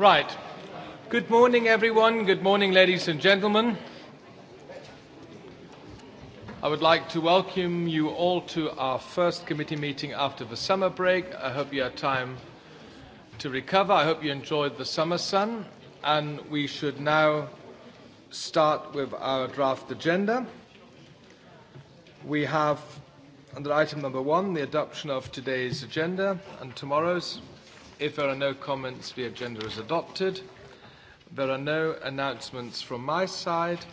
Right. Good morning, everyone. Good morning, ladies and gentlemen. I would like to welcome you all to our first committee meeting after the summer break. I hope you had time to recover. I hope you enjoyed the summer sun. And we should now start with our draft agenda. We have under item number one, the adoption of today's agenda and tomorrow's If there are no comments, the agenda is adopted. There are no announcements from my side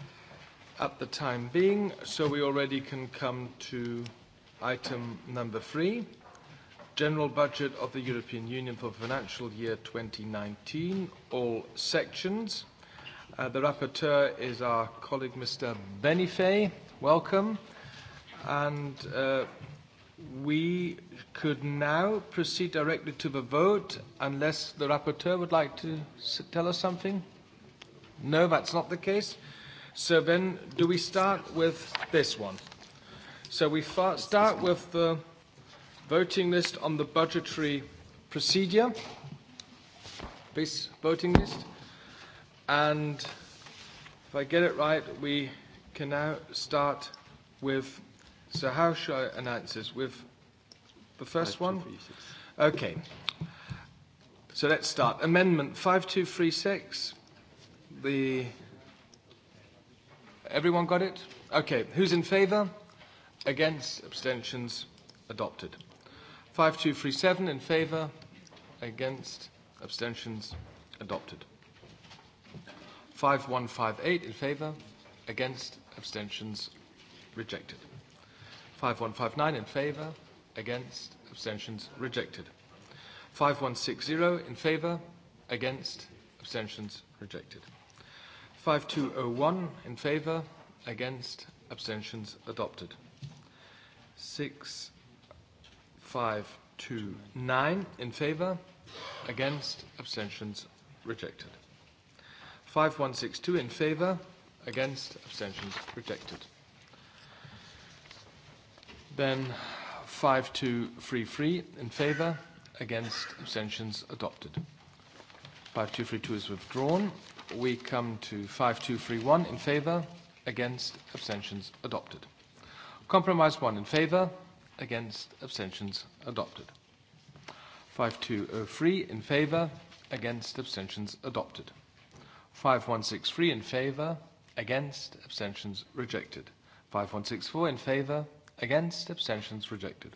at the time being, so we already can come to item number three, General Budget of the European Union for financial year 2019, all sections. Uh, the rapporteur is our colleague, Mr. Benifei. Welcome. Uh, we could now proceed directly to the vote unless the rapporteur would like to tell us something. No, that's not the case. So then do we start with this one? So we start with the voting list on the budgetary procedure, this voting list. And if I get it right, we can now start with So how should I announce this? With the first one? Okay. So let's start. Amendment 5236. The everyone got it? Okay. Who's in favour? Against? Abstentions? Adopted. 5237 in favour? Against? Abstentions? Adopted. 5158 in favour? Against? Abstentions? Rejected. 5159 in favor, against, abstentions rejected. 5160 in favor, against, abstentions rejected. 5201 in favor, against, abstentions adopted. 6529 in favor, against, abstentions rejected. 5162 in favor, against, abstentions rejected. Then 5233 in favor, against, abstentions adopted. 5232 is withdrawn. We come to 5231 in favor, against, abstentions adopted. Compromise 1 in favor, against, abstentions adopted. 5203 in favor, against, abstentions adopted. 5163 in favor, against, abstentions rejected. 5164 in favor, Against, abstentions rejected.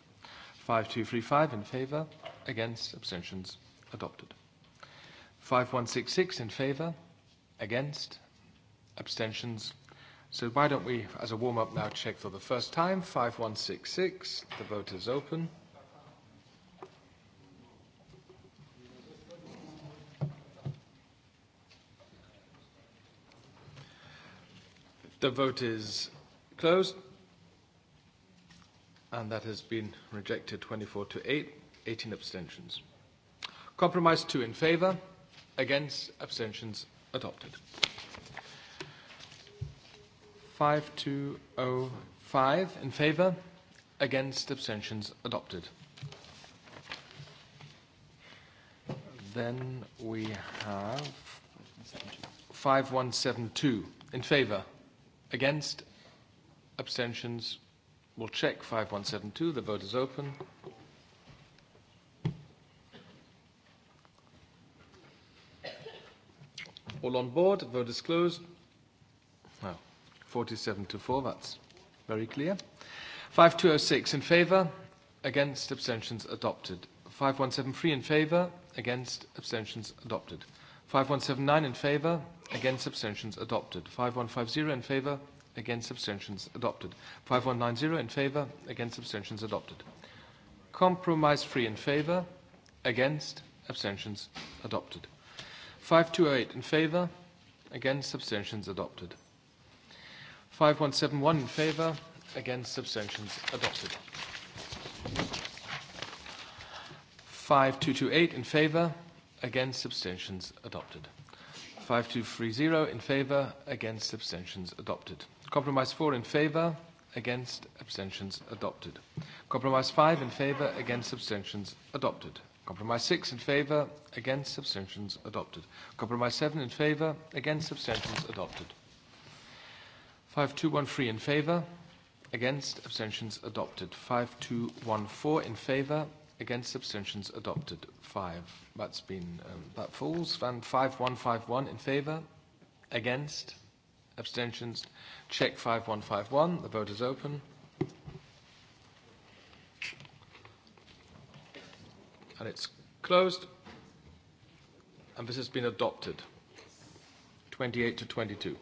5235 in favour. Against, abstentions adopted. 5166 in favour. Against, abstentions. So why don't we, as a warm-up now, check for the first time. 5166, the vote is open. The vote is closed and that has been rejected 24 to 8, 18 abstentions. Compromise 2 in favour, against, abstentions adopted. 5205 in favour, against, abstentions adopted. Then we have 5172 in favour, against, abstentions adopted We'll check 5172. The vote is open. All on board. Vote is closed. No. 47 to 4. That's very clear. 5206 in favor. Against. Abstentions adopted. 5173 in favor. Against. Abstentions adopted. 5179 in favor. Against. Abstentions adopted. 5150 in favor against abstentions adopted. 5190 in favor, against abstentions adopted. Compromise free in favor, against abstentions adopted. 5208 in favor, against abstentions adopted. 5171 in favor, against abstentions adopted. 5228 in favor, against abstentions adopted. 5230 in favor, against abstentions adopted. Compromise 4 in favour, against, abstentions adopted. Compromise 5 in favour, against, abstentions adopted. Compromise 6 in favour, against, abstentions adopted. Compromise 7 in favour, against, abstentions adopted. 5213 in favour, against, abstentions adopted. 5214 in favour, against, abstentions adopted. 5, that's been, um, that falls. And 5151 in favour, against, Abstentions? Check 5151. The vote is open. And it's closed. And this has been adopted. 28 to 22.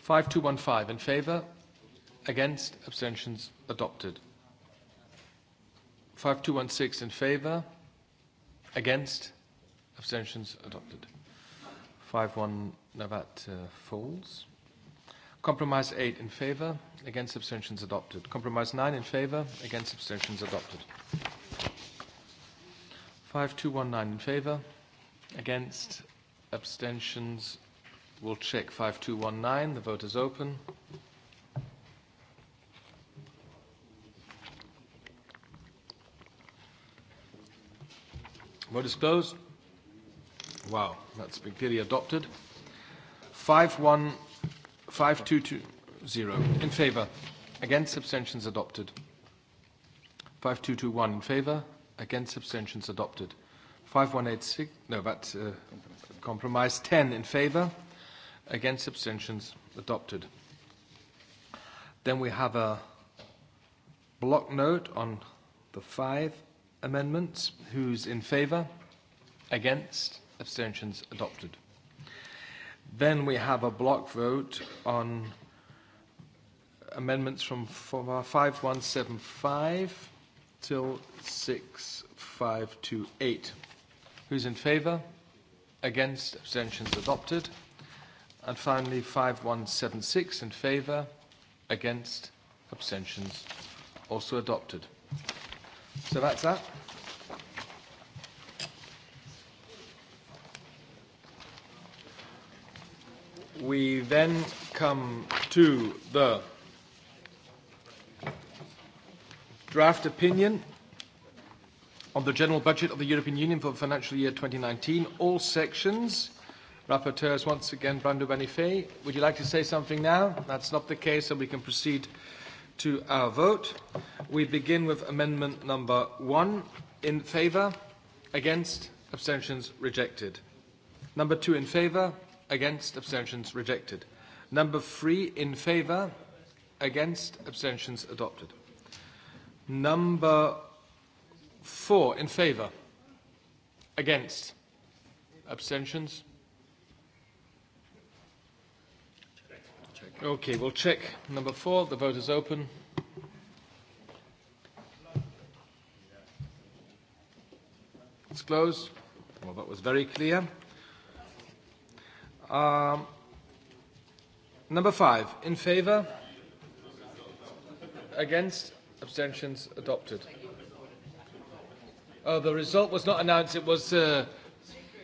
5215 in favor. Against? Abstentions? Adopted. 5216 in favor. Against? Abstentions? Adopted. 5-1, now uh, falls. Compromise 8 in favor, against abstentions adopted. Compromise 9 in favor, against abstentions adopted. 5219 in favor, against abstentions. We'll check 5219. The vote is open. Vote is closed. Wow, that's been clearly adopted. 5220 in favour. Against abstentions adopted. 5221 in favour. Against abstentions adopted. 5186, no, that's uh, compromise. 10 in favour. Against abstentions adopted. Then we have a block note on the five amendments. Who's in favour? Against? abstentions adopted. Then we have a block vote on amendments from 5175 till 6528. Who's in favour? Against? Abstentions adopted. And finally, 5176 in favour? Against? Abstentions also adopted. So that's that. We then come to the draft opinion on the general budget of the European Union for the financial year 2019, all sections. Rapporteurs, once again, Brando Benifei. Would you like to say something now? That's not the case, so we can proceed to our vote. We begin with amendment number one. In favour? Against? Abstentions? Rejected. Number two in favour? Against. Abstentions rejected. Number three in favour. Against. Abstentions adopted. Number four in favour. Against. Abstentions. Okay, we'll check number four. The vote is open. It's closed. Well, that was very clear. Um, number five, in favor? Against? Abstentions adopted. Oh, the result was not announced. It was uh,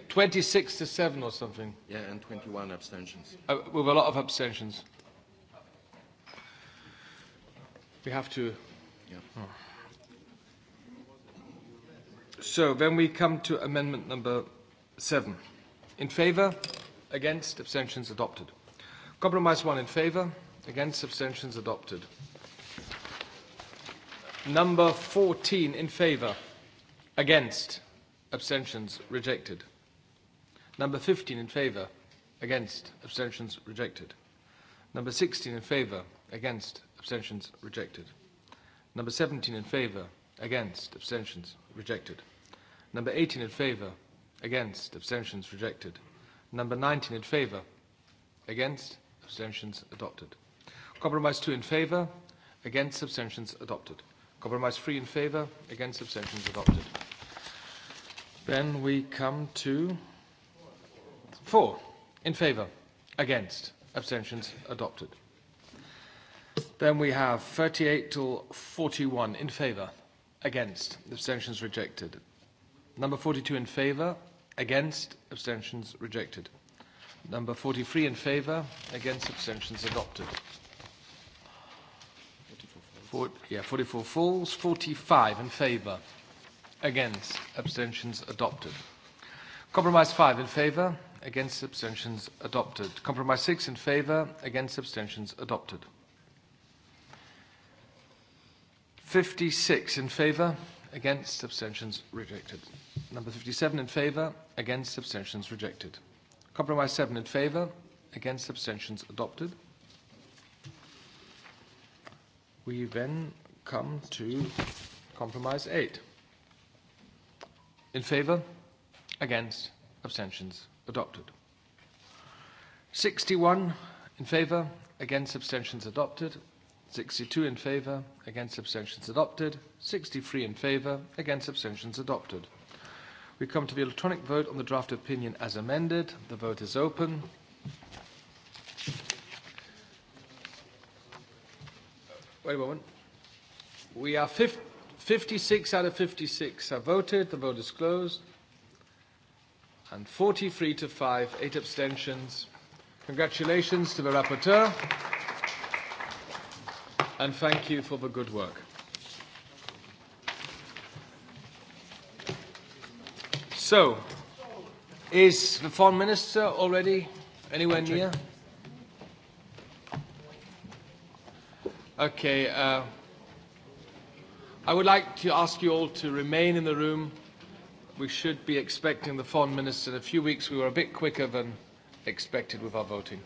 26 to 7 or something. Yeah, and 21 abstentions. Uh, with a lot of abstentions. We have to. Yeah. Oh. So then we come to amendment number 7. In favor? Against, abstentions adopted. Compromise one in favor. Against, abstentions adopted. Number 14 in favor. Against, abstentions rejected. Number 15 in favor. Against, abstentions rejected. Number 16 in favor. Against, abstentions rejected. Number 17 in favor. Against, abstentions rejected. Number 18 in favor. Against, abstentions rejected. Number 19 in favour. Against. Abstentions adopted. Compromise 2 in favour. Against. Abstentions adopted. Compromise 3 in favour. Against. Abstentions adopted. Then we come to 4 in favour. Against. Abstentions adopted. Then we have 38 till 41 in favour. Against. Abstentions rejected. Number 42 in favour. Against, abstentions rejected. Number 43 in favour, against abstentions adopted. 44 falls. yeah, 44 falls, 45 in favour, against abstentions adopted. Compromise 5 in favour, against abstentions adopted. Compromise 6 in favour, against abstentions adopted. 56 in favour, against, abstentions rejected. Number 57 in favour, against, abstentions rejected. Compromise 7 in favour, against, abstentions adopted. We then come to compromise 8. In favour, against, abstentions adopted. 61 in favour, against, abstentions adopted. 62 in favour, against abstentions adopted. 63 in favour, against abstentions adopted. We come to the electronic vote on the draft opinion as amended. The vote is open. Wait a moment. We are 56 out of 56 have voted. The vote is closed. And 43 to 5, 8 abstentions. Congratulations to the rapporteur and thank you for the good work. So, is the Foreign Minister already anywhere near? Okay, uh, I would like to ask you all to remain in the room. We should be expecting the Foreign Minister in a few weeks. We were a bit quicker than expected with our voting.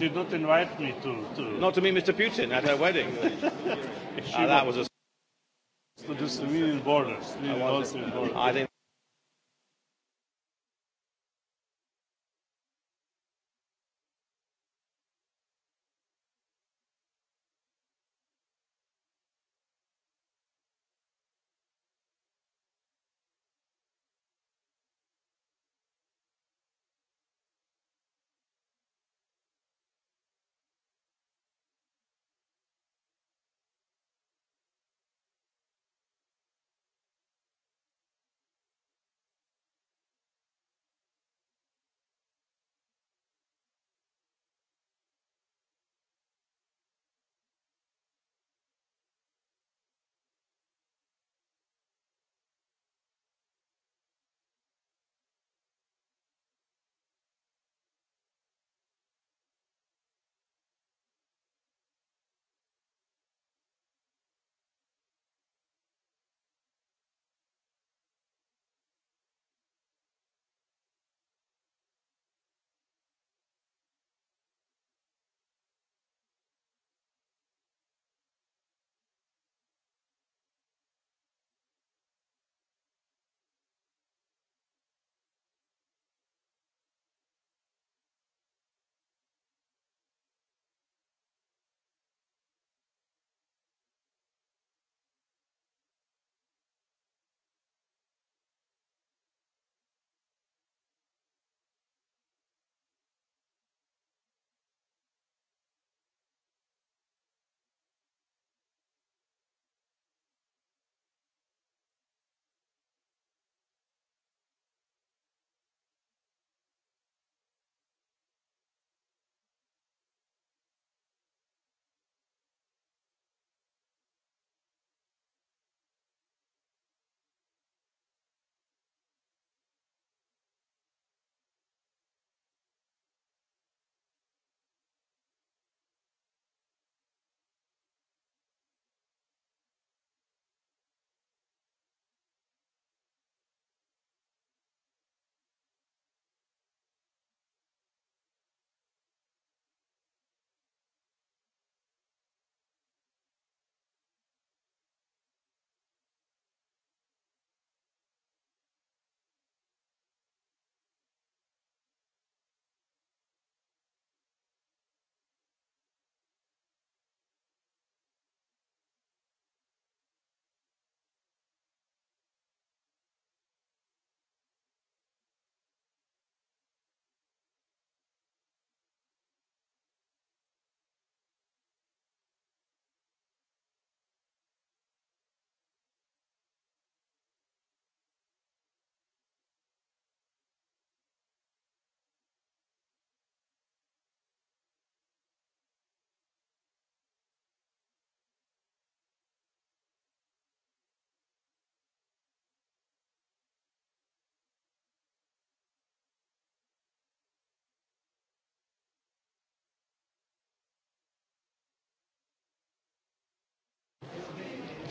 She did not invite me to, to. Not to meet Mr. Putin at her wedding. she oh, that was a. To the civilian borders. I, I think.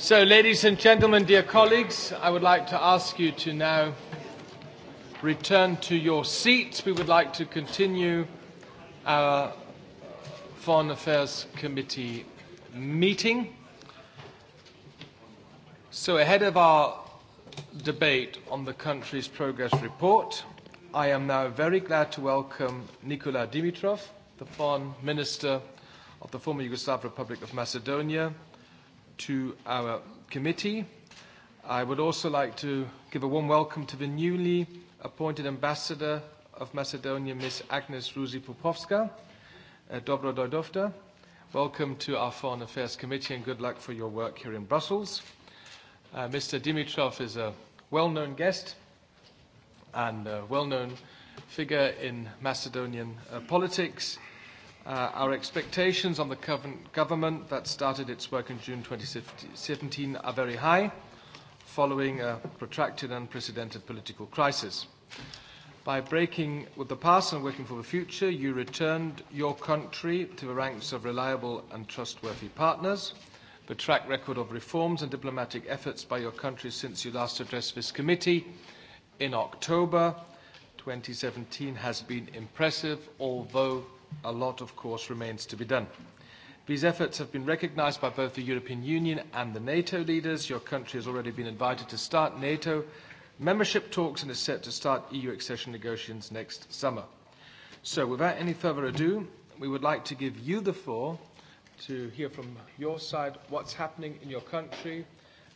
So, ladies and gentlemen, dear colleagues, I would like to ask you to now return to your seats. We would like to continue our Foreign Affairs Committee meeting. So, ahead of our debate on the country's progress report, I am now very glad to welcome Nikola Dimitrov, the Foreign Minister of the former Yugoslav Republic of Macedonia, to our committee. I would also like to give a warm welcome to the newly appointed ambassador of Macedonia, Ms. Agnes Ruzi Popovska. Uh, dobro Dodovta. Welcome to our Foreign Affairs Committee and good luck for your work here in Brussels. Uh, Mr. Dimitrov is a well-known guest and a well-known figure in Macedonian uh, politics. Uh, our expectations on the government that started its work in June 2017 are very high, following a protracted and unprecedented political crisis. By breaking with the past and working for the future, you returned your country to the ranks of reliable and trustworthy partners. The track record of reforms and diplomatic efforts by your country since you last addressed this committee in October 2017 has been impressive, although a lot, of course, remains to be done. These efforts have been recognized by both the European Union and the NATO leaders. Your country has already been invited to start NATO membership talks and is set to start EU accession negotiations next summer. So without any further ado, we would like to give you the floor to hear from your side what's happening in your country,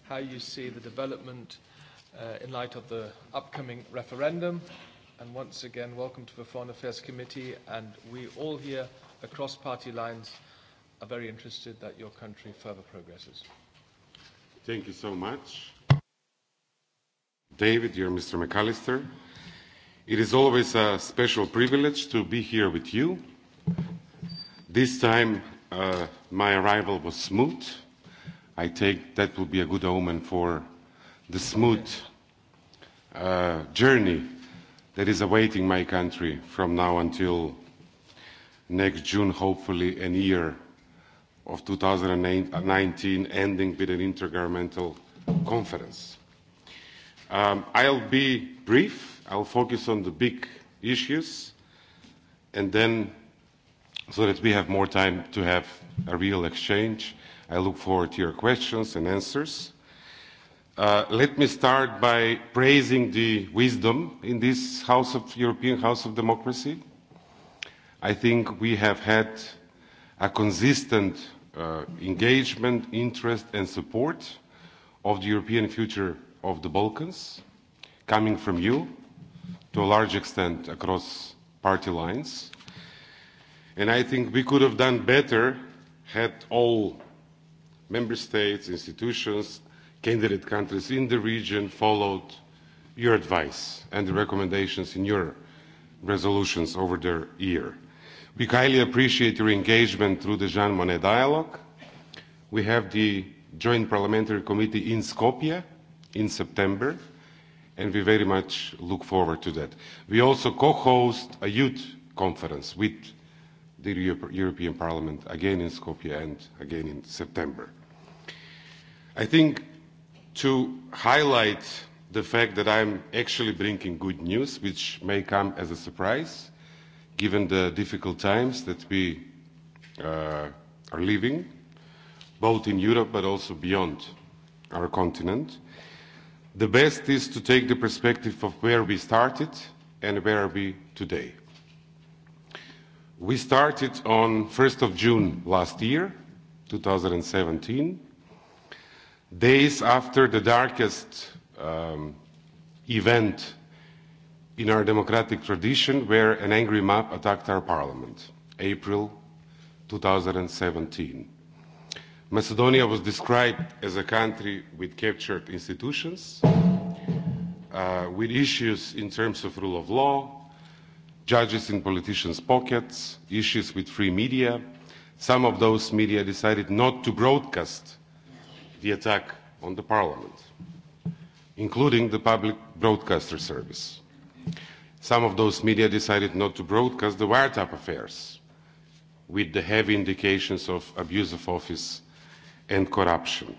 how you see the development uh, in light of the upcoming referendum, And once again, welcome to the Foreign Affairs Committee. And we all here across party lines are very interested that your country further progresses. Thank you so much. David, you're Mr. McAllister. It is always a special privilege to be here with you. This time, uh, my arrival was smooth. I take that will be a good omen for the smooth uh, journey that is awaiting my country from now until next June, hopefully, a year of 2019 ending with an intergovernmental conference. Um, I'll be brief. I'll focus on the big issues and then so that we have more time to have a real exchange. I look forward to your questions and answers. Uh, let me start by praising the wisdom in this House of European House of Democracy. I think we have had a consistent uh, engagement, interest and support of the European future of the Balkans, coming from you, to a large extent across party lines. And I think we could have done better had all member states, institutions, candidate countries in the region followed your advice and the recommendations in your resolutions over the year. We highly appreciate your engagement through the Jean Monnet dialogue. We have the joint parliamentary committee in Skopje in September, and we very much look forward to that. We also co-host a youth conference with the Europe, European Parliament, again in Skopje and again in September. I think to highlight the fact that I'm actually bringing good news, which may come as a surprise, given the difficult times that we uh, are living, both in Europe but also beyond our continent. The best is to take the perspective of where we started and where are we today. We started on 1st of June last year, 2017, days after the darkest um, event in our democratic tradition where an angry mob attacked our parliament, April 2017. Macedonia was described as a country with captured institutions, uh, with issues in terms of rule of law, judges in politicians' pockets, issues with free media. Some of those media decided not to broadcast the attack on the parliament, including the public broadcaster service. Some of those media decided not to broadcast the wiretap affairs, with the heavy indications of abuse of office and corruption.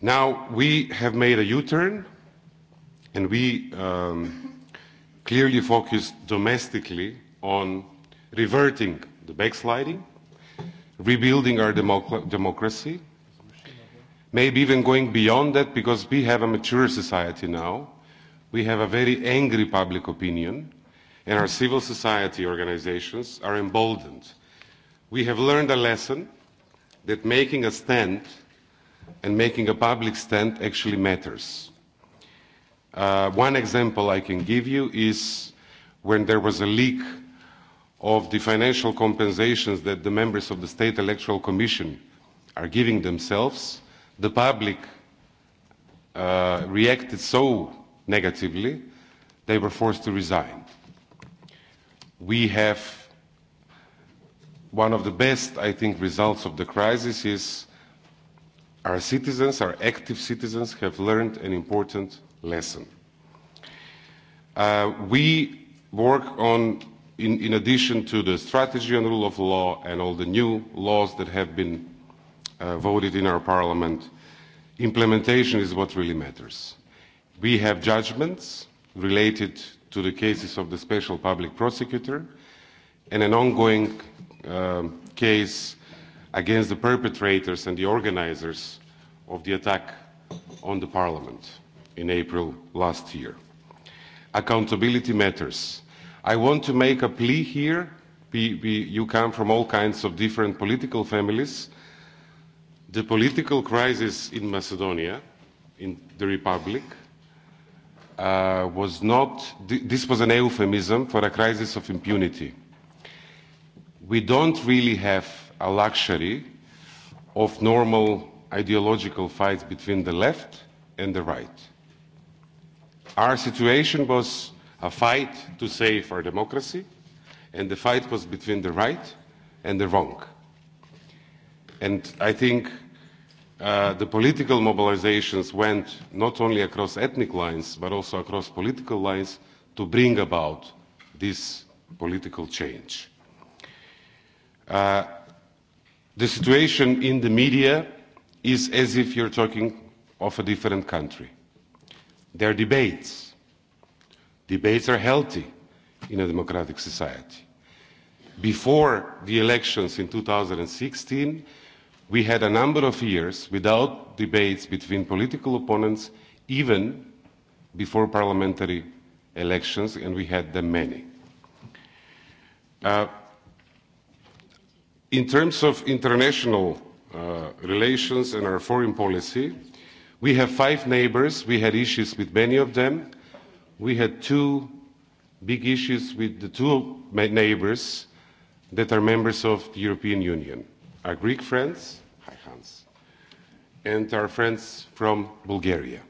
Now, we have made a U-turn, and we um, clearly focused domestically on reverting the backsliding, rebuilding our democ democracy, maybe even going beyond that because we have a mature society now. We have a very angry public opinion and our civil society organizations are emboldened. We have learned a lesson that making a stand and making a public stand actually matters. Uh, one example I can give you is when there was a leak of the financial compensations that the members of the State Electoral Commission are giving themselves the public uh, reacted so negatively, they were forced to resign. We have one of the best, I think, results of the crisis is our citizens, our active citizens, have learned an important lesson. Uh, we work on, in, in addition to the strategy on rule of law and all the new laws that have been uh, voted in our parliament, implementation is what really matters. We have judgments related to the cases of the special public prosecutor and an ongoing uh, case against the perpetrators and the organizers of the attack on the parliament in April last year. Accountability matters. I want to make a plea here. We, we, you come from all kinds of different political families the political crisis in Macedonia, in the Republic, uh, was not, this was an euphemism for a crisis of impunity. We don't really have a luxury of normal ideological fights between the left and the right. Our situation was a fight to save our democracy, and the fight was between the right and the wrong. And I think Uh, the political mobilizations went not only across ethnic lines but also across political lines to bring about this political change. Uh, the situation in the media is as if you're talking of a different country. There are debates. Debates are healthy in a democratic society. Before the elections in 2016, we had a number of years without debates between political opponents, even before parliamentary elections, and we had them many. Uh, in terms of international uh, relations and our foreign policy, we have five neighbors. We had issues with many of them. We had two big issues with the two neighbors that are members of the European Union our Greek friends, hi Hans, and our friends from Bulgaria.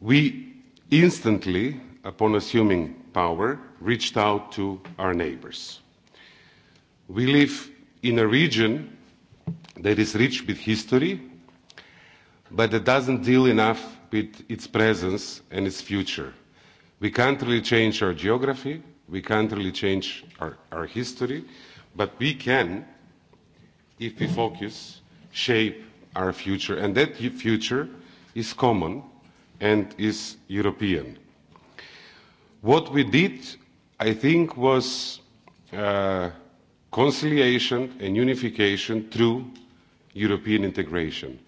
We instantly, upon assuming power, reached out to our neighbors. We live in a region that is rich with history, but that doesn't deal enough with its presence and its future. We can't really change our geography, we can't really change our, our history, but we can if we focus, shape our future. And that future is common and is European. What we did, I think, was uh, conciliation and unification through European integration.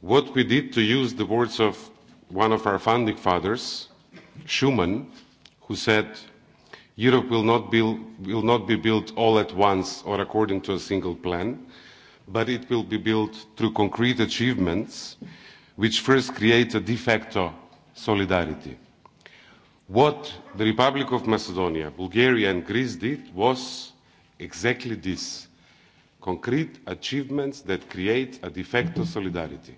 What we did, to use the words of one of our founding fathers, Schumann, who said, Europe will not, build, will not be built all at once or according to a single plan, but it will be built through concrete achievements which first create a de facto solidarity. What the Republic of Macedonia, Bulgaria and Greece did was exactly this, concrete achievements that create a de facto solidarity.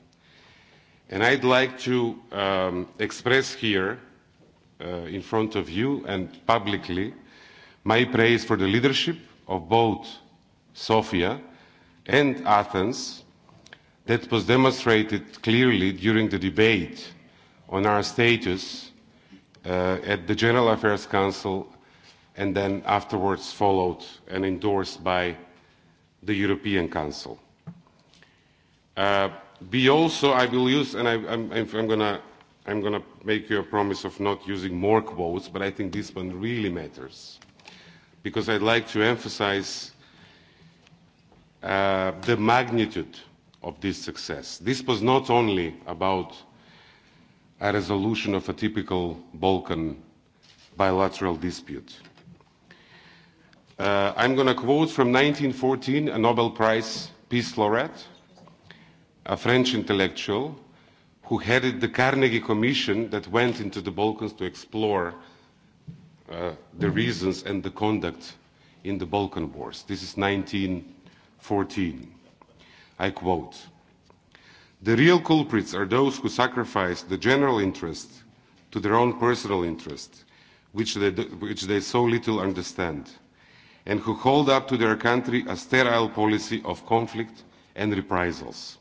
And I'd like to um, express here uh, in front of you and publicly my praise for the leadership of both Sofia and Athens that was demonstrated clearly during the debate on our status uh, at the General Affairs Council and then afterwards followed and endorsed by the European Council. Uh, we also, I will use, and I, I'm, I'm going to I'm going to make you a promise of not using more quotes, but I think this one really matters. Because I'd like to emphasize uh, the magnitude of this success. This was not only about a resolution of a typical Balkan bilateral dispute. Uh, I'm going to quote from 1914 a Nobel Prize peace laureate, a French intellectual, who headed the Carnegie Commission that went into the Balkans to explore uh, the reasons and the conduct in the Balkan Wars. This is 1914. I quote, The real culprits are those who sacrifice the general interest to their own personal interest, which they, which they so little understand, and who hold up to their country a sterile policy of conflict and reprisals.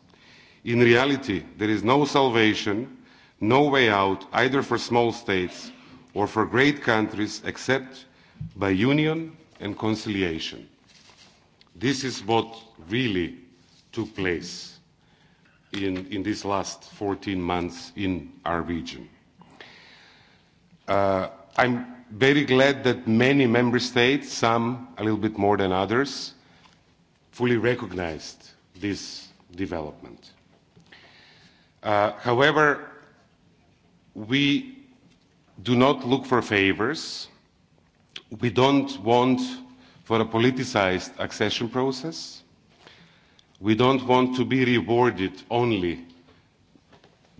In reality, there is no salvation, no way out, either for small states or for great countries, except by union and conciliation. This is what really took place in, in these last 14 months in our region. Uh, I'm very glad that many member states, some a little bit more than others, fully recognized this development. Uh, however, we do not look for favors. We don't want for a politicized accession process. We don't want to be rewarded only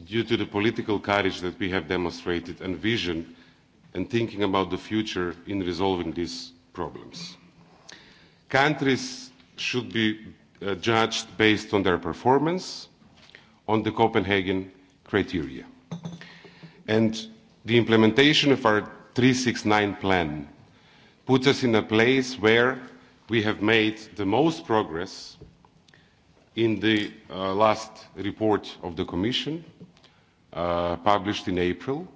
due to the political courage that we have demonstrated and vision and thinking about the future in resolving these problems. Countries should be uh, judged based on their performance on the Copenhagen criteria. And the implementation of our 369 plan puts us in a place where we have made the most progress in the uh, last report of the Commission, uh, published in April.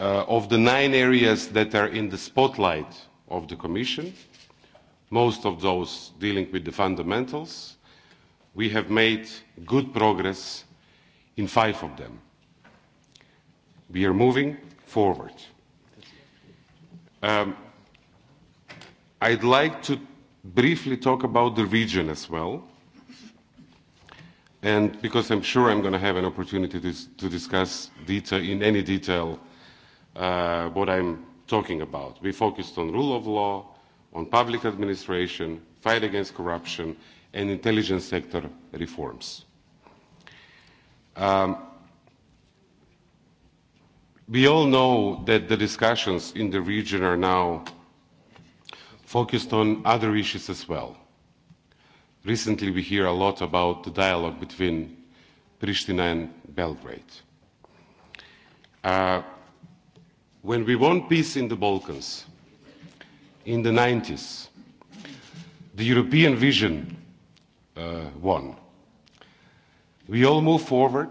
Uh, of the nine areas that are in the spotlight of the Commission, most of those dealing with the fundamentals, we have made good progress in five of them. We are moving forward. Um, I'd like to briefly talk about the region as well, and because I'm sure I'm going to have an opportunity to, to discuss detail, in any detail uh, what I'm talking about. We focused on rule of law, on public administration, fight against corruption, and intelligence sector reforms. Um, we all know that the discussions in the region are now focused on other issues as well. Recently, we hear a lot about the dialogue between Pristina and Belgrade. Uh, when we want peace in the Balkans, in the 90s, the European vision Uh, one. won. We all move forward.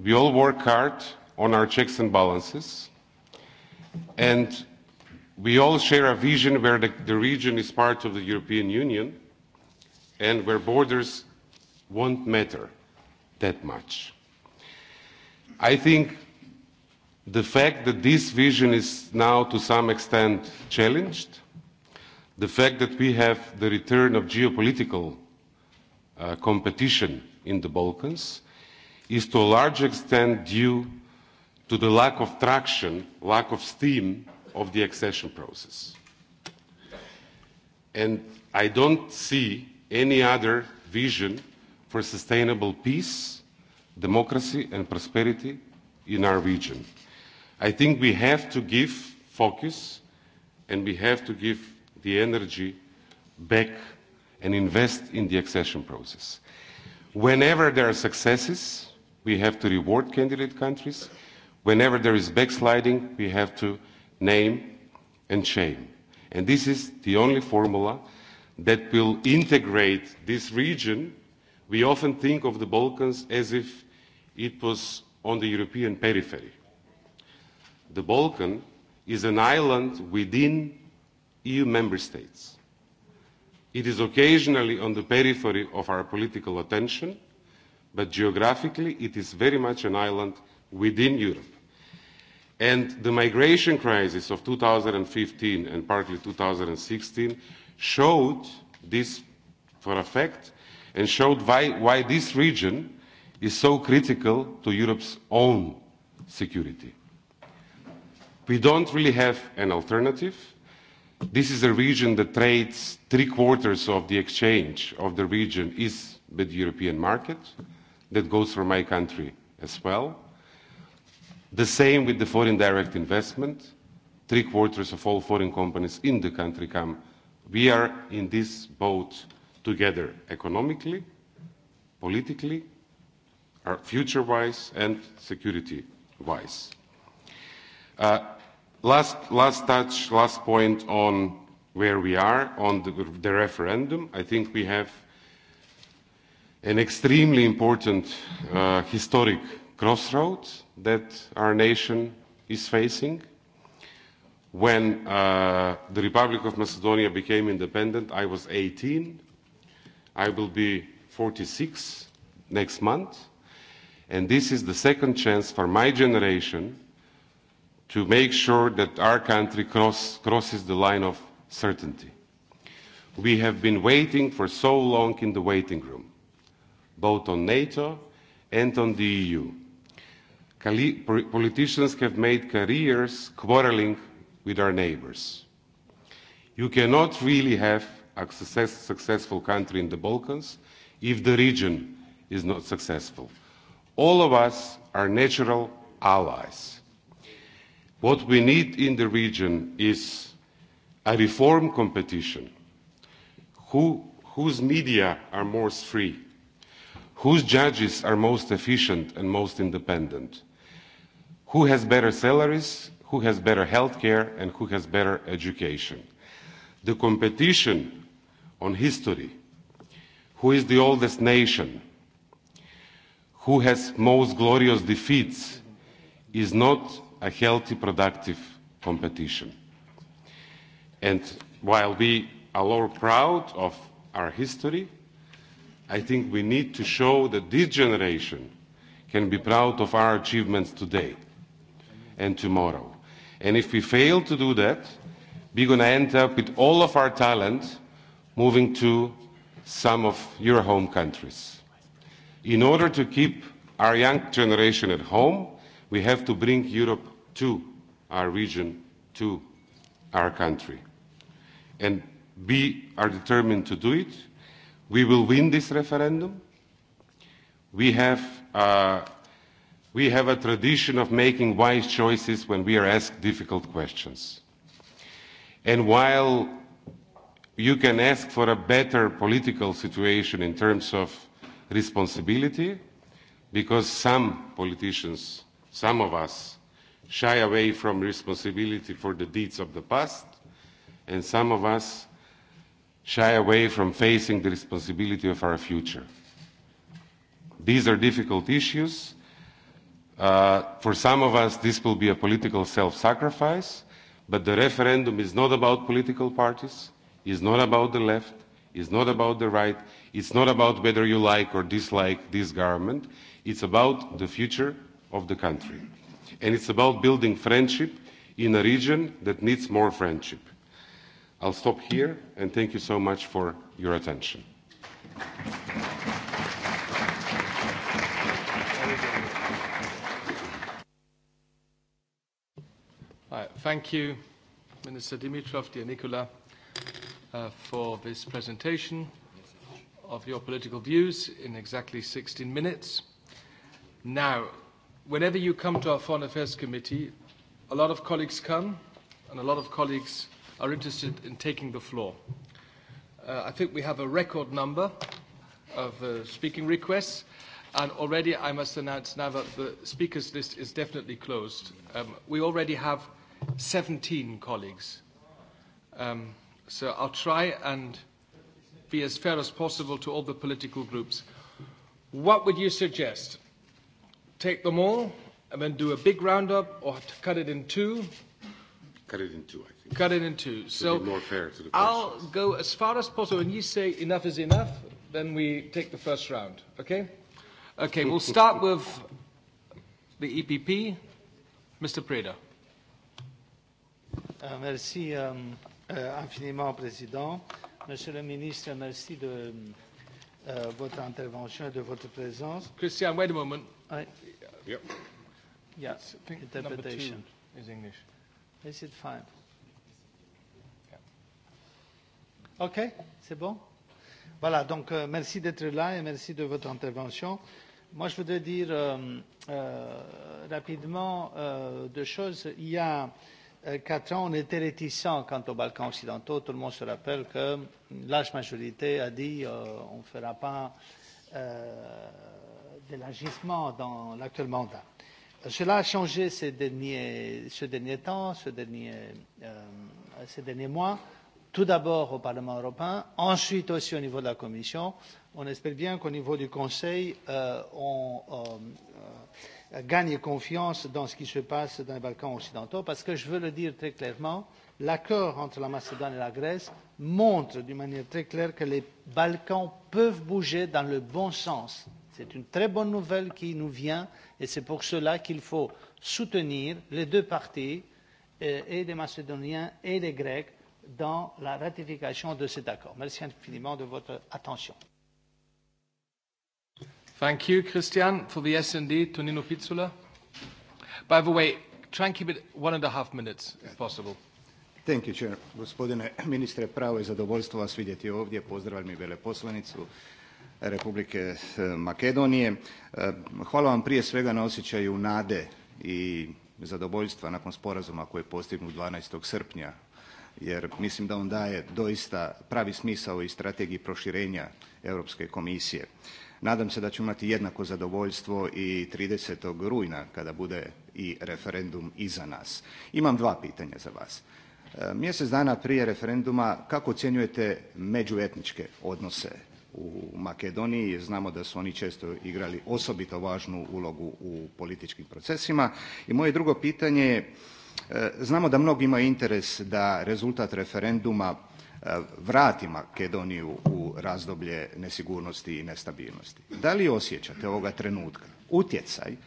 We all work hard on our checks and balances. And we all share a vision where the, the region is part of the European Union and where borders won't matter that much. I think the fact that this vision is now to some extent challenged, the fact that we have the return of geopolitical Uh, competition in the Balkans is to a large extent due to the lack of traction, lack of steam of the accession process. And I don't see any other vision for sustainable peace, democracy and prosperity in our region. I think we have to give focus and we have to give the energy back and invest in the accession process. Whenever there are successes, we have to reward candidate countries. Whenever there is backsliding, we have to name and shame. And this is the only formula that will integrate this region. We often think of the Balkans as if it was on the European periphery. The Balkan is an island within EU member states It is occasionally on the periphery of our political attention, but geographically it is very much an island within Europe. And the migration crisis of 2015 and partly 2016 showed this for a fact and showed why, why this region is so critical to Europe's own security. We don't really have an alternative This is a region that trades three quarters of the exchange of the region is with the European market. That goes for my country as well. The same with the foreign direct investment. Three quarters of all foreign companies in the country come. We are in this boat together economically, politically, uh, future-wise, and security-wise. Uh, Last, last touch, last point on where we are on the, the referendum. I think we have an extremely important uh, historic crossroads that our nation is facing. When uh, the Republic of Macedonia became independent, I was 18. I will be 46 next month. And this is the second chance for my generation to make sure that our country cross, crosses the line of certainty. We have been waiting for so long in the waiting room, both on NATO and on the EU. Cali Politicians have made careers quarreling with our neighbors. You cannot really have a success, successful country in the Balkans if the region is not successful. All of us are natural allies. What we need in the region is a reform competition. Who, whose media are most free? Whose judges are most efficient and most independent? Who has better salaries? Who has better health care? And who has better education? The competition on history, who is the oldest nation, who has most glorious defeats, is not a healthy, productive competition. And while we are all proud of our history, I think we need to show that this generation can be proud of our achievements today and tomorrow. And if we fail to do that, we're going to end up with all of our talent moving to some of your home countries. In order to keep our young generation at home, we have to bring Europe to our region, to our country. And we are determined to do it. We will win this referendum. We have, uh, we have a tradition of making wise choices when we are asked difficult questions. And while you can ask for a better political situation in terms of responsibility, because some politicians, some of us, shy away from responsibility for the deeds of the past, and some of us shy away from facing the responsibility of our future. These are difficult issues. Uh, for some of us, this will be a political self-sacrifice, but the referendum is not about political parties, is not about the left, is not about the right, it's not about whether you like or dislike this government, it's about the future of the country and it's about building friendship in a region that needs more friendship. I'll stop here, and thank you so much for your attention. Right, thank you, Minister Dimitrov, dear Nicola, uh, for this presentation of your political views in exactly 16 minutes. Now, whenever you come to our Foreign Affairs Committee, a lot of colleagues come and a lot of colleagues are interested in taking the floor. Uh, I think we have a record number of uh, speaking requests. And already I must announce now that the speakers list is definitely closed. Um, we already have 17 colleagues. Um, so I'll try and be as fair as possible to all the political groups. What would you suggest? take them all and then do a big roundup or have to cut it in two? Cut it in two, I think. Cut it in two. So more fair to the I'll process. go as far as possible. When you say enough is enough, then we take the first round, okay? Okay, we'll start with the EPP. Mr. Preda. Euh, merci um, uh, infiniment, Président. Monsieur le ministre, merci de uh, votre intervention et de votre présence. Christian, wait a moment. I, yep. Yeah, I think interpretation. Number two is English. Is it fine? Yeah. OK, c'est bon? Voilà, donc euh, merci d'être là et merci de votre intervention. Moi, je voudrais dire euh, euh, rapidement euh, deux choses. Il y a euh, quatre ans, on était réticents quant aux Balkans occidentaux. Tout le monde se rappelle que l'âge majorité a dit euh, on ne fera pas euh, l'élargissement dans l'actuel mandat. Cela a changé ces derniers, ces derniers temps, ces derniers, euh, ces derniers mois, tout d'abord au Parlement européen, ensuite aussi au niveau de la Commission. On espère bien qu'au niveau du Conseil, euh, on euh, euh, gagne confiance dans ce qui se passe dans les Balkans occidentaux, parce que je veux le dire très clairement, l'accord entre la Macédoine et la Grèce montre d'une manière très claire que les Balkans peuvent bouger dans le bon sens C'est une très bonne nouvelle qui nous vient et c'est pour cela qu'il faut soutenir les deux parties, euh, et les Macédoniens et les Grecs, dans la ratification de cet accord. Merci infiniment de votre attention. Thank you, Christian. For the SND. Tonino Pizzula. By the way, try and keep it one and a half minutes, if possible. Thank you, Chair. Gospodine ministre, pravo je zadovoljstvo vas vidjeti ovdje. Pozdravljam i veleposlanicu. Republike eh, Makedonije. Eh, hvala vam prije svega na osjećaju nade i zadovoljstva nakon sporazuma koji je postignut 12. srpnja jer mislim da on daje doista pravi smisao i strategiji proširenja Europske komisije. Nadam se da ću imati jednako zadovoljstvo i 30. rujna kada bude i referendum iza nas. Imam dva pitanja za vas. Eh, mjesec dana prije referenduma kako ocjenjujete međuetničke odnose u Makedoniji. Znamo da su oni često igrali osobito važnu ulogu u političkim procesima. I moje drugo pitanje je, e, znamo da mnogi imaju interes da rezultat referenduma e, vrati Makedoniju u razdoblje nesigurnosti i nestabilnosti. Da li osjećate ovoga trenutka utjecaj e,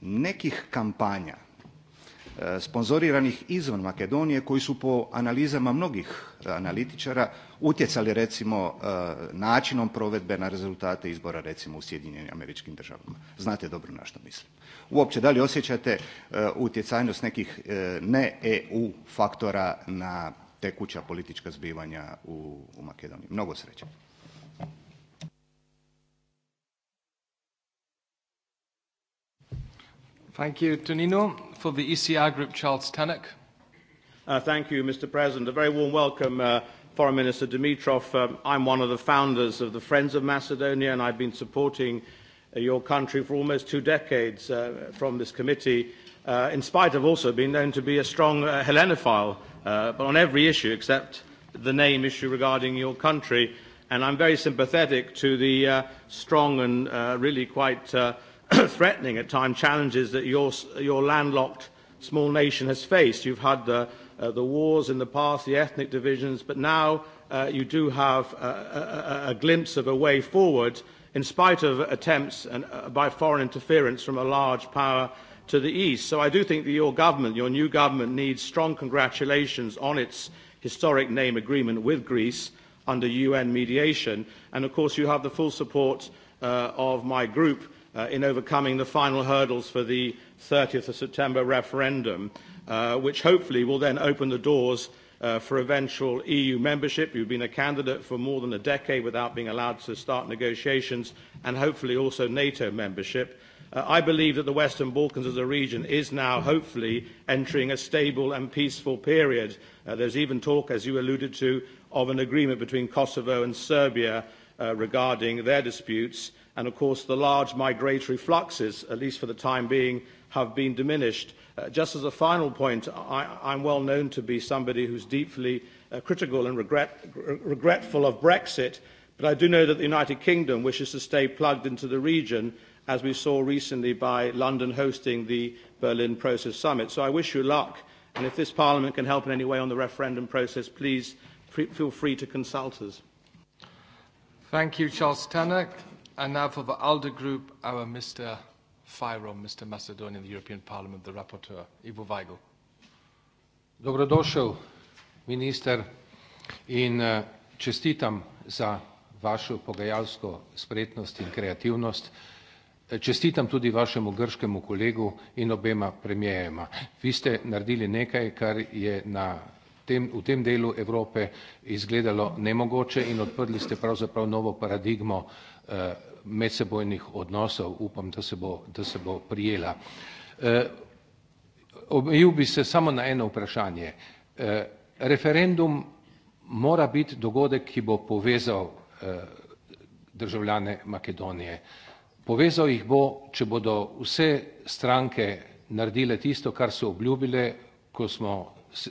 nekih kampanja E, sponzoriranih izvan Makedonije koji su po analizama mnogih e, analitičara utjecali recimo e, načinom provedbe na rezultate izbora recimo u Sjedinjenim američkim državama. Znate dobro na što mislim. Uopće, da li osjećate utjecajnost nekih ne EU faktora na tekuća politička zbivanja u, Makedoniji? Mnogo sreće. Thank you, Tonino. For the ECR group, Charles Tannock. Uh, thank you, Mr. President. A very warm welcome, uh, Foreign Minister Dimitrov. Um, I'm one of the founders of the Friends of Macedonia, and I've been supporting uh, your country for almost two decades uh, from this committee, uh, in spite of also being known to be a strong uh, Hellenophile, uh, but on every issue except the name issue regarding your country. And I'm very sympathetic to the uh, strong and uh, really quite uh, threatening at times challenges that your, your landlocked small nation has faced. You've had the, uh, the wars in the past, the ethnic divisions, but now uh, you do have a, a, a glimpse of a way forward in spite of attempts and, uh, by foreign interference from a large power to the east. So I do think that your government, your new government, needs strong congratulations on its historic name agreement with Greece under UN mediation. And of course, you have the full support uh, of my group uh, in overcoming the final hurdles for the 30th of September referendum, uh, which hopefully will then open the doors uh, for eventual EU membership. You've been a candidate for more than a decade without being allowed to start negotiations, and hopefully also NATO membership. Uh, I believe that the Western Balkans as a region is now hopefully entering a stable and peaceful period. Uh, there's even talk, as you alluded to, of an agreement between Kosovo and Serbia uh, regarding their disputes. And of course, the large migratory fluxes, at least for the time being, have been diminished. Uh, just as a final point, I, I'm well known to be somebody who's deeply uh, critical and regret, regretful of Brexit, but I do know that the United Kingdom wishes to stay plugged into the region, as we saw recently by London hosting the Berlin Process Summit. So I wish you luck, and if this Parliament can help in any way on the referendum process, please feel free to consult us. Thank you, Charles Tannock. now for the ALDE group, our Mr. Mr. Macedonian, the European Parliament, the rapporteur, Ivo Weigl. Dobrodošel, minister, in eh, čestitam za vašo pogajalsko spretnost in kreativnost. Eh, čestitam tudi vašemu grškemu kolegu in obema premijejema. Vi ste naredili nekaj, kar je na tem, v tem delu Evrope izgledalo nemogoče in odprli ste pravzaprav novo paradigmo eh, medsebojnih odnosov. Upam, da se bo, da se bo prijela. Eh, omejil bi se samo na eno vprašanje. Eh, referendum mora biti dogodek, ki bo povezal eh, državljane Makedonije. Povezal jih bo, če bodo vse stranke naredile tisto, kar so obljubile, ko smo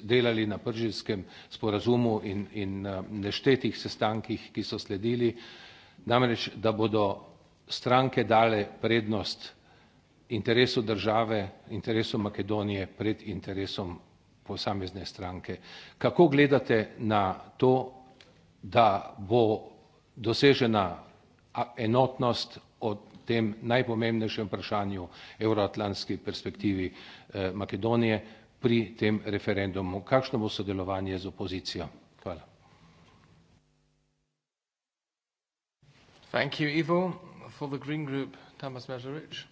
delali na pržijskem sporazumu in, in eh, neštetih sestankih, ki so sledili, namreč, da bodo stranke dale prednost interesu države, interesu Makedonije pred interesom posamezne stranke. Kako gledate na to, da bo dosežena enotnost o tem najpomembnejšem vprašanju evroatlantski perspektivi eh, Makedonije, pri tem referendumu. Kakšno bo sodelovanje z opozicijo? Hvala. Thank you, Ivo. For the Green Group, Tamas Mezeric.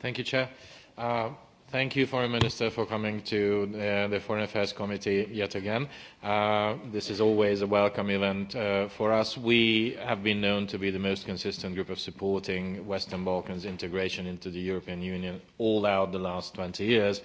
Thank you, Chair. Uh, Thank you, Foreign Minister, for coming to uh, the Foreign Affairs Committee yet again. Uh, this is always a welcome event uh, for us. We have been known to be the most consistent group of supporting Western Balkans integration into the European Union all out the last 20 years.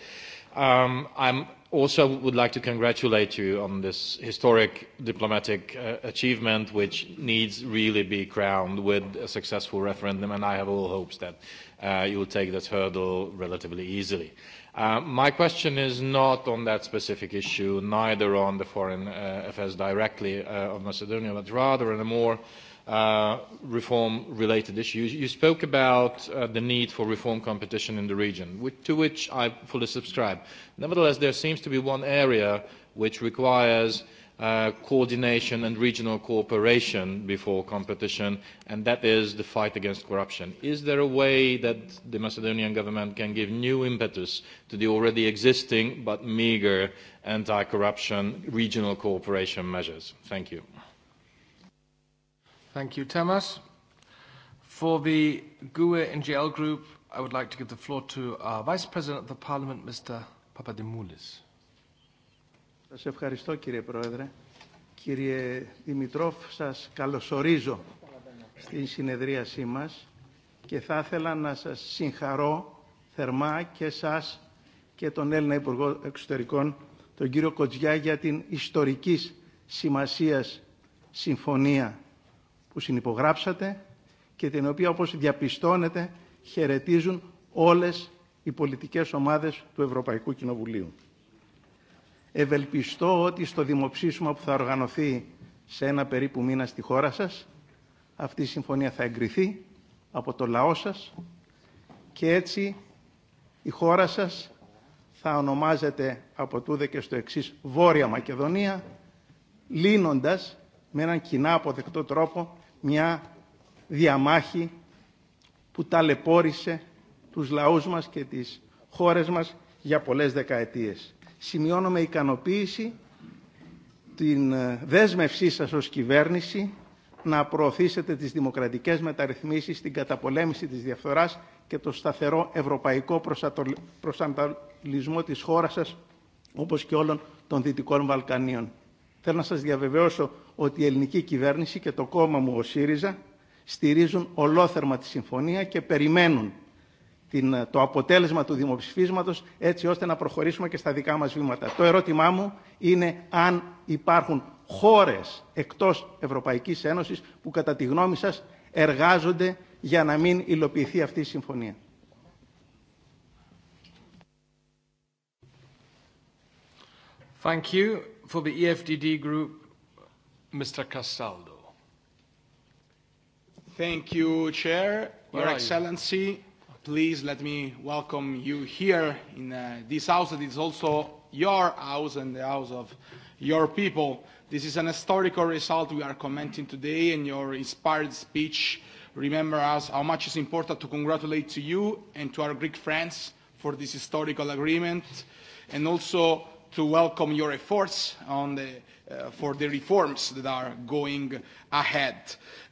Um, I also would like to congratulate you on this historic diplomatic uh, achievement, which needs really be crowned with a successful referendum, and I have all hopes that uh, you'll take that hurdle relatively easily. Uh, my question is not on that specific issue, neither on the foreign uh, affairs directly uh, of Macedonia, but rather on a more reform-related issue. You, spoke about the need for reform competition in the region, to which I fully subscribe. Nevertheless, there seems to be one area which requires Uh, coordination and regional cooperation before competition, and that is the fight against corruption. Is there a way that the Macedonian government can give new impetus to the already existing but meager anti-corruption regional cooperation measures? Thank you. Thank you, Tamas. For the GUE NGL group, I would like to give the floor to our Vice President of the Parliament, Mr. Papadimoulis. Σας ευχαριστώ κύριε Πρόεδρε. Κύριε Δημητρόφ, σας καλωσορίζω στην συνεδρίασή μας και θα ήθελα να σας συγχαρώ θερμά και σας και τον Έλληνα Υπουργό Εξωτερικών, τον κύριο Κοτζιά, για την ιστορικής σημασίας συμφωνία που συνυπογράψατε και την οποία, όπως διαπιστώνετε, χαιρετίζουν όλες οι πολιτικές ομάδες του Ευρωπαϊκού Κοινοβουλίου. Ευελπιστώ ότι στο δημοψήφισμα που θα οργανωθεί σε ένα περίπου μήνα στη χώρα σας, αυτή η συμφωνία θα εγκριθεί από το λαό σας και έτσι η χώρα σας θα ονομάζεται από τούδε και στο εξής Βόρεια Μακεδονία, λύνοντας με έναν κοινά αποδεκτό τρόπο μια διαμάχη που ταλαιπώρησε τους λαούς μας και τις χώρες μας για πολλές δεκαετίες σημειώνω με ικανοποίηση την δέσμευσή σας ως κυβέρνηση να προωθήσετε τις δημοκρατικές μεταρρυθμίσεις, στην καταπολέμηση της διαφθοράς και το σταθερό ευρωπαϊκό προσανατολισμό της χώρας σας, όπως και όλων των Δυτικών Βαλκανίων. Θέλω να σας διαβεβαιώσω ότι η ελληνική κυβέρνηση και το κόμμα μου, ο ΣΥΡΙΖΑ, στηρίζουν ολόθερμα τη συμφωνία και περιμένουν την, το αποτέλεσμα του δημοψηφίσματος έτσι ώστε να προχωρήσουμε και στα δικά μας βήματα. Το ερώτημά μου είναι αν υπάρχουν χώρες εκτός Ευρωπαϊκής Ένωσης που κατά τη γνώμη σας εργάζονται για να μην υλοποιηθεί αυτή η συμφωνία. Thank you. For the EFDD group, Mr. Castaldo. Thank you, Chair, Where Your Excellency. You? please let me welcome you here in uh, this house that is also your house and the house of your people. This is an historical result we are commenting today, and your inspired speech remember us how much it's important to congratulate to you and to our Greek friends for this historical agreement, and also to welcome your efforts on the, uh, for the reforms that are going ahead.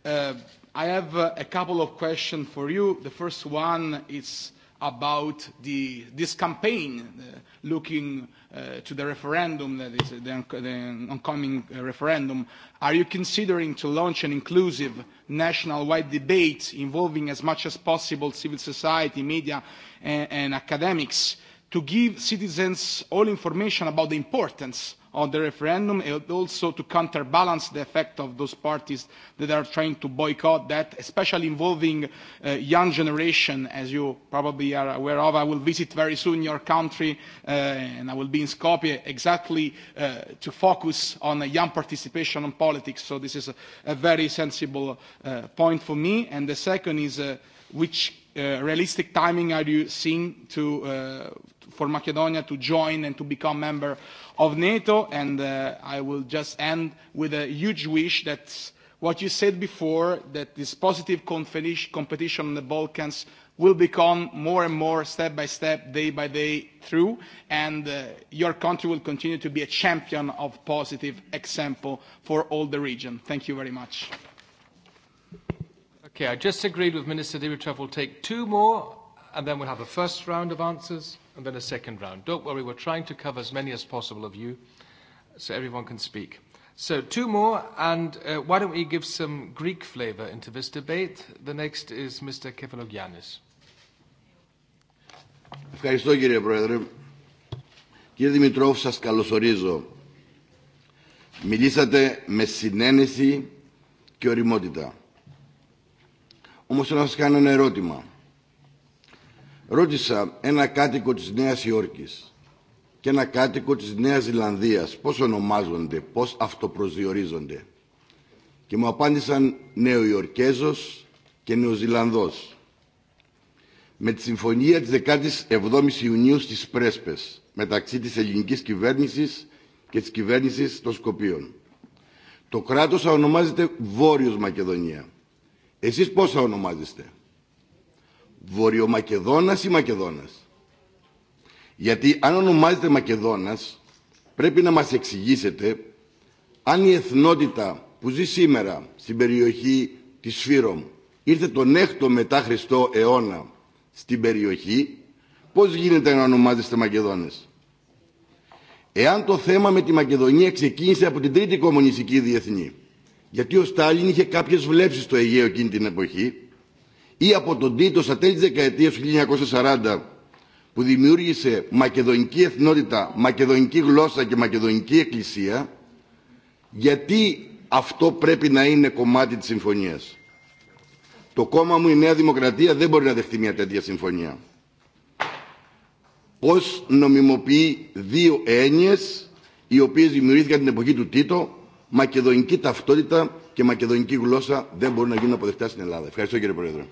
Uh, I have uh, a couple of questions for you. The first one is about the, this campaign uh, looking uh, to the referendum, that is the, the oncoming uh, referendum. Are you considering to launch an inclusive national-wide debate involving as much as possible civil society, media, and, and academics to give citizens all information about the importance of the referendum and also to counterbalance the effect of those parties that are trying to boycott that, especially involving uh, young generation, as you probably are aware of. I will visit very soon your country uh, and I will be in Skopje exactly uh, to focus on young participation in politics. So this is a, a very sensible uh, point for me. And the second is uh, which Uh, realistic timing are you seeing to, uh, for Macedonia to join and to become member of NATO? And uh, I will just end with a huge wish that what you said before, that this positive competition on the Balkans will become more and more step by step, day by day through, and uh, your country will continue to be a champion of positive example for all the region. Thank you very much. Okay, I just agreed with Minister Dimitrov we'll take two more, and then we'll have a first round of answers, and then a second round. Don't worry, we're trying to cover as many as possible of you, so everyone can speak. So two more, and uh, why don't we give some Greek flavor into this debate? The next is Mr. Kefalogiannis. Ευχαριστώ κύριε Πρόεδρε. Κύριε Δημητρόφ, σας καλωσορίζω. Μιλήσατε με συνένεση και οριμότητα. Όμως θέλω να σας κάνω ένα ερώτημα. Ρώτησα ένα κάτοικο της Νέας Υόρκης και ένα κάτοικο της Νέας Ζηλανδίας πώς ονομάζονται, πώς αυτοπροσδιορίζονται. Και μου απάντησαν Νέο Υορκέζος και Νέο Ζηλανδός. Με τη συμφωνία της 17ης Ιουνίου στις Πρέσπες μεταξύ της ελληνικής κυβέρνησης και της κυβέρνησης των Σκοπίων. Το κράτος ονομάζεται Βόρειος Μακεδονία. Εσείς πώς θα ονομάζεστε. Βορειομακεδόνας ή Μακεδόνας. Γιατί αν ονομάζεται Μακεδόνας πρέπει να μας εξηγήσετε αν η εθνότητα που ζει σήμερα στην περιοχή της Σφύρομ ήρθε τον 6ο μετά Χριστό αιώνα στην περιοχή, πώς γίνεται να ονομάζεστε Μακεδόνες. Εάν το θέμα με τη Μακεδονία ξεκίνησε από την Τρίτη Κομμουνιστική Διεθνή, γιατί ο Στάλιν είχε κάποιες βλέψεις στο Αιγαίο εκείνη την εποχή ή από τον Τίτο στα τέλη της δεκαετίας του 1940 που δημιούργησε μακεδονική εθνότητα, μακεδονική γλώσσα και μακεδονική εκκλησία γιατί αυτό πρέπει να είναι κομμάτι της συμφωνίας. Το κόμμα μου η Νέα Δημοκρατία δεν μπορεί να δεχτεί μια τέτοια συμφωνία. Πώς νομιμοποιεί δύο έννοιες οι οποίες δημιουργήθηκαν την εποχή του Τίτο μακεδονική ταυτότητα και μακεδονική γλώσσα δεν μπορούν να γίνουν αποδεκτά στην Ελλάδα. Ευχαριστώ κύριε Πρόεδρε.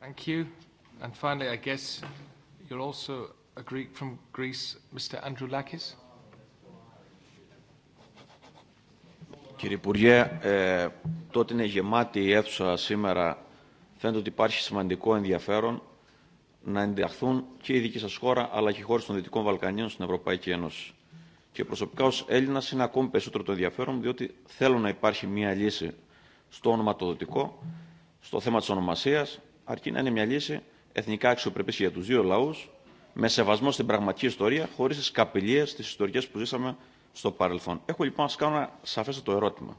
Thank you. And finally, I guess you're also a Greek from Greece, Mr. Andrew Lakis. Κύριε Υπουργέ, ε, τότε είναι γεμάτη η αίθουσα σήμερα. Φαίνεται ότι υπάρχει σημαντικό ενδιαφέρον να ενταχθούν και η δική σα χώρα αλλά και οι χώρε των Δυτικών Βαλκανίων στην Ευρωπαϊκή Ένωση. Και προσωπικά ω Έλληνα είναι ακόμη περισσότερο το ενδιαφέρον, μου, διότι θέλω να υπάρχει μια λύση στο όνομα το ονοματοδοτικό, στο θέμα τη ονομασία, αρκεί να είναι μια λύση εθνικά αξιοπρεπή για του δύο λαού, με σεβασμό στην πραγματική ιστορία, χωρί τι καπηλίε, τη ιστορικέ που ζήσαμε στο παρελθόν. Έχω λοιπόν να σα κάνω ένα σαφέστατο ερώτημα.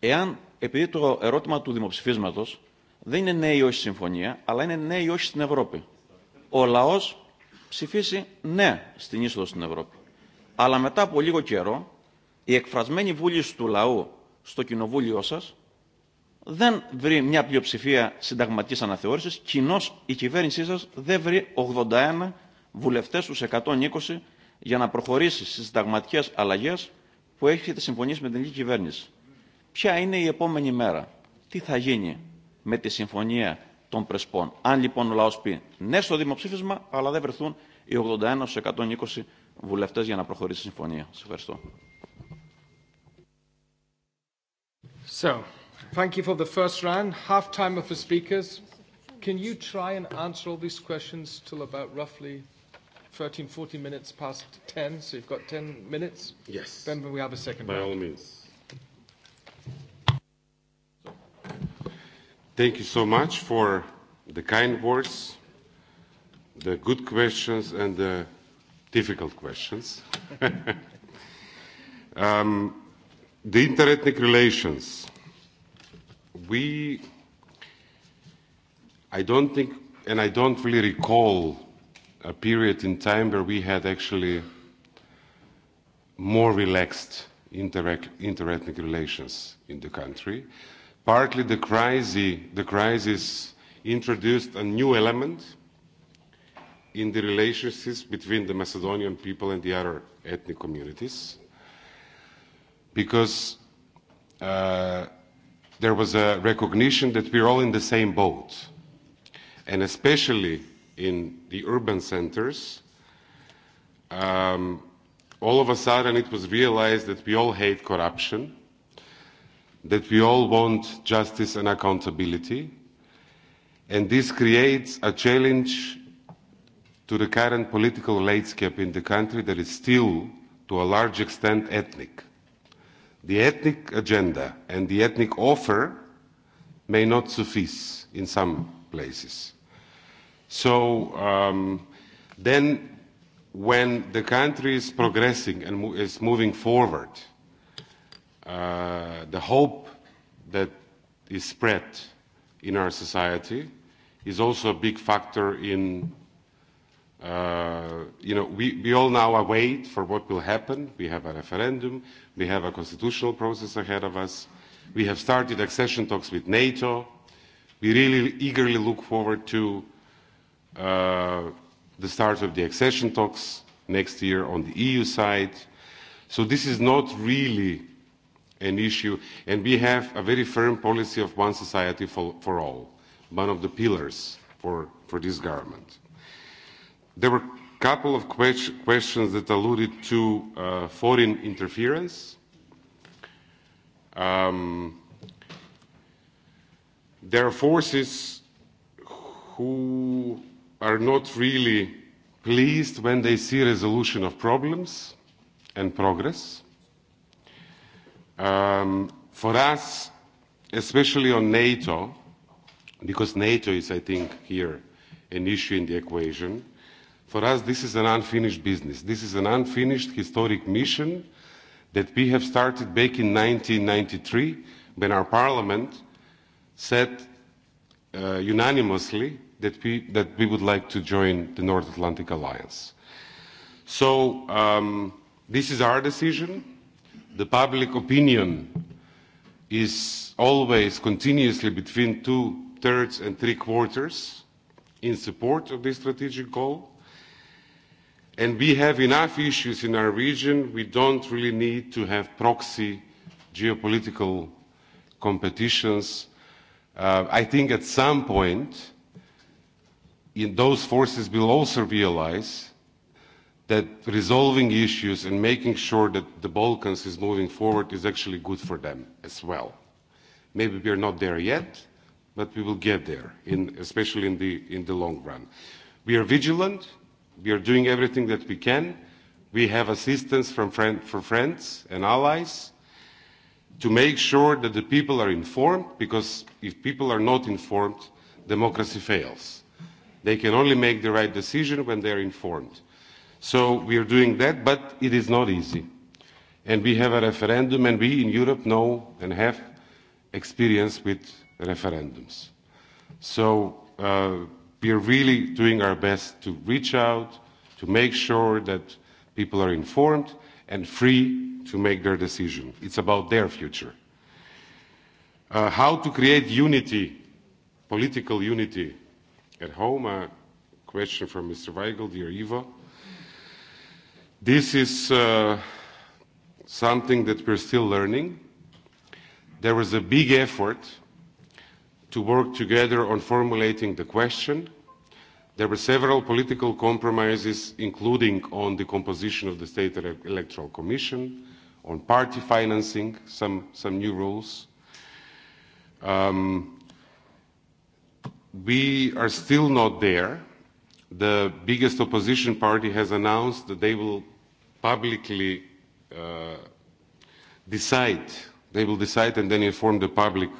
Εάν, επειδή το ερώτημα του δημοψηφίσματο Δεν είναι ναι ή όχι συμφωνία, αλλά είναι ναι ή όχι στην Ευρώπη. Ο λαό ψηφίσει ναι στην είσοδο στην Ευρώπη. Αλλά μετά από λίγο καιρό, η εκφρασμένη βούληση του λαού στο κοινοβούλιο σα δεν βρει μια πλειοψηφία συνταγματική αναθεώρηση. κοινώ η κυβέρνησή σα δεν βρει 81 βουλευτέ στου 120 για να προχωρήσει στις συνταγματικέ αλλαγέ που έχετε συμφωνήσει με την ελληνική κυβέρνηση. Ποια είναι η επόμενη μέρα, τι θα γίνει, με τη συμφωνία των Πρεσπών. Αν λοιπόν ο λαός πει ναι στο δημοψήφισμα, αλλά δεν βρεθούν οι 81 στους 120 βουλευτές για να προχωρήσει η συμφωνία. Σας ευχαριστώ. So, thank you for the first round. Half time of the speakers. Can you try and answer all these questions till about roughly 13, 14 minutes past 10? So you've got 10 minutes. Yes. Then we have a second By round. By all means. Thank you so much for the kind words, the good questions, and the difficult questions. um, the interethnic relations. We, I don't think, and I don't really recall a period in time where we had actually more relaxed inter interethnic relations in the country. Partly the crisis, the crisis introduced a new element in the relationships between the Macedonian people and the other ethnic communities, because uh, there was a recognition that we're all in the same boat, and especially in the urban centers, um, all of a sudden it was realized that we all hate corruption that we all want justice and accountability, and this creates a challenge to the current political landscape in the country that is still, to a large extent, ethnic. The ethnic agenda and the ethnic offer may not suffice in some places. So um, then when the country is progressing and mo is moving forward – Uh, the hope that is spread in our society is also a big factor in uh, you know, we, we all now await for what will happen. We have a referendum. We have a constitutional process ahead of us. We have started accession talks with NATO. We really eagerly look forward to uh, the start of the accession talks next year on the EU side. So this is not really an issue, and we have a very firm policy of one society for, for all, one of the pillars for, for this government. There were a couple of que- questions that alluded to uh, foreign interference. Um, there are forces who are not really pleased when they see resolution of problems and progress Um, for us, especially on NATO, because NATO is, I think, here an issue in the equation, for us this is an unfinished business. This is an unfinished historic mission that we have started back in 1993 when our parliament said uh, unanimously that we, that we would like to join the North Atlantic Alliance. So um, this is our decision the public opinion is always continuously between two-thirds and three-quarters in support of this strategic goal. And we have enough issues in our region. We don't really need to have proxy geopolitical competitions. Uh, I think at some point, in those forces will also realize that resolving issues and making sure that the Balkans is moving forward is actually good for them as well. Maybe we are not there yet, but we will get there, in, especially in the, in the long run. We are vigilant. We are doing everything that we can. We have assistance from friend, for friends and allies to make sure that the people are informed, because if people are not informed, democracy fails. They can only make the right decision when they are informed So we are doing that, but it is not easy. And we have a referendum, and we in Europe know and have experience with referendums. So uh, we are really doing our best to reach out, to make sure that people are informed and free to make their decision. It's about their future. Uh, how to create unity, political unity at home, a question from Mr. Weigel, dear Ivo. This is uh, something that we're still learning. There was a big effort to work together on formulating the question. There were several political compromises, including on the composition of the State Electoral Commission, on party financing, some, some new rules. Um, we are still not there. The biggest opposition party has announced that they will publicly uh, decide, they will decide and then inform the public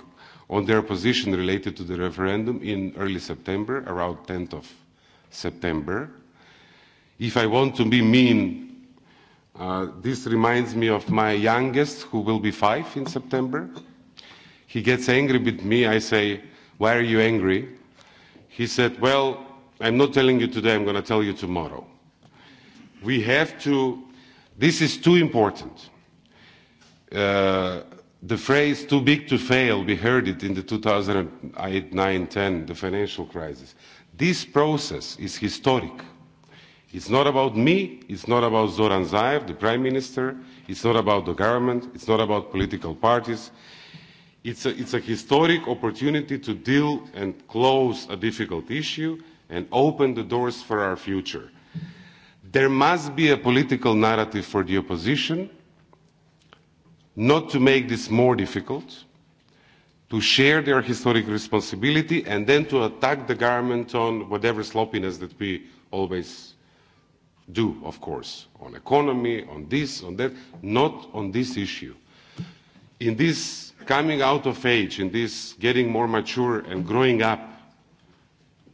on their position related to the referendum in early September, around 10th of September. If I want to be mean, uh, this reminds me of my youngest, who will be five in September. He gets angry with me. I say, Why are you angry? He said, Well, I'm not telling you today, I'm going to tell you tomorrow. We have to This is too important. Uh, the phrase too big to fail, we heard it in the 2008, 9, 10, the financial crisis. This process is historic. It's not about me, it's not about Zoran Zaev, the Prime Minister, it's not about the government, it's not about political parties. It's a, it's a historic opportunity to deal and close a difficult issue and open the doors for our future. There must be a political narrative for the opposition not to make this more difficult, to share their historic responsibility, and then to attack the government on whatever sloppiness that we always do, of course, on economy, on this, on that, not on this issue. In this coming out of age, in this getting more mature and growing up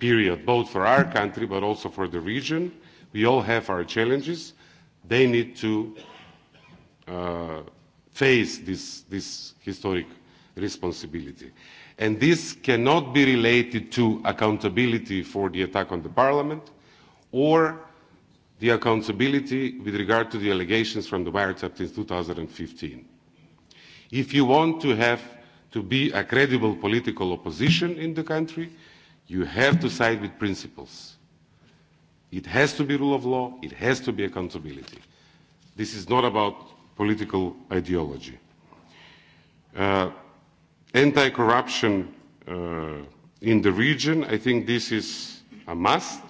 period, both for our country but also for the region, We all have our challenges. They need to uh, face this, this historic responsibility. And this cannot be related to accountability for the attack on the parliament or the accountability with regard to the allegations from the wiretap in 2015. If you want to have to be a credible political opposition in the country, you have to side with principles. It has to be rule of law. It has to be accountability. This is not about political ideology. Uh, Anti-corruption uh, in the region, I think this is a must.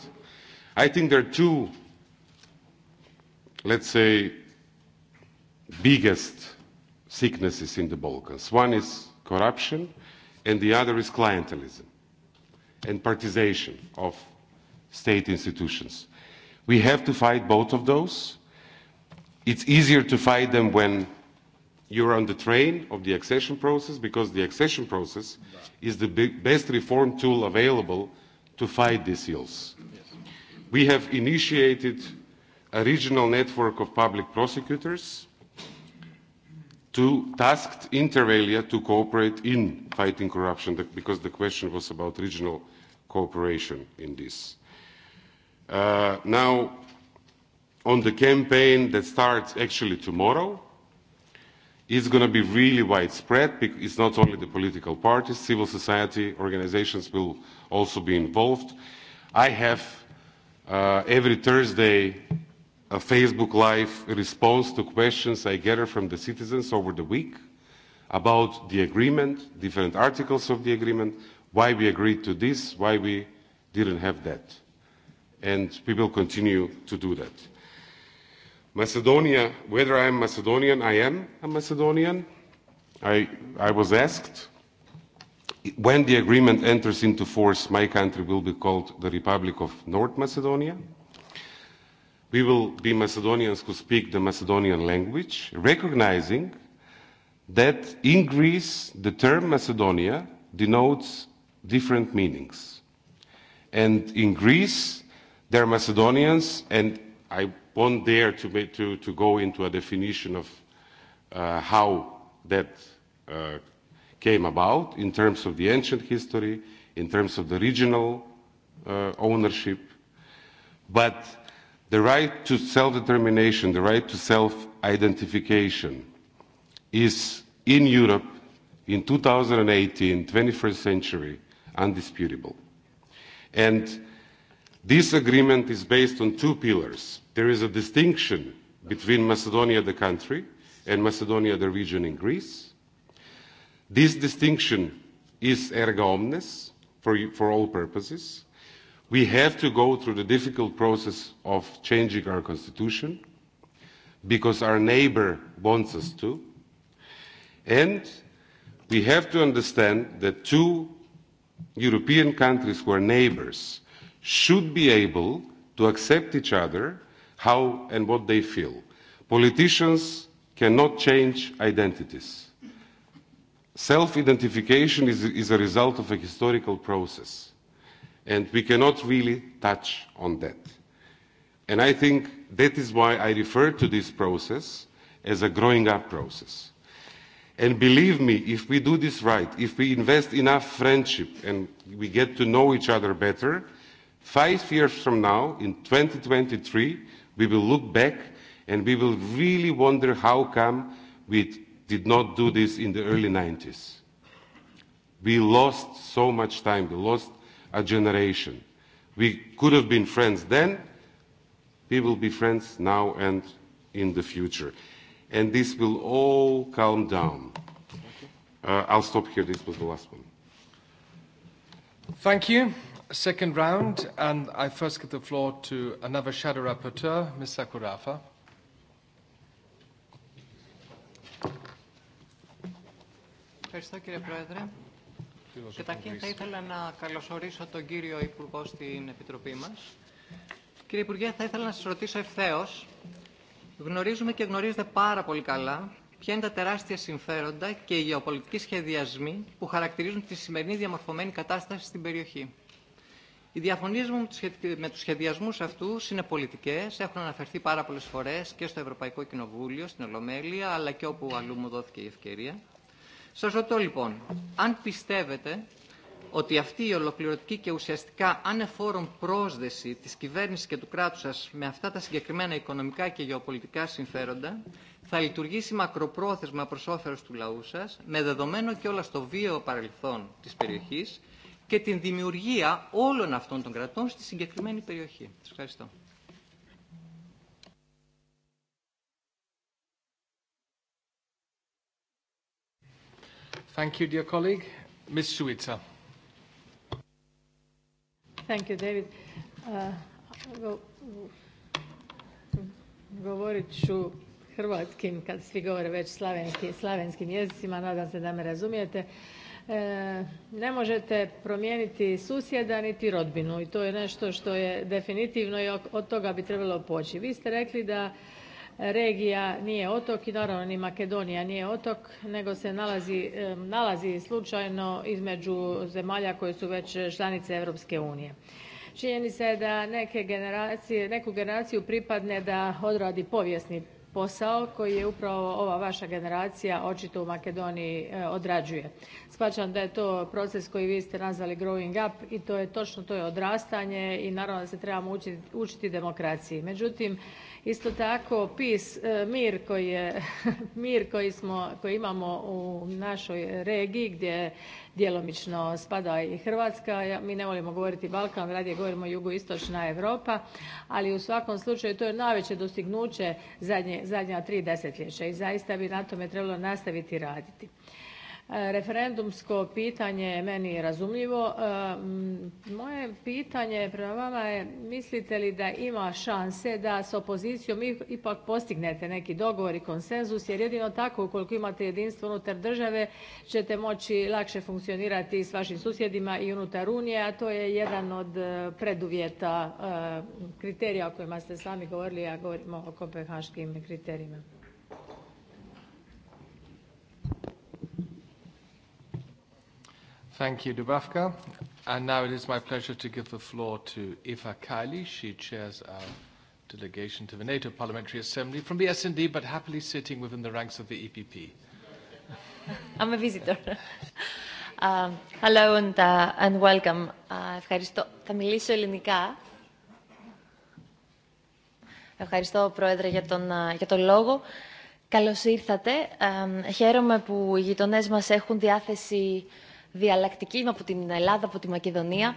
I think there are two, let's say, biggest sicknesses in the Balkans. One is corruption, and the other is clientelism and partization of state institutions. We have to fight both of those. It's easier to fight them when you're on the train of the accession process because the accession process is the big, best reform tool available to fight these ills. Yes. We have initiated a regional network of public prosecutors to tasked inter alia to cooperate in fighting corruption because the question was about regional cooperation in this. Uh, now, on the campaign that starts actually tomorrow, it's going to be really widespread. because It's not only the political parties, civil society organizations will also be involved. I have uh, every Thursday a Facebook Live response to questions I gather from the citizens over the week about the agreement, different articles of the agreement, why we agreed to this, why we didn't have that and we will continue to do that. Macedonia, whether I am Macedonian, I am a Macedonian. I, I was asked. When the agreement enters into force, my country will be called the Republic of North Macedonia. We will be Macedonians who speak the Macedonian language, recognizing that in Greece the term Macedonia denotes different meanings. And in Greece, They're Macedonians, and I won't dare to, be, to, to go into a definition of uh, how that uh, came about in terms of the ancient history, in terms of the regional uh, ownership. But the right to self-determination, the right to self-identification is in Europe in 2018, 21st century, undisputable. And This agreement is based on two pillars. There is a distinction between Macedonia, the country, and Macedonia, the region in Greece. This distinction is erga omnes for, for all purposes. We have to go through the difficult process of changing our constitution because our neighbor wants us to. And we have to understand that two European countries who are neighbors should be able to accept each other how and what they feel. Politicians cannot change identities. Self-identification is, is a result of a historical process, and we cannot really touch on that. And I think that is why I refer to this process as a growing up process. And believe me, if we do this right, if we invest enough friendship and we get to know each other better, Five years from now, in 2023, we will look back and we will really wonder how come we did not do this in the early 90s. We lost so much time. We lost a generation. We could have been friends then. We will be friends now and in the future. And this will all calm down. Uh, I'll stop here. This was the last one. Thank you second round, and I first give the floor to another shadow rapporteur, Ms. Sakurafa. Ευχαριστώ κύριε Πρόεδρε. Καταρχήν θα ήθελα να καλωσορίσω τον κύριο Υπουργό στην Επιτροπή μας. Κύριε Υπουργέ, θα ήθελα να σας ρωτήσω ευθέως. Γνωρίζουμε και γνωρίζετε πάρα πολύ καλά ποια είναι τα τεράστια συμφέροντα και οι γεωπολιτικοί σχεδιασμοί που χαρακτηρίζουν τη σημερινή διαμορφωμένη κατάσταση στην περιοχή. Οι διαφωνίε μου με του σχεδιασμού αυτού είναι πολιτικέ. Έχουν αναφερθεί πάρα πολλέ φορέ και στο Ευρωπαϊκό Κοινοβούλιο, στην Ολομέλεια, αλλά και όπου αλλού μου δόθηκε η ευκαιρία. Σα ρωτώ λοιπόν, αν πιστεύετε ότι αυτή η ολοκληρωτική και ουσιαστικά ανεφόρον πρόσδεση της κυβέρνησης και του κράτους σας με αυτά τα συγκεκριμένα οικονομικά και γεωπολιτικά συμφέροντα θα λειτουργήσει μακροπρόθεσμα προς όφελος του λαού σας, με δεδομένο και όλα στο βίαιο παρελθόν της περιοχής, και την δημιουργία όλων αυτών των κρατών στη συγκεκριμένη περιοχή. Σας ευχαριστώ. Thank you, dear colleague. Ms. Suica. Thank you, David. Uh, go, govorit ću hrvatskim, kad svi govore već slavenskim, slavenskim jezicima, nadam se da me razumijete. Uh, E, ne možete promijeniti susjeda niti rodbinu i to je nešto što je definitivno i od toga bi trebalo poći. Vi ste rekli da regija nije otok i naravno ni Makedonija nije otok nego se nalazi e, nalazi slučajno između zemalja koje su već članice Europske unije. Činjenica je da neke generacije neku generaciju pripadne da odradi povijesni posao koji upravo ova vaša generacija očito u makedoniji e, odrađuje. shvaćam da je to proces koji vi ste nazvali growing up i to je točno to je odrastanje i naravno da se trebamo učiti demokraciji. međutim Isto tako PIS, e, mir koji, je, mir koji, smo, koji imamo u našoj regiji gdje djelomično spada i Hrvatska, mi ne volimo govoriti Balkan, radije govorimo jugoistočna Europa, ali u svakom slučaju to je najveće dostignuće zadnje, zadnja tri desetljeća i zaista bi na tome trebalo nastaviti raditi. Referendumsko pitanje je meni razumljivo. E, moje pitanje prema vama je mislite li da ima šanse da s opozicijom ipak postignete neki dogovor i konsenzus jer jedino tako ukoliko imate jedinstvo unutar države ćete moći lakše funkcionirati s vašim susjedima i unutar Unije, a to je jedan od e, preduvjeta e, kriterija o kojima ste sami govorili, a govorimo o kopenhaškim kriterijima. Thank you, Dubravka. And now it is my pleasure to give the floor to Eva Kaili. She chairs our delegation to the NATO Parliamentary Assembly from the SD, but happily sitting within the ranks of the EPP. I'm a visitor. Uh, hello and, uh, and welcome. Uh, ευχαριστώ. Θα μιλήσω ελληνικά. Ευχαριστώ, Πρόεδρε, για τον, uh, για τον λόγο. Καλώς ήρθατε. Ε, um, χαίρομαι που οι γειτονές μας έχουν διάθεση διαλλακτική από την Ελλάδα, από τη Μακεδονία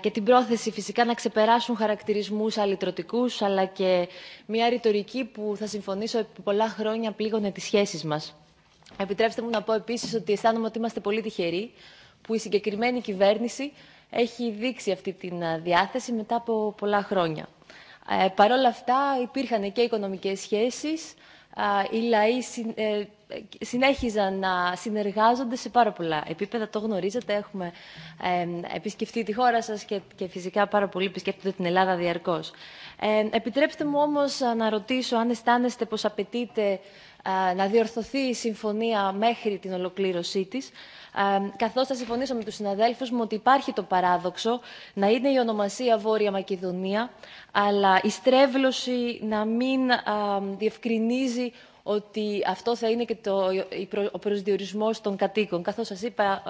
και την πρόθεση φυσικά να ξεπεράσουν χαρακτηρισμούς αλυτρωτικούς αλλά και μια ρητορική που θα συμφωνήσω επί πολλά χρόνια πλήγωνε τις σχέσεις μας. Επιτρέψτε μου να πω επίσης ότι αισθάνομαι ότι είμαστε πολύ τυχεροί που η συγκεκριμένη κυβέρνηση έχει δείξει αυτή τη διάθεση μετά από πολλά χρόνια. Ε, Παρ' όλα αυτά υπήρχαν και οικονομικές σχέσεις, οι λαοί συνέχιζαν να συνεργάζονται σε πάρα πολλά επίπεδα. Το γνωρίζετε, έχουμε επισκεφτεί τη χώρα σας και, φυσικά πάρα πολλοί επισκέπτονται την Ελλάδα διαρκώς. επιτρέψτε μου όμως να ρωτήσω αν αισθάνεστε πως απαιτείτε να διορθωθεί η συμφωνία μέχρι την ολοκλήρωσή της, καθώς θα συμφωνήσω με τους συναδέλφους μου ότι υπάρχει το παράδοξο να είναι η ονομασία Βόρεια Μακεδονία, αλλά η στρέβλωση να μην α, διευκρινίζει ότι αυτό θα είναι και το, ο προσδιορισμός των κατοίκων. Καθώς σας είπα,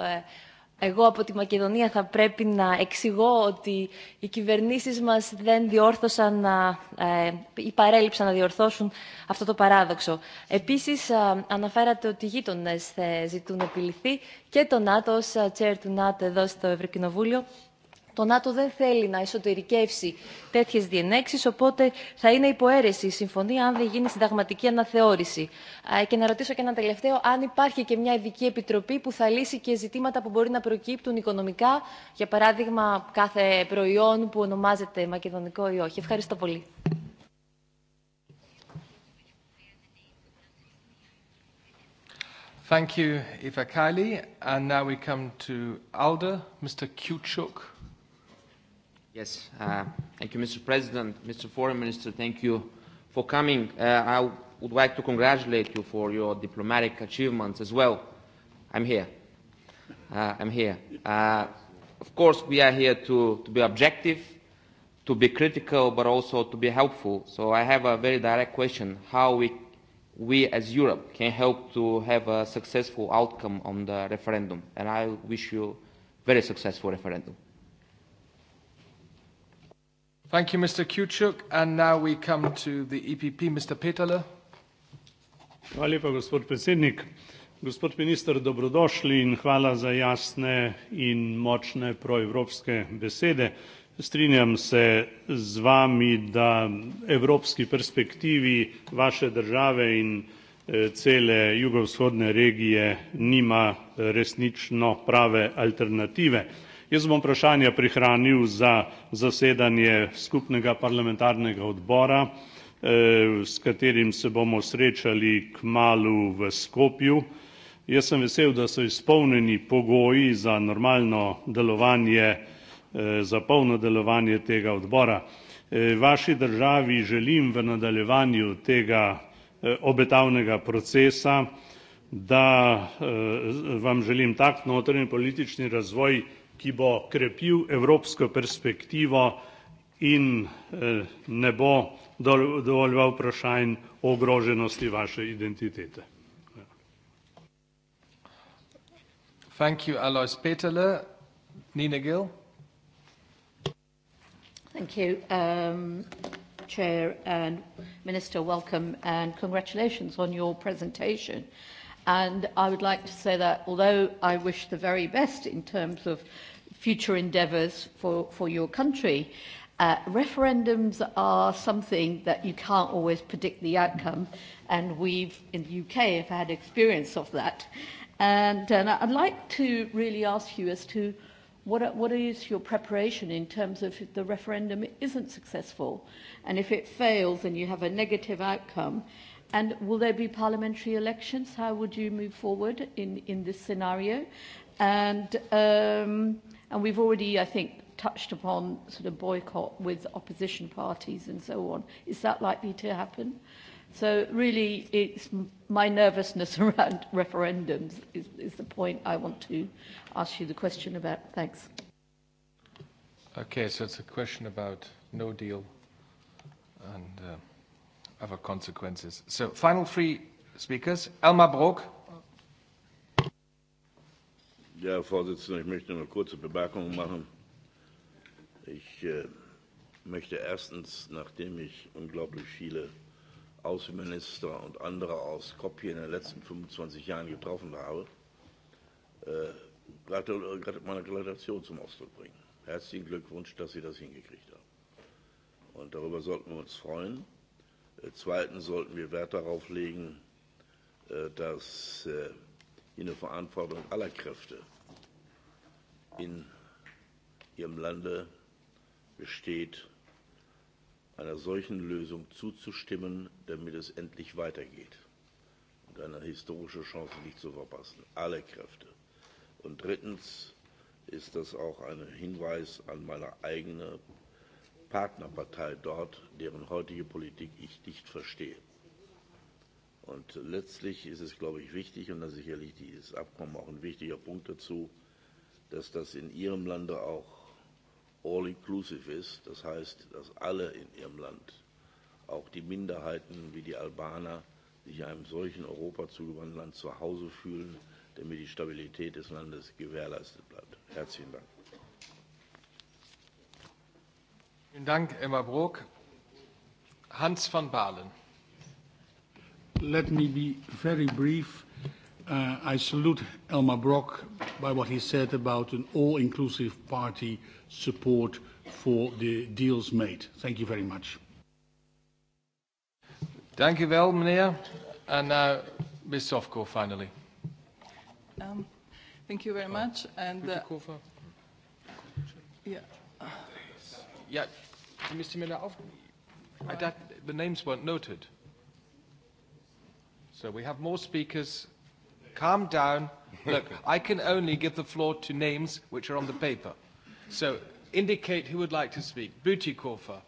εγώ από τη Μακεδονία θα πρέπει να εξηγώ ότι οι κυβερνήσεις μας δεν διόρθωσαν να, ε, ή παρέλειψαν να διορθώσουν αυτό το παράδοξο. Επίσης, α, αναφέρατε ότι οι γείτονες θα ζητούν επιληθεί και το ΝΑΤΟ ως chair του ΝΑΤΟ εδώ στο Ευρωκοινοβούλιο το νατο δεν θέλει να εσωτερικεύσει τέτοιε διενέξεις οπότε θα είναι υποαίρεση η συμφωνία αν δεν γίνει συνταγματική αναθεώρηση. και να ρωτήσω και ένα τελευταίο αν υπάρχει και μια ειδική επιτροπή που θα λύσει και ζητήματα που μπορεί να προκύπτουν οικονομικά για παράδειγμα κάθε προϊόν που ονομάζεται μακεδονικό ή όχι. Ευχαριστώ πολύ. Thank you, Ivakali. And now we come to ALDE, Mr. Kuchuk. Yes, uh, thank you, Mr. President. Mr. Foreign Minister, thank you for coming. Uh, I would like to congratulate you for your diplomatic achievements as well. I'm here. Uh, I'm here. Uh, of course, we are here to, to be objective, to be critical, but also to be helpful. So I have a very direct question. How we, we as Europe can help to have a successful outcome on the referendum. And I wish you a very successful referendum. Thank you, Mr. Kuchuk. now we come to the EPP, Mr. Peterle. Strinjam se z vami, da evropski perspektivi vaše države in eh, cele jugovzhodne regije nima eh, resnično prave alternative. Jaz bom vprašanja prihranil za zasedanje skupnega parlamentarnega odbora, eh, s katerim se bomo srečali k malu v Skopju. Jaz sem vesel, da so izpolneni pogoji za normalno delovanje, eh, za polno delovanje tega odbora. Eh, vaši državi želim v nadaljevanju tega obetavnega procesa, da vam želim tak notranjepolitični razvoj, ki bo krepil evropsko perspektivo in eh, ne bo dovoljeval vprašanj o ogroženosti vaše identitete. Thank you, Alois Peterle. Nina Gill. Thank you, um, Chair and Minister. Welcome and congratulations on your presentation. And I would like to say that although I wish the very best in terms of future endeavours for, for your country, uh, referendums are something that you can't always predict the outcome. And we've, in the UK, have had experience of that. And, and I'd like to really ask you as to what, what is your preparation in terms of if the referendum isn't successful? And if it fails and you have a negative outcome, And will there be parliamentary elections? How would you move forward in, in this scenario? And, um, and we've already, I think, touched upon sort of boycott with opposition parties and so on. Is that likely to happen? So really, it's my nervousness around referendums is, is the point I want to ask you the question about. Thanks. Okay, so it's a question about no deal and... Uh other consequences. So final three speakers. Elmar Brok. Ja, Herr Vorsitzender, ich möchte nur kurze Bemerkungen machen. Ich äh, möchte erstens, nachdem ich unglaublich viele Außenminister und andere aus Kopien in den letzten 25 Jahren getroffen habe, äh, meine Gratulation zum Ausdruck bringen. Herzlichen Glückwunsch, dass Sie das hingekriegt haben. Und darüber sollten wir uns freuen. Zweitens sollten wir Wert darauf legen, äh, dass äh, hier eine Verantwortung aller Kräfte in ihrem Lande besteht, einer solchen Lösung zuzustimmen, damit es endlich weitergeht und eine historische Chance nicht zu verpassen. Alle Kräfte. Und drittens ist das auch ein Hinweis an meine eigene Partnerpartei dort, deren heutige Politik ich nicht verstehe. Und letztlich ist es, glaube ich, wichtig, und das ist sicherlich dieses Abkommen auch ein wichtiger Punkt dazu, dass das in Ihrem Lande auch all-inclusive ist. Das heißt, dass alle in Ihrem Land, auch die Minderheiten wie die Albaner, sich einem solchen Europa zugewandten Land zu Hause fühlen, damit die Stabilität des Landes gewährleistet bleibt. Herzlichen Dank. Vielen Dank, Emma Brok. Hans van Balen. Let me be very brief. Uh, I salute Elmar Brok by what he said about an all-inclusive party support for the deals made. Thank you very much. Dank u wel, Mr. And now, Ms. Sofko, finally. Um, thank you very much. Oh, And uh, yeah. Yeah, Mr. Miller, auf, I, that, the names weren't noted. So we have more speakers. Calm down. Look, I can only give the floor to names which are on the paper. So indicate who would like to speak. Butikova,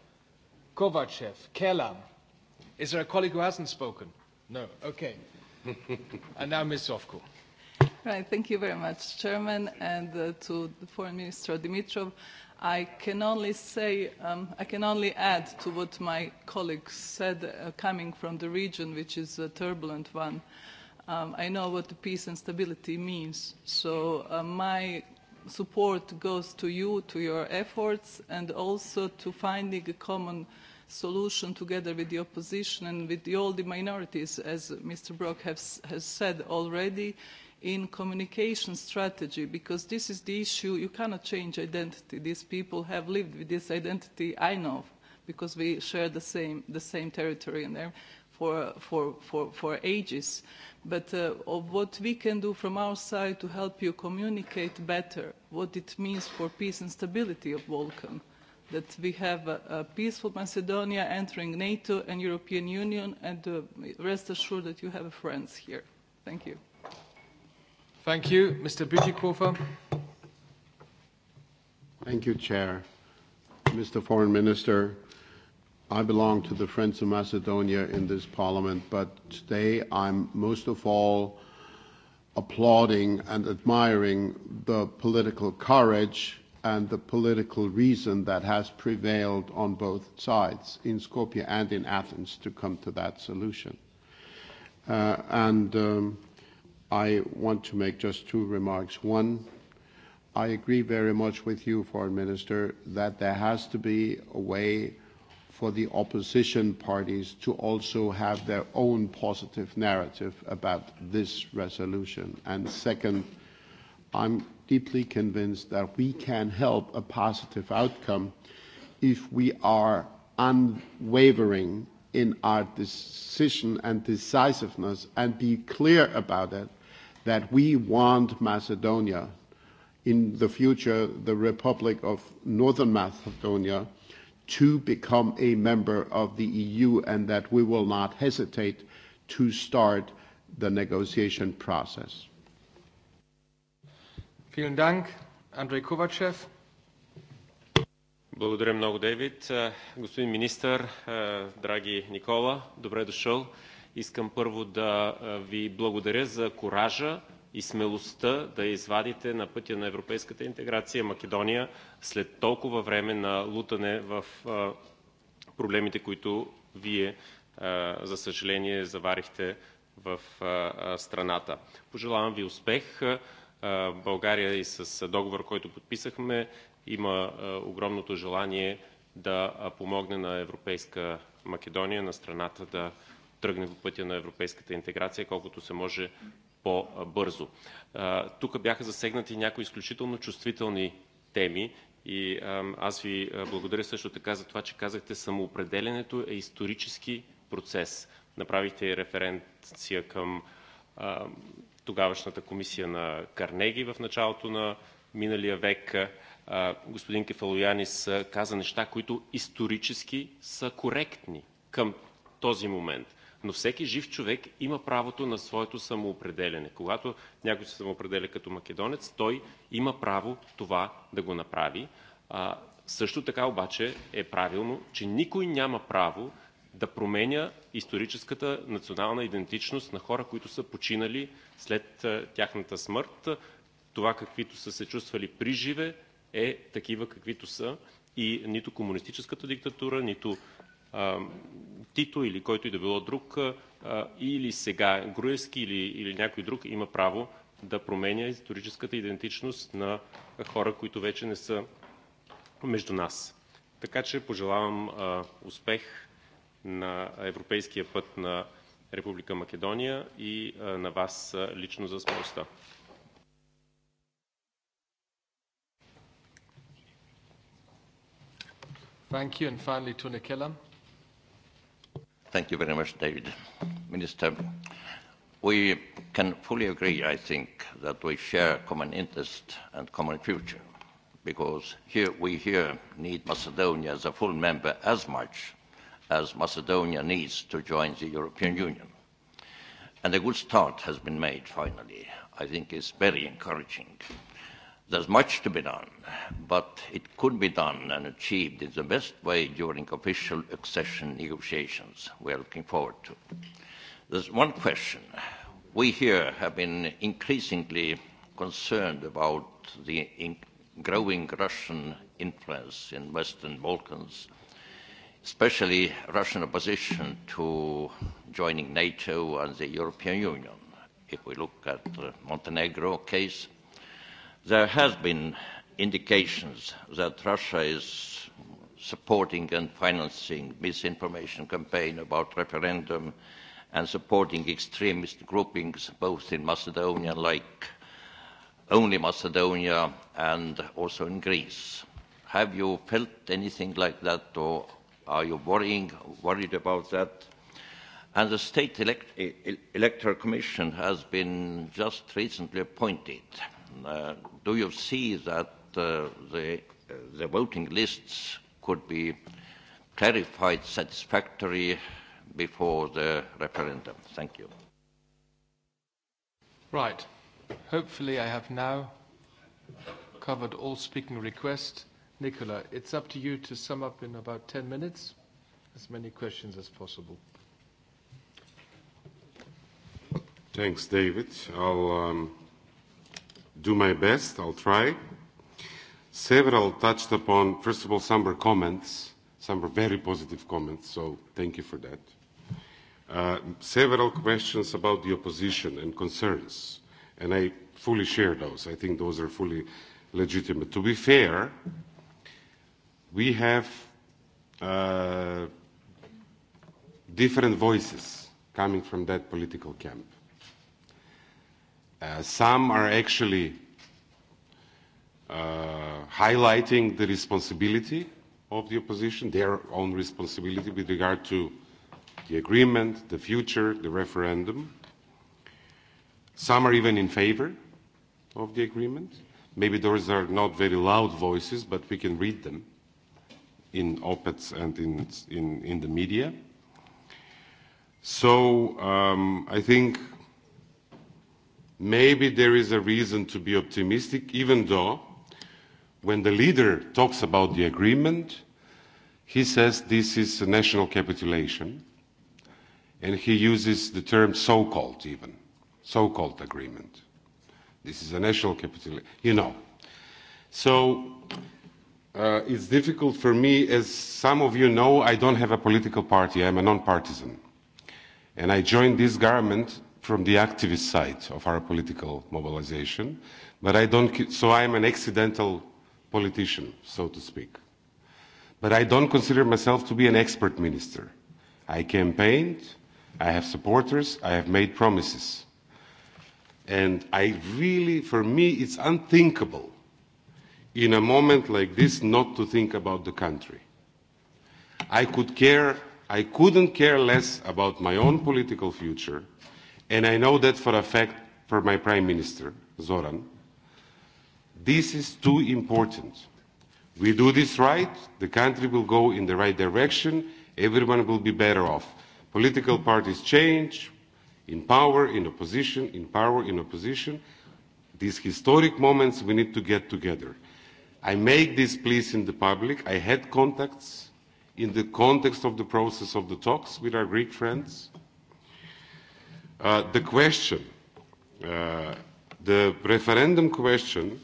Kovachev, Kelam. Is there a colleague who hasn't spoken? No. Okay. and now Ms. Sofko. Right. Thank you very much, Chairman, and uh, to the Foreign Minister Dimitrov. I can only say, um, I can only add to what my colleague said uh, coming from the region, which is a turbulent one. Um, I know what the peace and stability means. So uh, my support goes to you, to your efforts, and also to finding a common solution together with the opposition and with the, all the minorities, as Mr. Brok has, has said already in communication strategy because this is the issue you cannot change identity these people have lived with this identity i know because we share the same the same territory in there for for for for ages but uh, of what we can do from our side to help you communicate better what it means for peace and stability of balkan that we have a, a peaceful macedonia entering nato and european union and uh, rest assured that you have friends here thank you Thank you. Mr. Bütikofer. Thank you, Chair. Mr. Foreign Minister, I belong to the Friends of Macedonia in this parliament, but today I'm most of all applauding and admiring the political courage and the political reason that has prevailed on both sides, in Skopje and in Athens, to come to that solution. Uh, and um, I want to make just two remarks. One, I agree very much with you, Foreign Minister, that there has to be a way for the opposition parties to also have their own positive narrative about this resolution. And second, I'm deeply convinced that we can help a positive outcome if we are unwavering in our decision and decisiveness and be clear about it that we want Macedonia, in the future, the Republic of Northern Macedonia, to become a member of the EU and that we will not hesitate to start the negotiation process. Vielen Dank. Andrei Kovacev. Благодаря много, Дэвид. Господин министр, драги Никола, добре дошъл. Искам първо да ви благодаря за куража и смелостта да извадите на пътя на европейската интеграция Македония след толкова време на лутане в проблемите, които вие, за съжаление, заварихте в страната. Пожелавам ви успех. България и с договор, който подписахме, има огромното желание да помогне на европейска Македония, на страната да тръгне по пътя на европейската интеграция колкото се може по-бързо. Тук бяха засегнати някои изключително чувствителни теми и аз ви благодаря също така за това, че казахте самоопределенето е исторически процес. Направихте референция към тогавашната комисия на Карнеги в началото на миналия век. господин Кефалоянис каза неща, които исторически са коректни към този момент. Но всеки жив човек има правото на своето самоопределяне. Когато някой се самоопределя като македонец, той има право това да го направи. А, също така обаче е правилно, че никой няма право да променя историческата национална идентичност на хора, които са починали след тяхната смърт. Това, каквито са се чувствали при живе, е такива, каквито са. И нито комунистическата диктатура, нито Тито или който и да било друг, или сега Груевски или, или някой друг има право да променя историческата идентичност на хора, които вече не са между нас. Така че пожелавам успех на европейския път на Република Македония и на вас лично за смелостта. Thank you and finally to Nikela. Thank you very much, David. Minister, we can fully agree, I think, that we share common interest and common future, because here we here need Macedonia as a full member as much as Macedonia needs to join the European Union. And a good start has been made finally. I think it's very encouraging. There's much to be done, but it could be done and achieved in the best way during official accession negotiations. We are looking forward to. There's one question. We here have been increasingly concerned about the growing Russian influence in Western Balkans, especially Russian opposition to joining NATO and the European Union. If we look at the Montenegro case, there has been indications that Russia is supporting and financing misinformation campaign about referendum and supporting extremist groupings both in Macedonia, like only Macedonia, and also in Greece. Have you felt anything like that, or are you worrying, worried about that? And the State elect e-, e-, Electoral Commission has been just recently appointed. Uh, do you see that uh, the, uh, the voting lists could be clarified satisfactory before the referendum? Thank you. Right. Hopefully I have now covered all speaking requests. Nicola, it's up to you to sum up in about 10 minutes as many questions as possible. Thanks, David. I'll um, do my best. I'll try. Several touched upon, first of all, some were comments. Some were very positive comments, so thank you for that. Uh, several questions about the opposition and concerns, and I fully share those. I think those are fully legitimate. To be fair, we have uh, different voices coming from that political camp. Uh, some are actually uh, highlighting the responsibility of the opposition, their own responsibility with regard to the agreement, the future, the referendum. Some are even in favor of the agreement. Maybe those are not very loud voices, but we can read them in op-eds and in, in, in the media. So um, I think maybe there is a reason to be optimistic, even though when the leader talks about the agreement, he says this is a national capitulation, and he uses the term so-called even, so-called agreement. This is a national capitulation, you know. So uh, it's difficult for me, as some of you know, I don't have a political party, I'm a non-partisan. And I joined this government from the activist side of our political mobilization, but I don't, so I'm an accidental politician, so to speak. But I don't consider myself to be an expert minister. I campaigned, I have supporters, I have made promises. And I really, for me, it's unthinkable in a moment like this not to think about the country. I could care, I couldn't care less about my own political future and I know that for a fact for my Prime Minister, Zoran. This is too important. We do this right, the country will go in the right direction, everyone will be better off. Political parties change, in power, in opposition, in power, in opposition. These historic moments we need to get together. I make this pleas in the public. I had contacts in the context of the process of the talks with our Greek friends. Uh, the question, uh, the referendum question,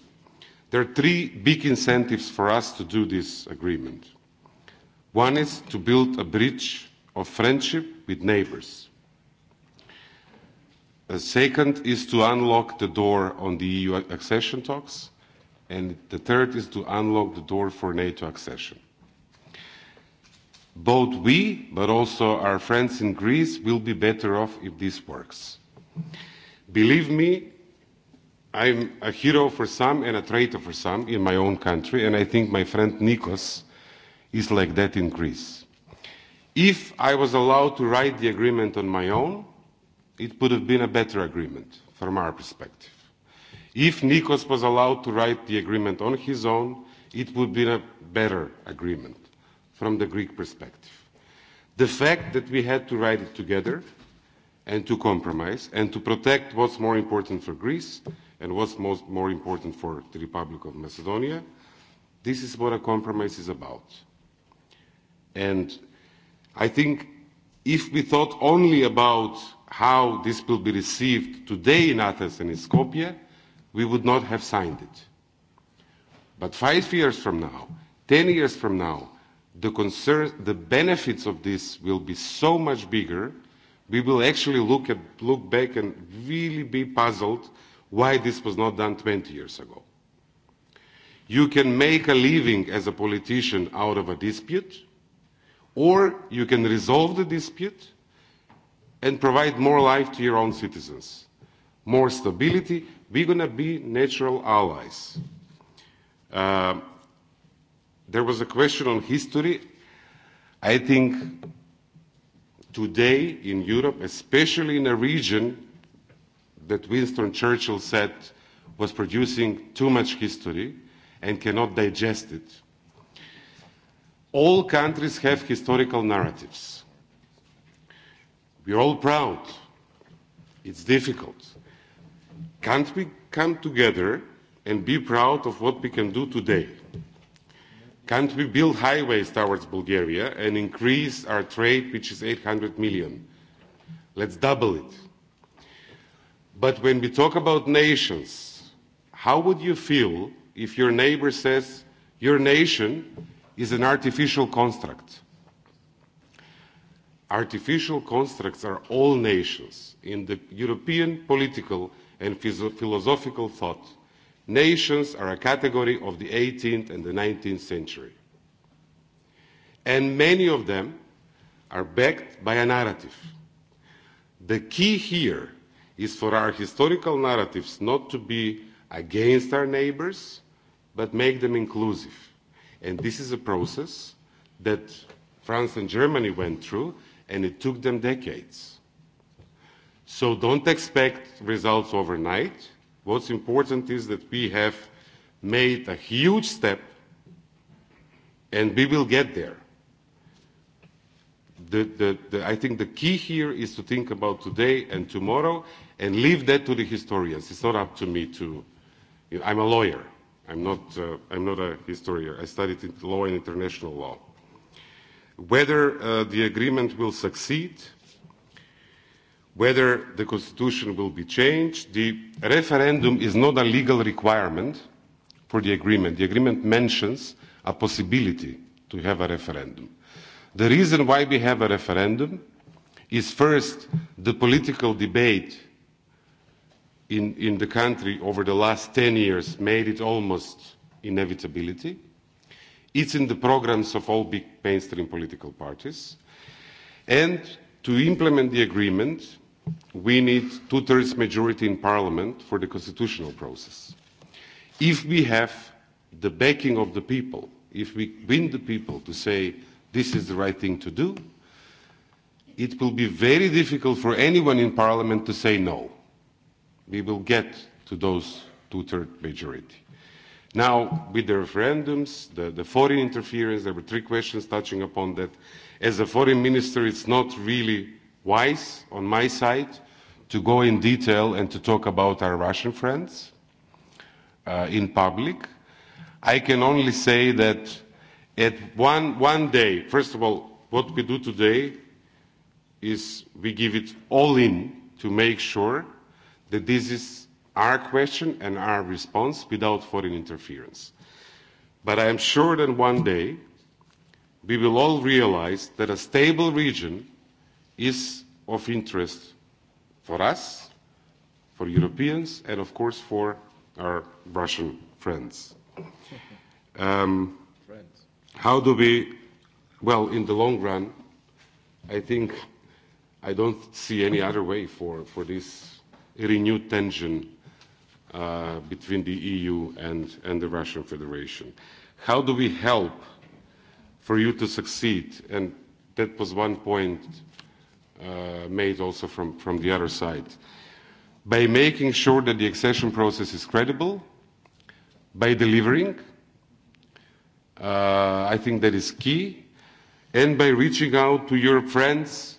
there are three big incentives for us to do this agreement. One is to build a bridge of friendship with neighbors. The second is to unlock the door on the EU accession talks. And the third is to unlock the door for NATO accession both we, but also our friends in Greece, will be better off if this works. Believe me, I'm a hero for some and a traitor for some in my own country, and I think my friend Nikos is like that in Greece. If I was allowed to write the agreement on my own, it would have been a better agreement from our perspective. If Nikos was allowed to write the agreement on his own, it would have been a better agreement from the Greek perspective. The fact that we had to write it together and to compromise and to protect what's more important for Greece and what's most, more important for the Republic of Macedonia, this is what a compromise is about. And I think if we thought only about how this will be received today in Athens and in Skopje, we would not have signed it. But five years from now, ten years from now, the concerns, the benefits of this will be so much bigger. We will actually look at look back and really be puzzled why this was not done 20 years ago. You can make a living as a politician out of a dispute, or you can resolve the dispute and provide more life to your own citizens, more stability. We're going to be natural allies. Uh, There was a question on history. I think today in Europe, especially in a region that Winston Churchill said was producing too much history and cannot digest it, all countries have historical narratives. We're all proud. It's difficult. Can't we come together and be proud of what we can do today? Can't we build highways towards Bulgaria and increase our trade, which is 800 million? Let's double it. But when we talk about nations, how would you feel if your neighbor says your nation is an artificial construct? Artificial constructs are all nations in the European political and philosophical thought Nations are a category of the 18th and the 19th century. And many of them are backed by a narrative. The key here is for our historical narratives not to be against our neighbors, but make them inclusive. And this is a process that France and Germany went through, and it took them decades. So don't expect results overnight What's important is that we have made a huge step and we will get there. The, the, the, I think the key here is to think about today and tomorrow and leave that to the historians. It's not up to me to. You know, I'm a lawyer. I'm not, uh, I'm not a historian. I studied law and international law. Whether uh, the agreement will succeed whether the constitution will be changed. The referendum is not a legal requirement for the agreement. The agreement mentions a possibility to have a referendum. The reason why we have a referendum is first the political debate in, in the country over the last 10 years made it almost inevitability. It's in the programs of all big mainstream political parties. And to implement the agreement, we need two-thirds majority in parliament for the constitutional process. If we have the backing of the people, if we win the people to say this is the right thing to do, it will be very difficult for anyone in parliament to say no. We will get to those two thirds majority. Now, with the referendums, the, the foreign interference, there were three questions touching upon that. As a foreign minister, it's not really wise on my side to go in detail and to talk about our Russian friends uh, in public. I can only say that at one, one day, first of all, what we do today is we give it all in to make sure that this is our question and our response without foreign interference. But I am sure that one day we will all realize that a stable region is of interest for us, for Europeans, and of course for our Russian friends. Um, friends. How do we, well, in the long run, I think I don't see any other way for, for this renewed tension uh, between the EU and, and the Russian Federation. How do we help for you to succeed? And that was one point uh, made also from, from the other side. By making sure that the accession process is credible, by delivering, uh, I think that is key, and by reaching out to your friends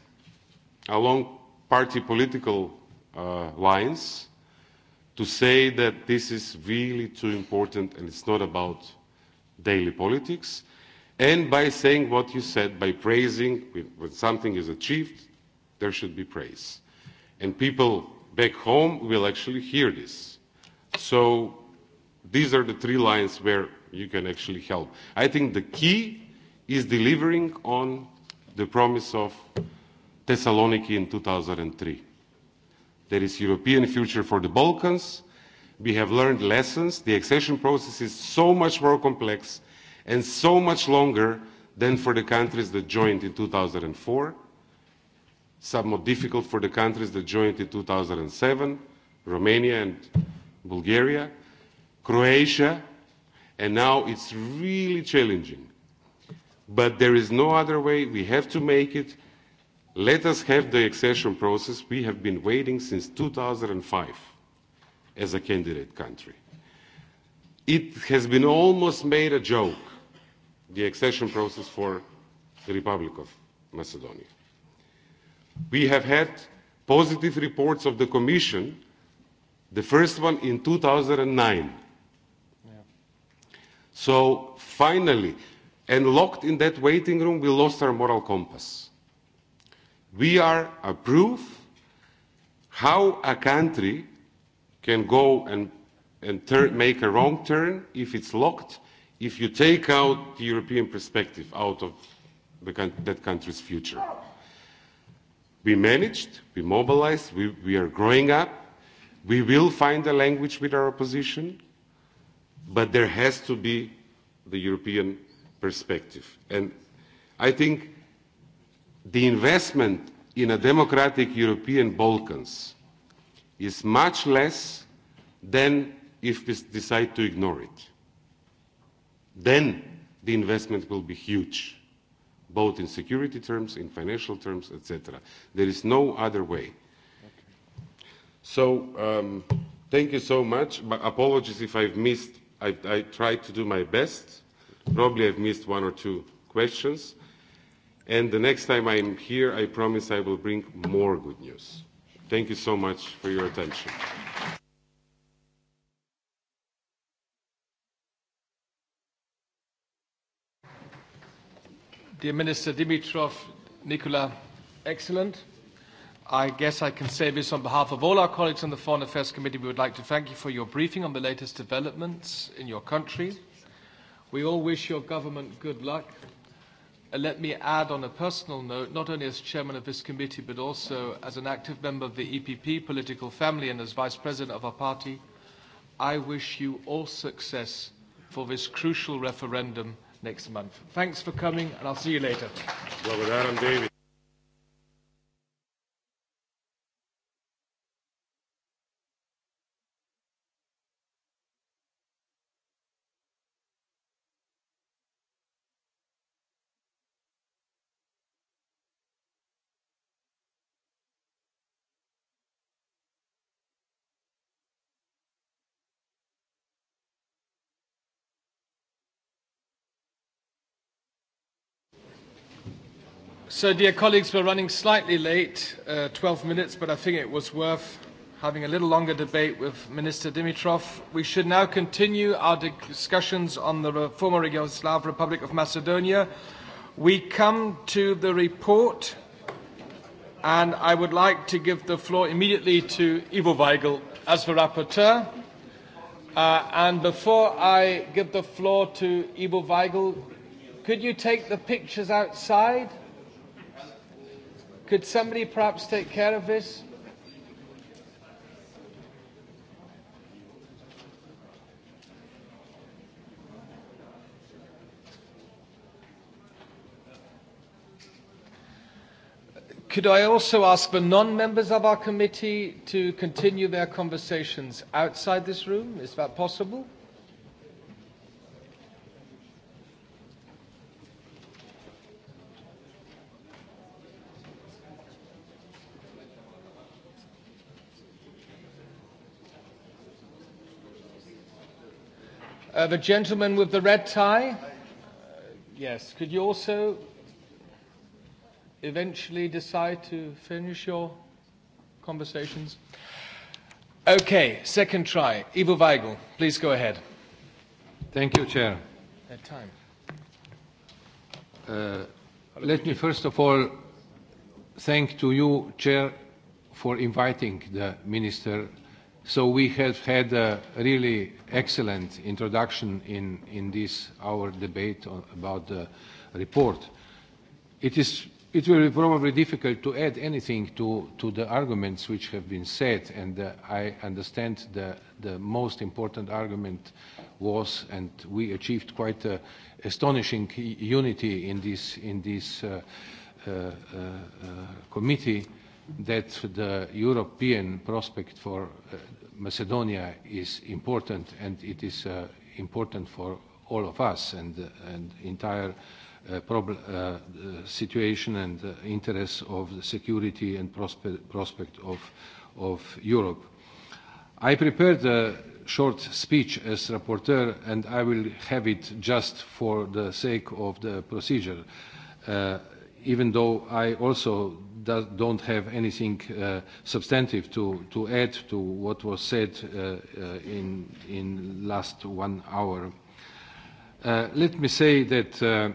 along party political uh, lines to say that this is really too important and it's not about daily politics, and by saying what you said, by praising when something is achieved, there should be praise. And people back home will actually hear this. So these are the three lines where you can actually help. I think the key is delivering on the promise of Thessaloniki in 2003. There is European future for the Balkans. We have learned lessons. The accession process is so much more complex and so much longer than for the countries that joined in 2004 somewhat difficult for the countries that joined in 2007, Romania and Bulgaria, Croatia, and now it's really challenging. But there is no other way. We have to make it. Let us have the accession process we have been waiting since 2005 as a candidate country. It has been almost made a joke, the accession process for the Republic of Macedonia we have had positive reports of the Commission, the first one in 2009. Yeah. So finally, and locked in that waiting room, we lost our moral compass. We are a proof how a country can go and, and turn, make a wrong turn if it's locked, if you take out the European perspective out of the, that country's future. We managed, we mobilized, we, we are growing up. We will find a language with our opposition, but there has to be the European perspective. And I think the investment in a democratic European Balkans is much less than if we decide to ignore it. Then the investment will be huge both in security terms, in financial terms, etc. There is no other way. Okay. So um, thank you so much. apologies if I've missed. I, I tried to do my best. Probably I've missed one or two questions. And the next time I'm here, I promise I will bring more good news. Thank you so much for your attention. Dear Minister Dimitrov, Nicola, excellent. I guess I can say this on behalf of all our colleagues on the Foreign Affairs Committee. We would like to thank you for your briefing on the latest developments in your country. We all wish your government good luck. And let me add on a personal note, not only as chairman of this committee, but also as an active member of the EPP political family and as vice president of our party, I wish you all success for this crucial referendum next month. Thanks for coming, and I'll see you later. Благодарам, Дейвид. So, dear colleagues, we're running slightly late, uh, 12 minutes, but I think it was worth having a little longer debate with Minister Dimitrov. We should now continue our discussions on the former Yugoslav Republic of Macedonia. We come to the report, and I would like to give the floor immediately to Ivo Weigel as the rapporteur. Uh, and before I give the floor to Ivo Weigel, could you take the pictures outside? Could somebody perhaps take care of this? Could I also ask the non-members of our committee to continue their conversations outside this room? Is that possible? Uh, the gentleman with the red tie. Uh, yes, could you also eventually decide to finish your conversations? Okay, second try. Ivo Weigel, please go ahead. Thank you, Chair. That time. Uh, let me first of all thank to you, Chair, for inviting the Minister So we have had a really excellent introduction in, in this, our debate on, about the report. It, is, it will be probably difficult to add anything to, to the arguments which have been said, and uh, I understand the, the most important argument was, and we achieved quite a uh, astonishing unity in this, in this uh, uh, uh, uh committee, that the European prospect for uh, Macedonia is important and it is uh, important for all of us and, uh, and entire uh, prob- uh, situation and uh, interests of the security and prospect, prospect of, of Europe. I prepared a short speech as rapporteur and I will have it just for the sake of the procedure. Uh, even though I also does, don't have anything uh, substantive to, to add to what was said uh, uh, in, in last one hour. Uh, let me say that, uh,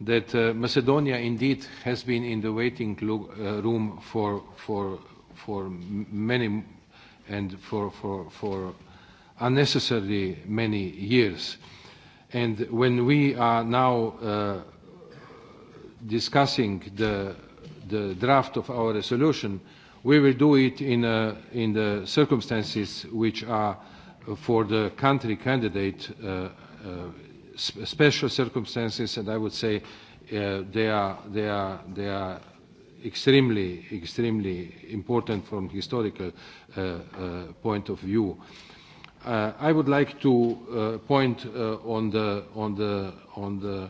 that uh, Macedonia indeed has been in the waiting uh, room for, for, for many and for, for, for unnecessarily many years. And when we are now uh, discussing the the draft of our resolution, we will do it in, a, uh, in the circumstances which are uh, for the country candidate uh, uh, special circumstances, and I would say uh, they are they are they are extremely extremely important from historical uh, uh, point of view. Uh, I would like to uh, point uh, on the on the on the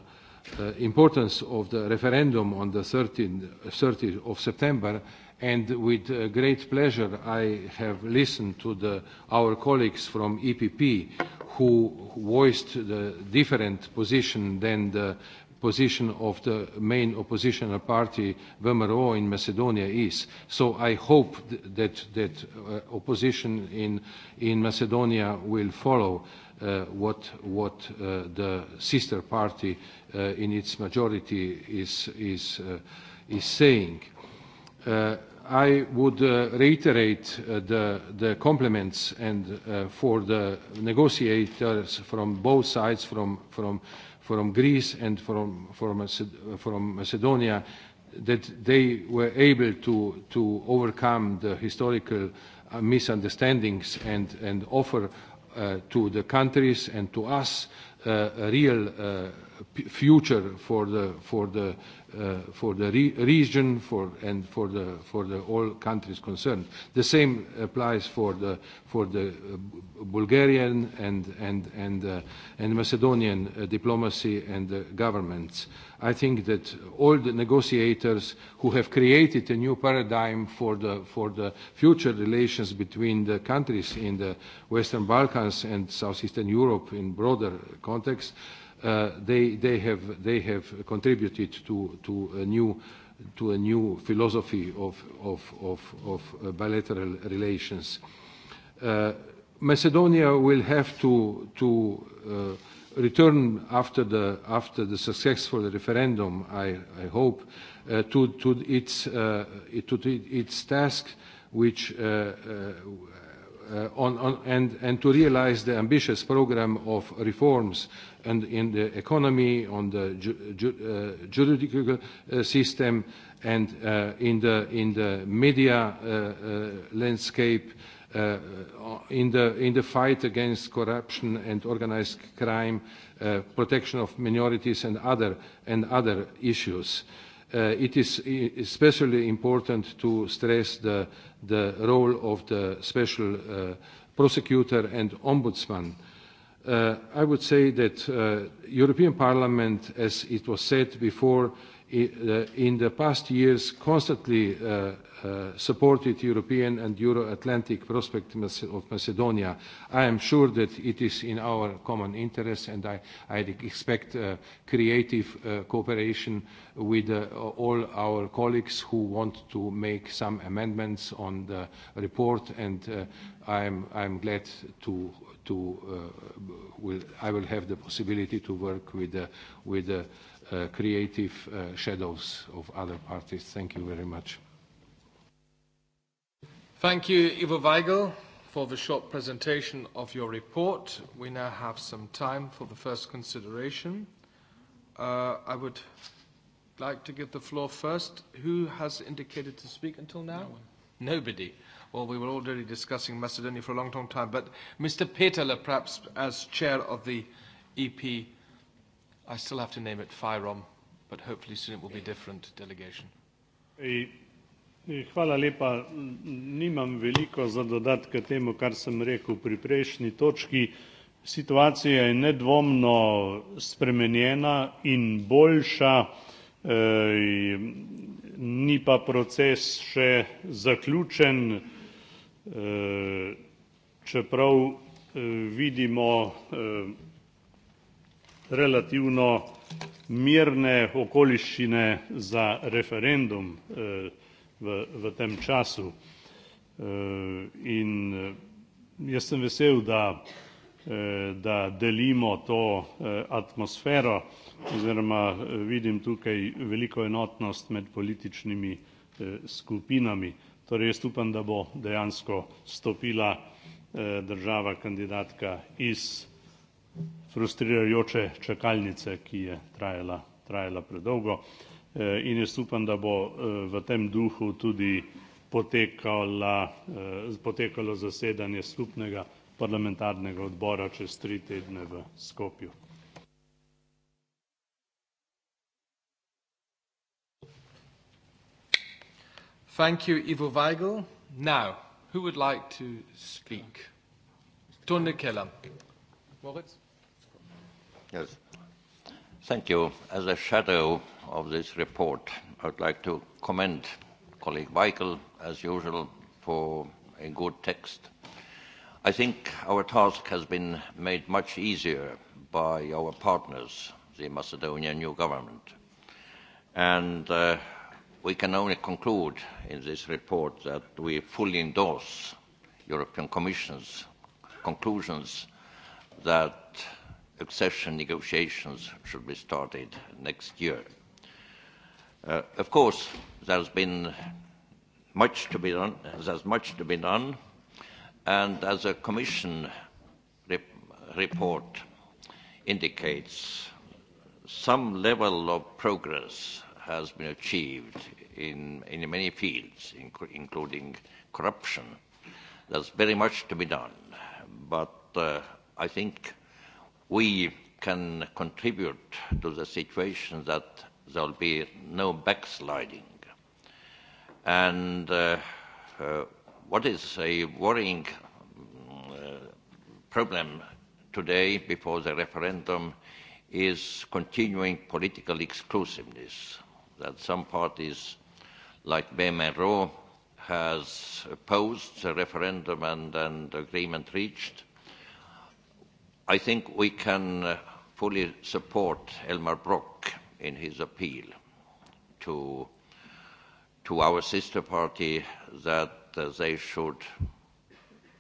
uh, importance of the referendum on the 13th, 30th of September, and with uh, great pleasure I have listened to the, our colleagues from EPP who voiced the different position than the position of the main oppositional party VMRO in Macedonia is. So I hope that, that uh, opposition in, in Macedonia will follow Uh, what, what uh, the sister party uh, in its majority is, is, uh, is saying. Uh, I would uh, reiterate uh, the, the compliments and uh, for the negotiators from both sides, from, from, from Greece and from, from, from Macedonia, that they were able to, to overcome the historical uh, misunderstandings and, and offer Uh, to the countries and to us uh, real uh, future for the for the uh, for the re region for and for the for the all countries concerned the same applies for the for the uh, bulgarian and and and uh, and macedonian uh, diplomacy and uh, governments i think that all the negotiators who have created a new paradigm for the for the future relations between the countries in the western balkans and southeastern europe in broader context uh, uh, they, they, have, they have contributed to, to, a, new, to a new philosophy of, of, of, of uh, bilateral relations. Uh, Macedonia will have to, to uh, return after the, after the successful referendum, I, I hope, uh, to, to, its, uh, to its task, which uh, uh, uh on, on, and, and to realize the ambitious program of reforms and in the economy, on the ju ju uh, juridical uh, system, and uh, in the in the media uh, uh, landscape, uh, uh in the in the fight against corruption and organized crime, uh, protection of minorities, and other and other issues. Uh, it is especially important to stress the the role of the special uh, prosecutor and ombudsman uh, Uh, I would say that uh, European Parliament, as it was said before, uh, in the past years constantly uh, uh, supported European and Euro-Atlantic prospect of Macedonia. I am sure that it is in our common interest and I, I expect uh, creative uh, cooperation with uh, all our colleagues who want to make some amendments on the report and uh, am I'm glad to to uh, will I will have the possibility to work with the uh, with the uh, creative shadows of other parties. Thank you very much. Thank you, Ivo Weigel, for the short presentation of your report. We now have some time for the first consideration. Uh, I would like to give the floor first. Who has indicated to speak until now? No one. Nobody. Well, we were already discussing Macedonia for a long, long time, but Mr. Petele, perhaps as chair of the EP, I still have to name it FIROM, but hopefully soon it will be different delegation. E, e, hvala lepa. Nimam veliko za dodat k temu, kar sem rekel pri prejšnji točki. Situacija je nedvomno spremenjena in boljša, e, ni pa proces še zaključen. E, čeprav e, vidimo e, relativno mirne okoliščine za referendum v, v tem času. In jaz sem vesel, da, da delimo to atmosfero oziroma vidim tukaj veliko enotnost med političnimi skupinami. Torej jaz upam, da bo dejansko stopila eh, država kandidatka iz frustrirajoče čakalnice, ki je trajala, trajala predolgo. Eh, in jaz upam, da bo eh, v tem duhu tudi potekala, potekalo zasedanje skupnega parlamentarnega odbora čez tri tedne v Skopju. Thank you, Ivo Weigel. Now, who would like to speak? Tunde Keller. Moritz? Yes. Thank you. As a shadow of this report, I would like to commend colleague Weigel, as usual, for a good text. I think our task has been made much easier by our partners, the Macedonian new government. And uh, we can only conclude in this report that we fully endorse European Commission's conclusions that accession negotiations should be started next year. Uh, of course, there's been much to be done. There's much to be done, and as a Commission rep report indicates, some level of progress has been achieved in, in many fields, inc- including corruption. There's very much to be done, but uh, I think we can contribute to the situation that there will be no backsliding. And uh, uh, what is a worrying uh, problem today before the referendum is continuing political exclusiveness that some parties, like BMRO, has opposed the referendum and, and agreement reached. I think we can uh, fully support Elmar Brok in his appeal to, to our sister party that uh, they should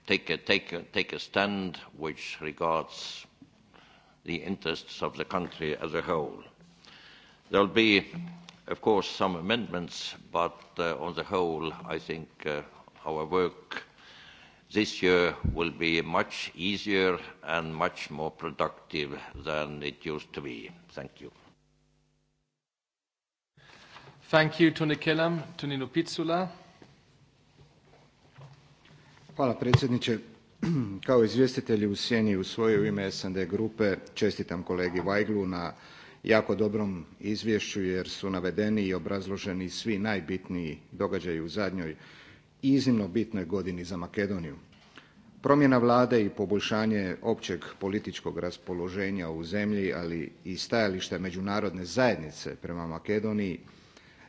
take a, take, a, take a stand which regards the interests of the country as a whole. There will be Of course, some amendments, but uh, on the whole, I think uh, our work this year will be much easier and much more productive than it used to be. Thank you. Thank you, Tony Kellam. Tonino Pizzula. Hvala predsjedniče. Kao izvjestitelji u sjeni u svoje ime SND grupe čestitam kolegi Vajglu na jako dobrom izvješću jer su navedeni i obrazloženi svi najbitniji događaji u zadnjoj iznimno bitnoj godini za Makedoniju. Promjena vlade i poboljšanje općeg političkog raspoloženja u zemlji, ali i stajališta međunarodne zajednice prema Makedoniji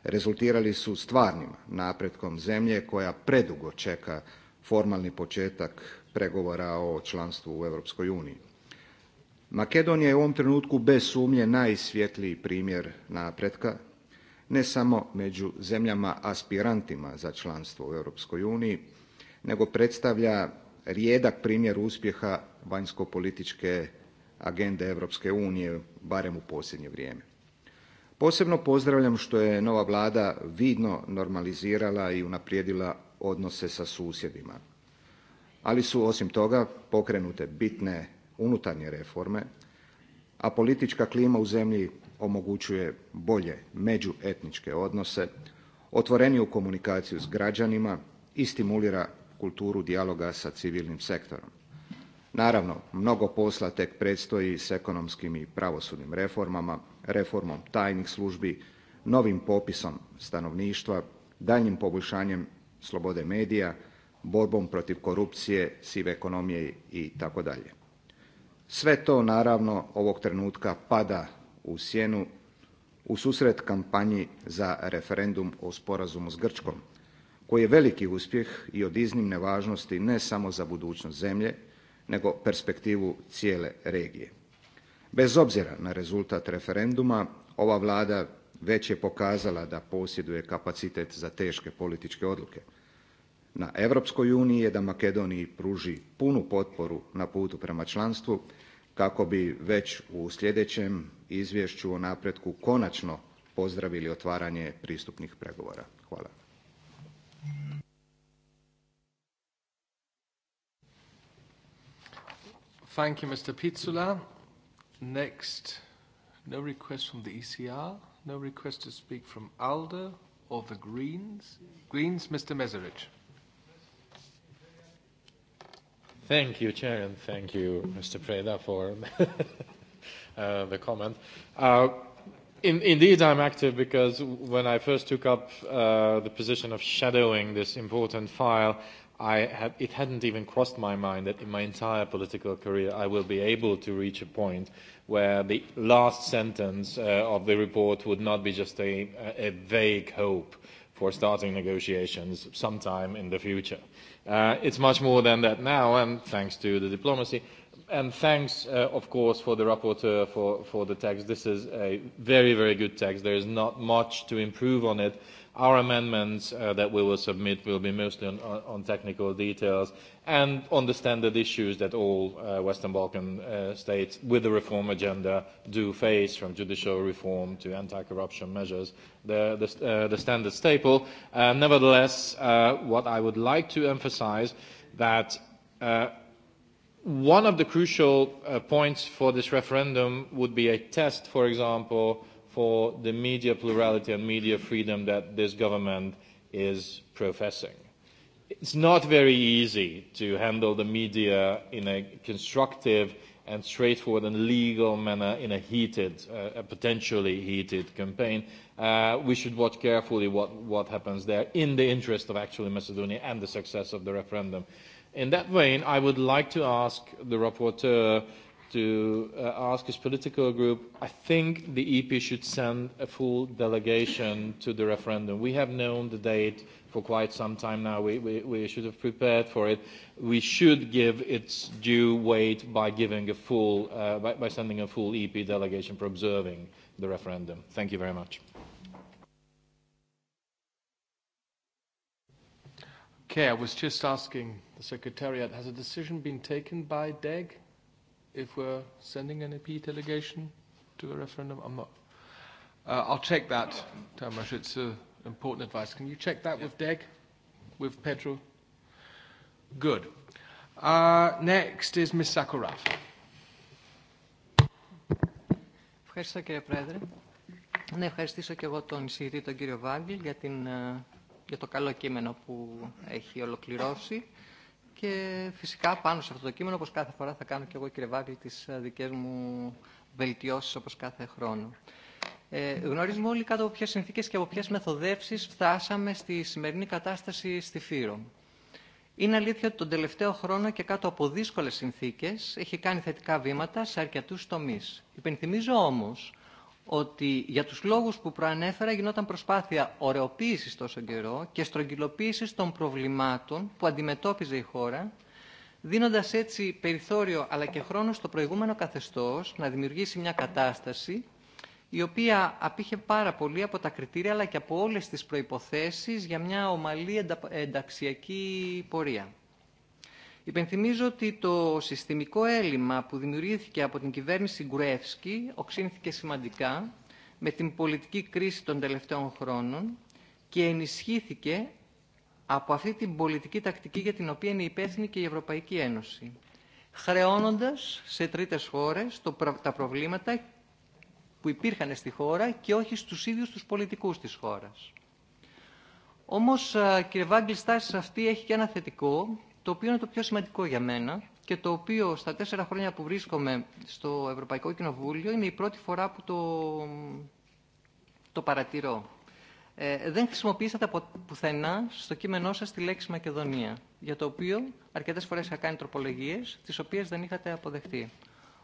rezultirali su stvarnim napretkom zemlje koja predugo čeka formalni početak pregovora o članstvu u Europskoj uniji. Makedonija je u ovom trenutku bez sumnje najsvjetliji primjer napretka, ne samo među zemljama aspirantima za članstvo u Europskoj uniji, nego predstavlja rijedak primjer uspjeha vanjskopolitičke agende Europske unije, barem u posljednje vrijeme. Posebno pozdravljam što je nova vlada vidno normalizirala i unaprijedila odnose sa susjedima, ali su osim toga pokrenute bitne unutarnje reforme, a politička klima u zemlji omogućuje bolje međuetničke odnose, otvoreniju komunikaciju s građanima i stimulira kulturu dijaloga sa civilnim sektorom. Naravno, mnogo posla tek predstoji s ekonomskim i pravosudnim reformama, reformom tajnih službi, novim popisom stanovništva, daljnjim poboljšanjem slobode medija, borbom protiv korupcije, sive ekonomije i tako dalje. Sve to naravno ovog trenutka pada u sjenu u susret kampanji za referendum o sporazumu s Grčkom, koji je veliki uspjeh i od iznimne važnosti ne samo za budućnost zemlje, nego perspektivu cijele regije. Bez obzira na rezultat referenduma, ova Vlada već je pokazala da posjeduje kapacitet za teške političke odluke na Europskoj uniji je da Makedoniji pruži punu potporu na putu prema članstvu kako bi već u sljedećem izvješću o napretku konačno pozdravili otvaranje pristupnih pregovora. Hvala. Thank you, Mr. Pizzula. Next, no request from the ECR, no request to speak from ALDE or the Greens. Greens, Mr. Meseric. Thank you, Chair, and thank you, Mr. Preda, for uh, the comment. Uh, in, indeed, I'm active because when I first took up uh, the position of shadowing this important file, I had, it hadn't even crossed my mind that in my entire political career I will be able to reach a point where the last sentence uh, of the report would not be just a, a vague hope for starting negotiations sometime in the future. Uh, Uh, it's much more than that now, and thanks to the diplomacy. And thanks, uh, of course, for the rapporteur for, for the text. This is a very, very good text. There is not much to improve on it Our amendments uh, that we will submit will be mostly on, technical details and on the standard issues that all uh, Western Balkan uh, states with the reform agenda do face, from judicial reform to anti-corruption measures, the, standard staple. nevertheless, what I would like to emphasize that one of the crucial points for this referendum would be a test, for example, for the media plurality and media freedom that this government is professing. It's not very easy to handle the media in a constructive and straightforward and legal manner in a heated, uh, a potentially heated campaign. Uh, we should watch carefully what, what happens there in the interest of actually Macedonia and the success of the referendum. In that vein, I would like to ask the rapporteur to uh, ask his political group, I think the EP should send a full delegation to the referendum. We have known the date for quite some time now. We, we, we should have prepared for it. We should give its due weight by giving a full, uh, by, by sending a full EP delegation for observing the referendum. Thank you very much. Okay, I was just asking the Secretariat, has a decision been taken by DEG? if we're sending an EP delegation to a referendum? I'm not. Uh, I'll check that, Tamash. It's uh, important advice. Can you check that yeah. with DEG, with Petro? Good. Uh, next is Ms. Sakuraf. Ευχαριστώ κύριε Πρόεδρε. Να ευχαριστήσω και εγώ τον εισηγητή τον κύριο Βάγγελ για, την, για το καλό κείμενο που έχει ολοκληρώσει και φυσικά πάνω σε αυτό το κείμενο, όπως κάθε φορά θα κάνω και εγώ κύριε Βάγκλη, τις δικές μου βελτιώσεις όπως κάθε χρόνο. Ε, γνωρίζουμε όλοι κάτω από ποιες συνθήκες και από ποιες μεθοδεύσεις φτάσαμε στη σημερινή κατάσταση στη Φύρο. Είναι αλήθεια ότι τον τελευταίο χρόνο και κάτω από δύσκολες συνθήκες έχει κάνει θετικά βήματα σε αρκετούς τομείς. Υπενθυμίζω όμως ότι για τους λόγους που προανέφερα γινόταν προσπάθεια ωρεοποίησης τόσο καιρό και στρογγυλοποίησης των προβλημάτων που αντιμετώπιζε η χώρα, δίνοντας έτσι περιθώριο αλλά και χρόνο στο προηγούμενο καθεστώς να δημιουργήσει μια κατάσταση η οποία απήχε πάρα πολύ από τα κριτήρια αλλά και από όλες τις προϋποθέσεις για μια ομαλή ενταξιακή πορεία. Υπενθυμίζω ότι το συστημικό έλλειμμα που δημιουργήθηκε από την κυβέρνηση Γκουρεύσκη οξύνθηκε σημαντικά με την πολιτική κρίση των τελευταίων χρόνων και ενισχύθηκε από αυτή την πολιτική τακτική για την οποία είναι υπεύθυνη και η Ευρωπαϊκή Ένωση, χρεώνοντας σε τρίτες χώρες το, τα προβλήματα που υπήρχαν στη χώρα και όχι στους ίδιους τους πολιτικούς της χώρας. Όμως, κύριε Βάγκλη, στάση αυτή έχει και ένα θετικό, το οποίο είναι το πιο σημαντικό για μένα και το οποίο στα τέσσερα χρόνια που βρίσκομαι στο Ευρωπαϊκό Κοινοβούλιο είναι η πρώτη φορά που το, το παρατηρώ. Ε, δεν χρησιμοποιήσατε από πουθενά στο κείμενό σας τη λέξη Μακεδονία, για το οποίο αρκετές φορές είχα κάνει τροπολογίες, τις οποίες δεν είχατε αποδεχτεί.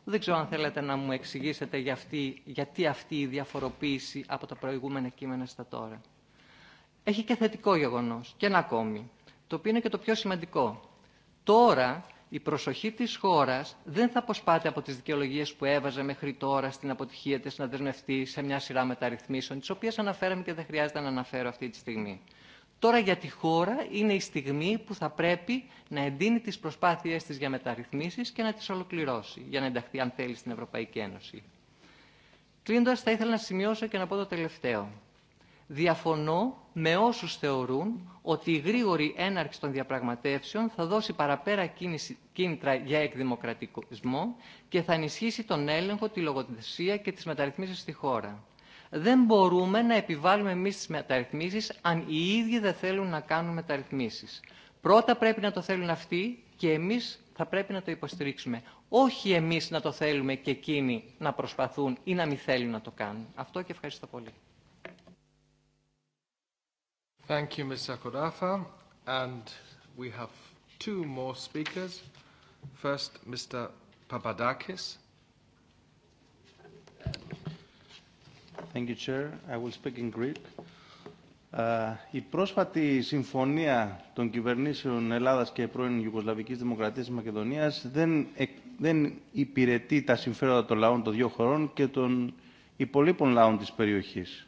Δεν ξέρω αν θέλετε να μου εξηγήσετε για αυτή, γιατί αυτή η διαφοροποίηση από τα προηγούμενα κείμενα στα τώρα. Έχει και θετικό γεγονός, και ένα ακόμη, το οποίο είναι και το πιο σημαντικό τώρα η προσοχή της χώρας δεν θα αποσπάται από τις δικαιολογίες που έβαζε μέχρι τώρα στην αποτυχία της να δεσμευτεί σε μια σειρά μεταρρυθμίσεων, τις οποίες αναφέραμε και δεν χρειάζεται να αναφέρω αυτή τη στιγμή. Τώρα για τη χώρα είναι η στιγμή που θα πρέπει να εντείνει τις προσπάθειές της για μεταρρυθμίσεις και να τις ολοκληρώσει, για να ενταχθεί αν θέλει στην Ευρωπαϊκή Ένωση. Κλείνοντας, θα ήθελα να σημειώσω και να πω το τελευταίο. Διαφωνώ με όσους θεωρούν ότι η γρήγορη έναρξη των διαπραγματεύσεων θα δώσει παραπέρα κίνηση, κίνητρα για εκδημοκρατισμό και θα ενισχύσει τον έλεγχο, τη λογοδοσία και τις μεταρρυθμίσεις στη χώρα. Δεν μπορούμε να επιβάλλουμε εμείς τις μεταρρυθμίσεις αν οι ίδιοι δεν θέλουν να κάνουν μεταρρυθμίσεις. Πρώτα πρέπει να το θέλουν αυτοί και εμείς θα πρέπει να το υποστηρίξουμε. Όχι εμείς να το θέλουμε και εκείνοι να προσπαθούν ή να μην θέλουν να το κάνουν. Αυτό και ευχαριστώ πολύ. Thank you, Mr. Sakorafa. And we have two more speakers. First, Mr. Papadakis. Thank you, Chair. I will speak in Greek. Η πρόσφατη συμφωνία των κυβερνήσεων Ελλάδας και πρώην Ιουγκοσλαβικής Δημοκρατίας της Μακεδονίας δεν, δεν υπηρετεί τα συμφέροντα των λαών των δύο χωρών και των υπολείπων λαών της περιοχής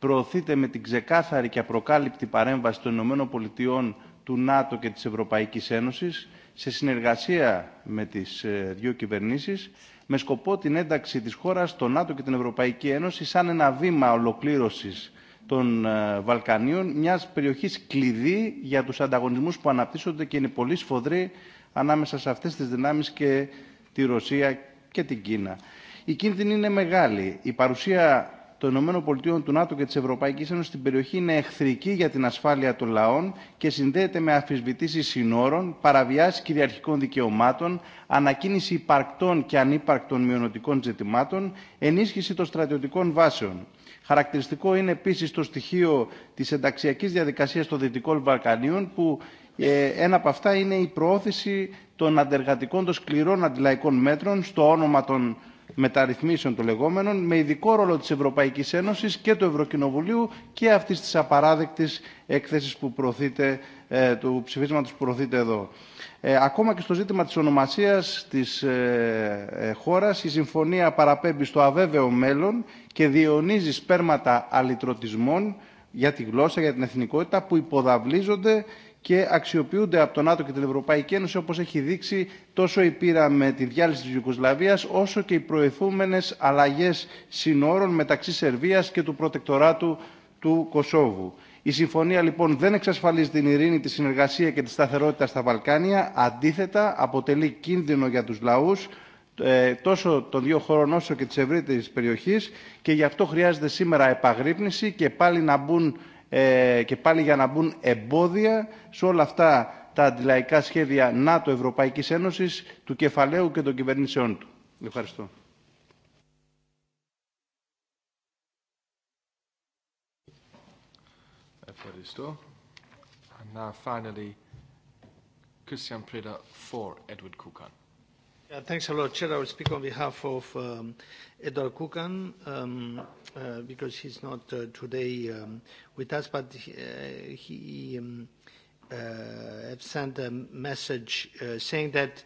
προωθείται με την ξεκάθαρη και απροκάλυπτη παρέμβαση των ΗΠΑ, του ΝΑΤΟ και της Ευρωπαϊκής Ένωσης σε συνεργασία με τις δύο κυβερνήσεις με σκοπό την ένταξη της χώρας στο ΝΑΤΟ και την Ευρωπαϊκή Ένωση σαν ένα βήμα ολοκλήρωσης των Βαλκανίων, μιας περιοχής κλειδί για τους ανταγωνισμούς που αναπτύσσονται και είναι πολύ σφοδροί ανάμεσα σε αυτές τις δυνάμεις και τη Ρωσία και την Κίνα. Η κίνδυνη είναι μεγάλη. Η παρουσία των ΗΠΑ, του ΝΑΤΟ και τη Ευρωπαϊκή Ένωση στην περιοχή είναι εχθρική για την ασφάλεια των λαών και συνδέεται με αφισβητήσει συνόρων, παραβιάσει κυριαρχικών δικαιωμάτων, ανακίνηση υπαρκτών και ανύπαρκτων μειονοτικών ζητημάτων, ενίσχυση των στρατιωτικών βάσεων. Χαρακτηριστικό είναι επίση το στοιχείο τη ενταξιακή διαδικασία των Δυτικών Βαλκανίων, που ε, ένα από αυτά είναι η προώθηση των αντεργατικών, των σκληρών αντιλαϊκών μέτρων στο όνομα των μεταρρυθμίσεων των λεγόμενων με ειδικό ρόλο της Ευρωπαϊκής Ένωσης και του Ευρωκοινοβουλίου και αυτής της απαράδεκτης έκθεσης που προωθείται, ε, του ψηφίσματος που προωθείται εδώ. Ε, ακόμα και στο ζήτημα της ονομασίας της ε, ε, χώρας, η συμφωνία παραπέμπει στο αβέβαιο μέλλον και διαιωνίζει σπέρματα αλυτρωτισμών για τη γλώσσα, για την εθνικότητα που υποδαβλίζονται και αξιοποιούνται από το ΝΑΤΟ και την Ευρωπαϊκή Ένωση όπως έχει δείξει τόσο η πείρα με τη διάλυση της Ιουγκοσλαβίας όσο και οι προεθούμενες αλλαγές συνόρων μεταξύ Σερβίας και του προτεκτοράτου του Κωσόβου. Η συμφωνία λοιπόν δεν εξασφαλίζει την ειρήνη, τη συνεργασία και τη σταθερότητα στα Βαλκάνια. Αντίθετα, αποτελεί κίνδυνο για τους λαούς τόσο των δύο χωρών όσο και της ευρύτερης περιοχής και γι' αυτό χρειάζεται σήμερα επαγρύπνηση και πάλι να μπουν ε, και πάλι για να μπουν εμπόδια σε όλα αυτά τα αντιλαϊκά σχέδια ΝΑΤΟ Ευρωπαϊκής Ένωσης του κεφαλαίου και των κυβερνήσεών του. Ευχαριστώ. Ευχαριστώ. And now finally, Christian Preda for Edward Kukan. Yeah, thanks a lot, Chair. I will speak on behalf of um, Edward Kukan um, uh, because he's not uh, today um, with us, but he, uh, um, uh, have sent a message saying that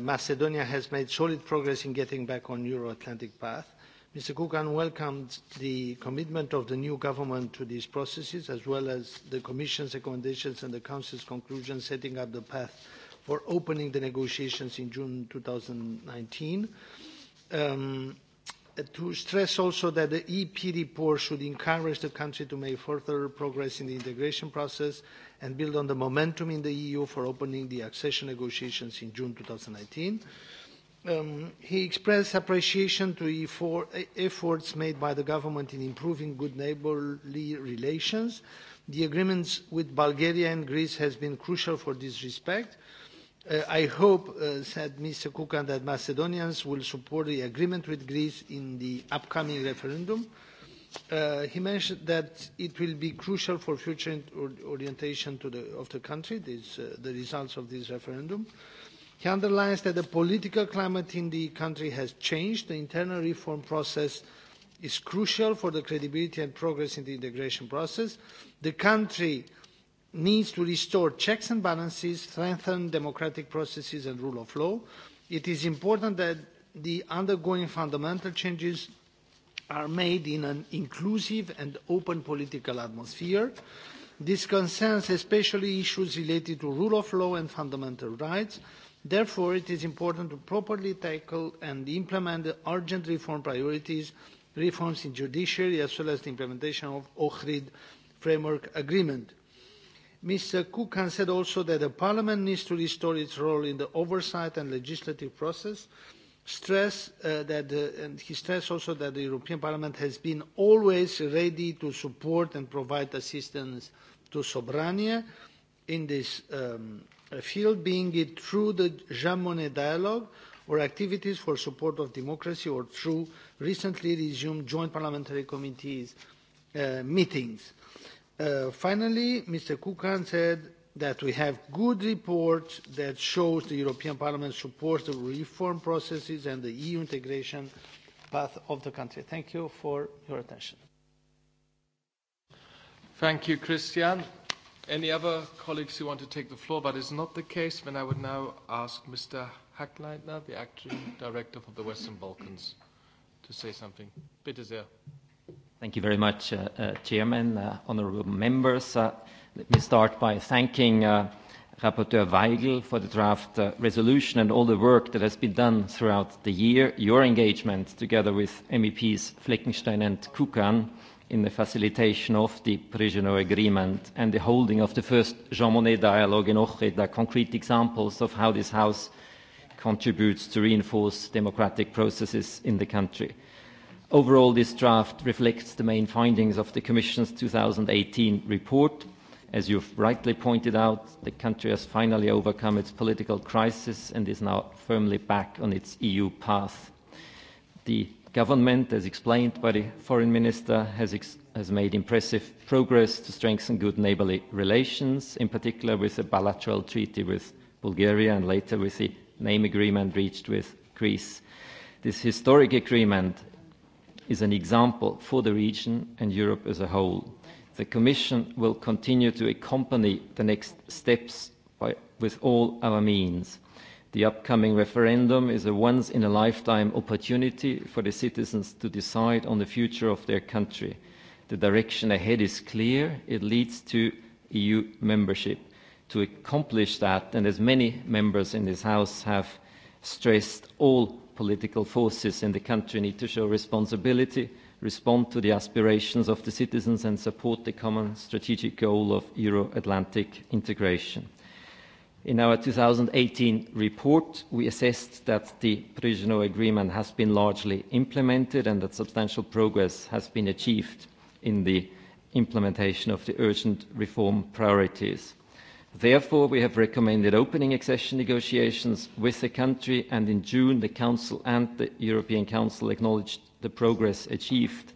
Macedonia has made solid progress in getting back on Euro-Atlantic path. Mr. Kukan welcomed the commitment of the new government to these processes, as well as the Commission's recommendations and the Council's conclusions setting up the path for opening the negotiations in June 2019. Um, to stress also that the EP report should encourage the country to make further progress in the integration process and build on the momentum in the EU for opening the accession negotiations in June 2019. Um, he expressed appreciation to efforts made by the government in improving good neighbourly relations. The agreements with Bulgaria and Greece has been crucial for this respect. Uh, I hope, uh, said Mr. Kukan, that Macedonians will support the agreement with Greece in the upcoming referendum. Uh, he mentioned that it will be crucial for future orientation to the, of the country, this, uh, the results of this referendum. He underlines that the political climate in the country has changed. The internal reform process is crucial for the credibility and progress in the integration process. The country uh, needs to restore checks and balances, strengthen democratic processes and rule of law. It is important that the undergoing fundamental changes are made in an inclusive and open political atmosphere. This concerns especially issues related to rule of law and fundamental rights. Therefore, it is important to properly tackle and implement the urgent reform priorities, reforms in judiciary, as well as the implementation of Ohrid framework agreement. Mr Kukan said also that Parliament needs to restore its role in the oversight and legislative process. Stress, uh, that, uh, and he stressed also that the European Parliament has been always ready to support and provide assistance to Sobrania in this um, field, being it through the Jean Monnet dialogue or activities for support of democracy or through recently resumed joint parliamentary committees uh, meetings. Uh, finally, Mr. Kukan said that we have good reports that shows the European Parliament supports the reform processes and the EU integration path of the country. Thank you for your attention. Thank you, Christian. Any other colleagues who want to take the floor? But it's not the case. Then I would now ask Mr. Hackleitner, the acting director for the Western Balkans, to say something. Bitte sehr. Thank you very much, uh, uh, Chairman, uh, honorable members. Uh, let me start by thanking uh, Rapporteur Weigel for the draft uh, resolution and all the work that has been done throughout the year. Your engagement together with MEPs Fleckenstein and Kukan in the facilitation of the Parisian Agreement and the holding of the first Jean Monnet dialogue in Ohrid are concrete examples of how this House contributes to reinforce democratic processes in the country. Overall, this draft reflects the main findings of the Commission's 2018 report. As you've rightly pointed out, the country has finally overcome its political crisis and is now firmly back on its EU path. The government, as explained by the Foreign Minister, has, ex has made impressive progress to strengthen good neighbourly relations, in particular with the bilateral treaty with Bulgaria and later with the name agreement reached with Greece. This historic agreement is an example for the region and Europe as a whole. The Commission will continue to accompany the next steps by, with all our means. The upcoming referendum is a once-in-a-lifetime opportunity for the citizens to decide on the future of their country. The direction ahead is clear. It leads to EU membership. To accomplish that, and as many members in this House have stressed, all political forces in the country need to show responsibility, respond to the aspirations of the citizens, and support the common strategic goal of Euro-Atlantic integration. In our 2018 report, we assessed that the provisional agreement has been largely implemented and that substantial progress has been achieved in the implementation of the urgent reform priorities. Therefore, we have recommended opening accession negotiations with the country, and in June, the Council and the European Council acknowledged the progress achieved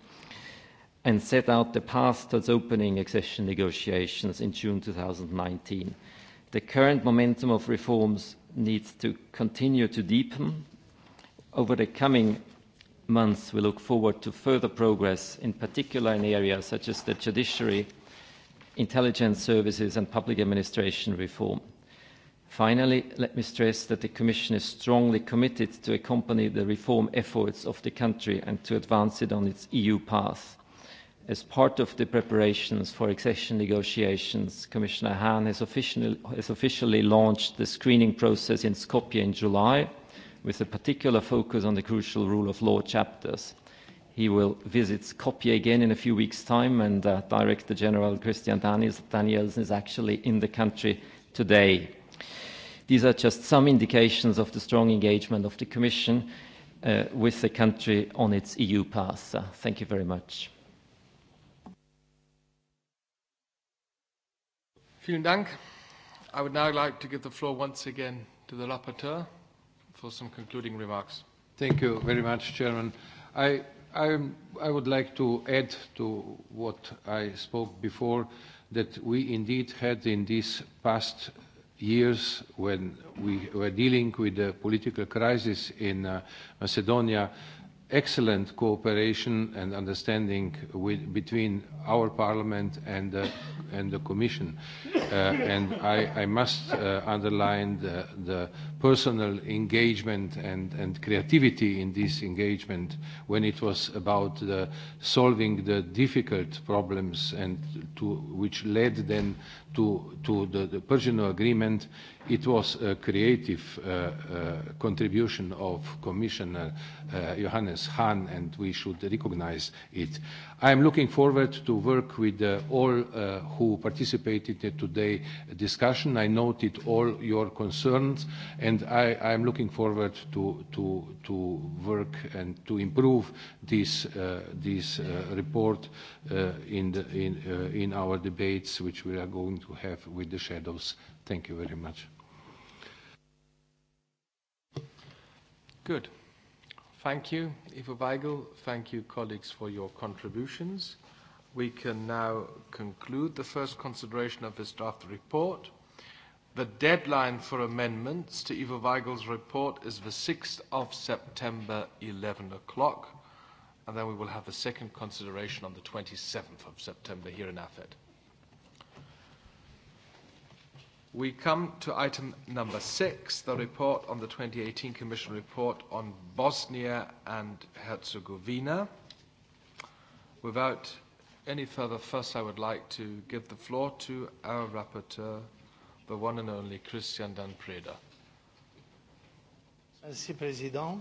and set out the path towards opening accession negotiations in June 2019. The current momentum of reforms needs to continue to deepen. Over the coming months, we look forward to further progress, in particular in areas such as the judiciary, intelligence services and public administration reform. Finally, let me stress that the Commission is strongly committed to accompany the reform efforts of the country and to advance it on its EU path. As part of the preparations for accession negotiations, Commissioner Hahn has officially, has officially launched the screening process in Skopje in July, with a particular focus on the crucial rule of law chapters. He will visit Skopje again in a few weeks' time, and uh, Director General Christian Daniels, Daniels is actually in the country today. These are just some indications of the strong engagement of the Commission uh, with the country on its EU path. Uh, thank you very much. Vielen Dank. I would now like to give the floor once again to the rapporteur for some concluding remarks. Thank you very much, Chairman. I I would like to add to what I spoke before, that we indeed had in these past years when we were dealing with the political crisis in uh, Macedonia, excellent cooperation and understanding with, between our parliament and, the, and the commission. Uh, and I, I must uh, underline the, the personal engagement and, and creativity in this engagement when it was about the solving the difficult problems and to, which led then to, to the, the Persian agreement, it was a creative uh, uh, contribution of Commissioner uh, Johannes Hahn, and we should recognize it. I am looking forward to work with uh, all uh, who participated in today's discussion. I noted all your concerns, and I, I am looking forward to, to, to work and to improve this, uh, this uh, report uh, in, the, in, uh, in our debates, which we are going going to have with the shadows. Thank you very much. Good. Thank you, Ivo Weigel. Thank you, colleagues, for your contributions. We can now conclude the first consideration of this draft report. The deadline for amendments to Ivo Weigel's report is the 6th of September, 11 o'clock, and then we will have the second consideration on the 27th of September here in AFED. We come to item number six, the report on the 2018 Commission report on Bosnia and Herzegovina. Without any further fuss, I would like to give the floor to our rapporteur, the one and only Christian Dan Preda. Merci, Président.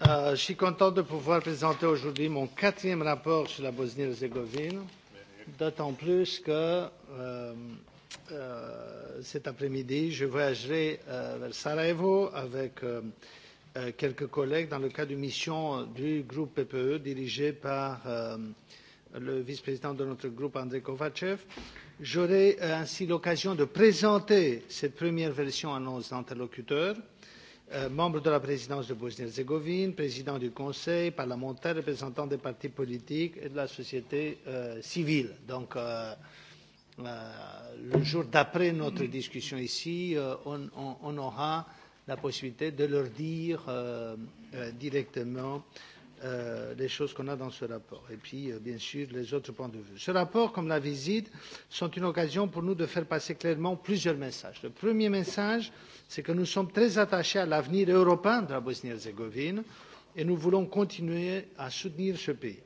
Euh, je suis content de pouvoir présenter aujourd'hui mon quatrième rapport sur la Bosnie-Herzégovine, d'autant plus que euh, Euh, cet après-midi, je voyagerai euh, vers Sarajevo avec euh, euh, quelques collègues dans le cadre d'une mission du groupe PPE dirigée par euh, le vice-président de notre groupe, André Kovachev. J'aurai euh, ainsi l'occasion de présenter cette première version à nos interlocuteurs, euh, membres de la présidence de Bosnie-Herzégovine, président du Conseil parlementaire, représentants des partis politiques et de la société euh, civile. Donc, euh, Euh, le jour d'après notre discussion ici, euh, on, on, on aura la possibilité de leur dire euh, euh, directement euh, les choses qu'on a dans ce rapport. Et puis, euh, bien sûr, les autres points de vue. Ce rapport, comme la visite, sont une occasion pour nous de faire passer clairement plusieurs messages. Le premier message, c'est que nous sommes très attachés à l'avenir européen de la Bosnie-Herzégovine et nous voulons continuer à soutenir ce pays.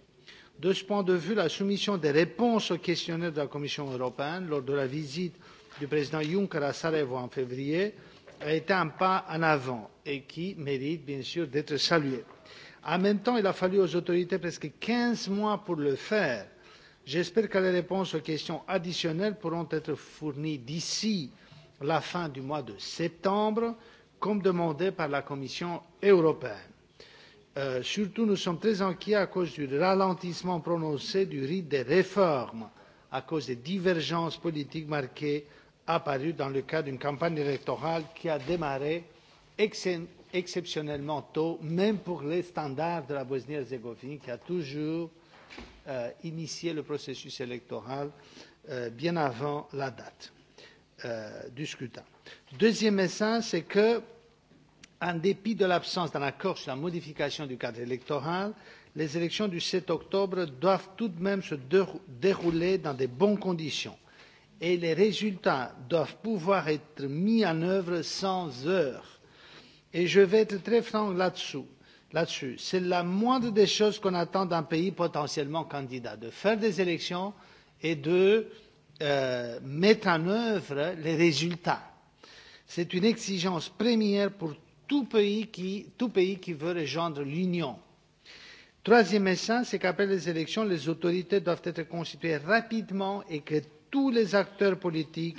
De ce point de vue, la soumission des réponses aux questionnaires de la Commission européenne lors de la visite du président Juncker à Sarajevo en février a été un pas en avant et qui mérite bien sûr d'être salué. En même temps, il a fallu aux autorités presque quinze mois pour le faire. J'espère que les réponses aux questions additionnelles pourront être fournies d'ici la fin du mois de septembre, comme demandé par la Commission européenne. Euh, surtout, nous sommes très inquiets à cause du ralentissement prononcé du rythme des réformes, à cause des divergences politiques marquées apparues dans le cadre d'une campagne électorale qui a démarré ex exceptionnellement tôt, même pour les standards de la Bosnie-Herzégovine, qui a toujours euh, initié le processus électoral euh, bien avant la date euh, du scrutin. Deuxième message, c'est que en dépit de l'absence d'un accord sur la modification du cadre électoral les élections du 7 octobre doivent tout de même se dérouler dans de bonnes conditions et les résultats doivent pouvoir être mis en œuvre sans heurts. Et je vais être très franc là dessus c'est la moindre des choses qu'on attend d'un pays potentiellement candidat de faire des élections et de euh, mettre en œuvre les résultats. c'est une exigence première pour tout pays qui, tout pays qui veut rejoindre l'Union. Troisième message, c'est qu'après les élections, les autorités doivent être constituées rapidement et que tous les acteurs politiques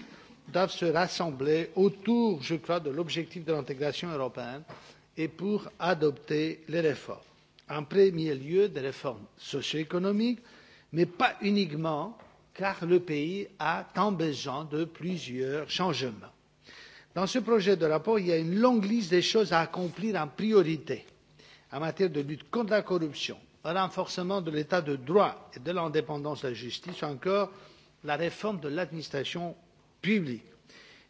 doivent se rassembler autour, je crois, de l'objectif de l'intégration européenne et pour adopter les réformes. En premier lieu, des réformes socio-économiques, mais pas uniquement, car le pays a tant besoin de plusieurs changements. Dans ce projet de rapport, il y a une longue liste des choses à accomplir en priorité en matière de lutte contre la corruption, le renforcement de l'état de droit et de l'indépendance de la justice ou encore la réforme de l'administration publique.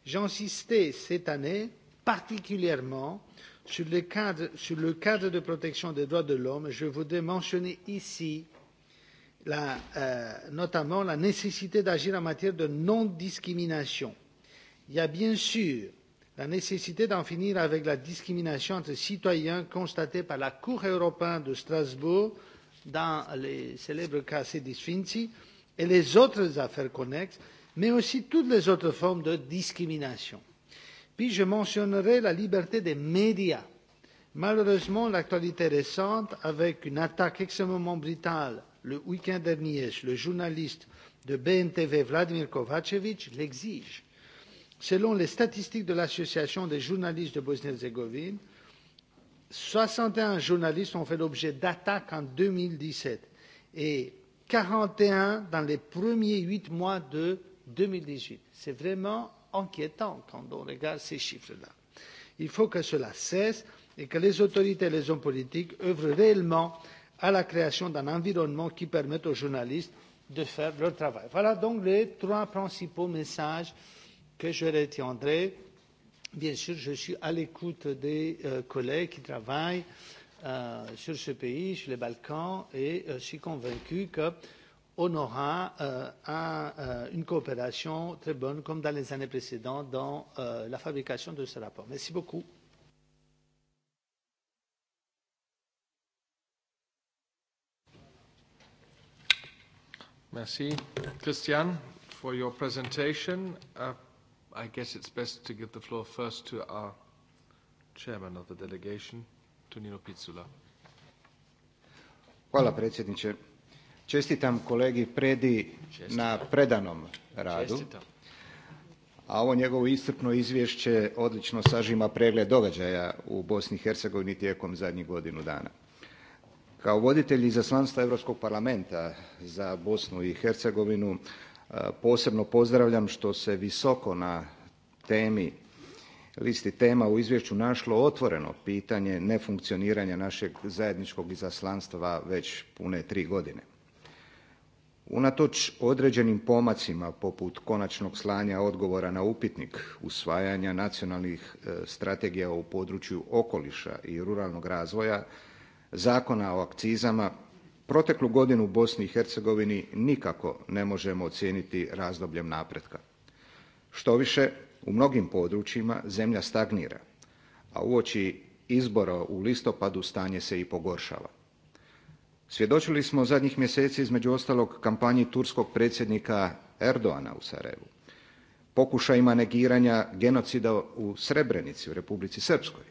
J'insistais cette année particulièrement sur le, cadre, sur le cadre de protection des droits de l'homme. Je voudrais mentionner ici la, euh, notamment la nécessité d'agir en matière de non-discrimination il y a bien sûr la nécessité d'en finir avec la discrimination entre citoyens constatée par la cour européenne de strasbourg dans le célèbre cas sedi finci et les autres affaires connexes mais aussi toutes les autres formes de discrimination. puis je mentionnerai la liberté des médias. malheureusement l'actualité récente avec une attaque extrêmement brutale le week end dernier sur le journaliste de bntv vladimir kovacevic l'exige selon les statistiques de l'association des journalistes de bosnie herzégovine soixante et un journalistes ont fait l'objet d'attaques en deux mille dix sept et quarante et un dans les premiers huit mois de. deux mille dix huit c'est vraiment inquiétant quand on regarde ces chiffres là. il faut que cela cesse et que les autorités et les hommes politiques œuvrent réellement à la création d'un environnement qui permette aux journalistes de faire leur travail. voilà donc les trois principaux messages que je retiendrai. Bien sûr, je suis à l'écoute des euh, collègues qui travaillent euh, sur ce pays, sur les Balkans, et euh, je suis convaincu qu'on aura euh, un, euh, une coopération très bonne, comme dans les années précédentes, dans euh, la fabrication de ce rapport. Merci beaucoup. Merci, Christian, for your presentation. Uh, I guess it's best to give the floor first to our chairman of the delegation, Tonino Pizzula. Hvala predsjedniče. Čestitam kolegi Predi Čestitam. na predanom radu. Čestitam. A ovo njegovo iscrpno izvješće odlično sažima pregled događaja u Bosni i Hercegovini tijekom zadnjih godinu dana. Kao voditelj izaslanstva Europskog parlamenta za Bosnu i Hercegovinu Posebno pozdravljam što se visoko na temi, listi tema u izvješću našlo otvoreno pitanje nefunkcioniranja našeg zajedničkog izaslanstva već pune tri godine. Unatoč određenim pomacima poput konačnog slanja odgovora na upitnik usvajanja nacionalnih e, strategija u području okoliša i ruralnog razvoja, Zakona o akcizama Proteklu godinu u Bosni i Hercegovini nikako ne možemo ocijeniti razdobljem napretka. Štoviše, u mnogim područjima zemlja stagnira, a uoči izbora u listopadu stanje se i pogoršava. Svjedočili smo zadnjih mjeseci između ostalog kampanji turskog predsjednika Erdoana u Sarajevu, pokušajima negiranja genocida u Srebrenici u Republici Srpskoj.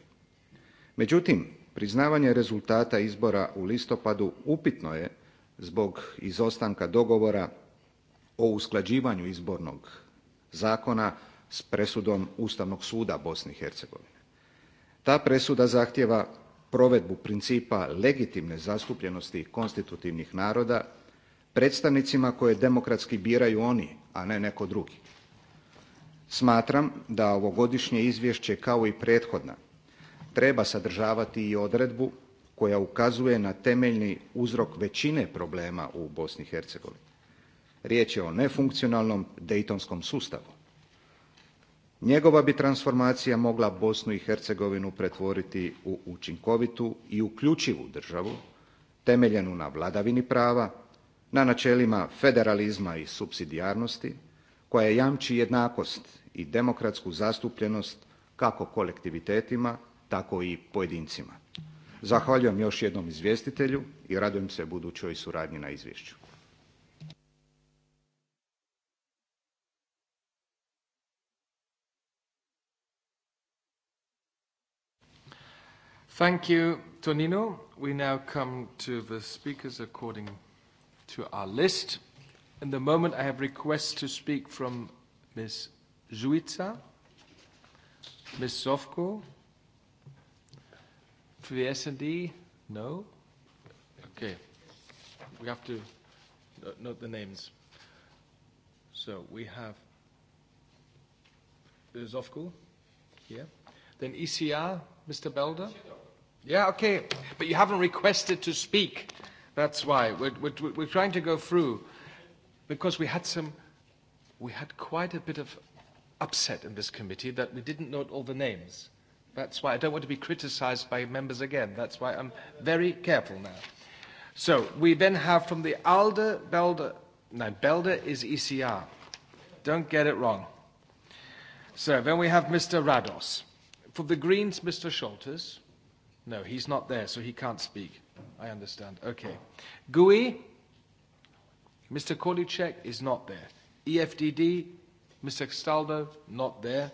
Međutim, Priznavanje rezultata izbora u listopadu upitno je zbog izostanka dogovora o usklađivanju izbornog zakona s presudom Ustavnog suda Bosne i Hercegovine. Ta presuda zahtjeva provedbu principa legitimne zastupljenosti konstitutivnih naroda predstavnicima koje demokratski biraju oni, a ne neko drugi. Smatram da ovogodišnje izvješće kao i prethodna treba sadržavati i odredbu koja ukazuje na temeljni uzrok većine problema u Bosni i Hercegovini. Riječ je o nefunkcionalnom dejtonskom sustavu. Njegova bi transformacija mogla Bosnu i Hercegovinu pretvoriti u učinkovitu i uključivu državu temeljenu na vladavini prava, na načelima federalizma i subsidijarnosti koja jamči jednakost i demokratsku zastupljenost kako kolektivitetima tako i pojedincima. Zahvaljujem još jednom izvjestitelju i radujem se budućoj suradnji na izvješću. Thank you, Tonino. We now come to the speakers according to our list. In the moment, I have requests to speak from Ms. Zuica, Ms. Sofko, For the S&D? No? Okay. We have to note the names. So we have Zofko, here. Then ECR, Mr. Belder? Yeah, okay. But you haven't requested to speak. That's why. We're, we're, we're trying to go through because we had some, we had quite a bit of upset in this committee that we didn't note all the names. That's why I don't want to be criticized by members again. That's why I'm very careful now. So we then have from the ALDE, BELDE, no, BELDE is ECR. Don't get it wrong. So then we have Mr. Rados. For the Greens, Mr. Scholtes. No, he's not there, so he can't speak. I understand. Okay. GUI, Mr. Kolicek is not there. EFDD, Mr. Castaldo, not there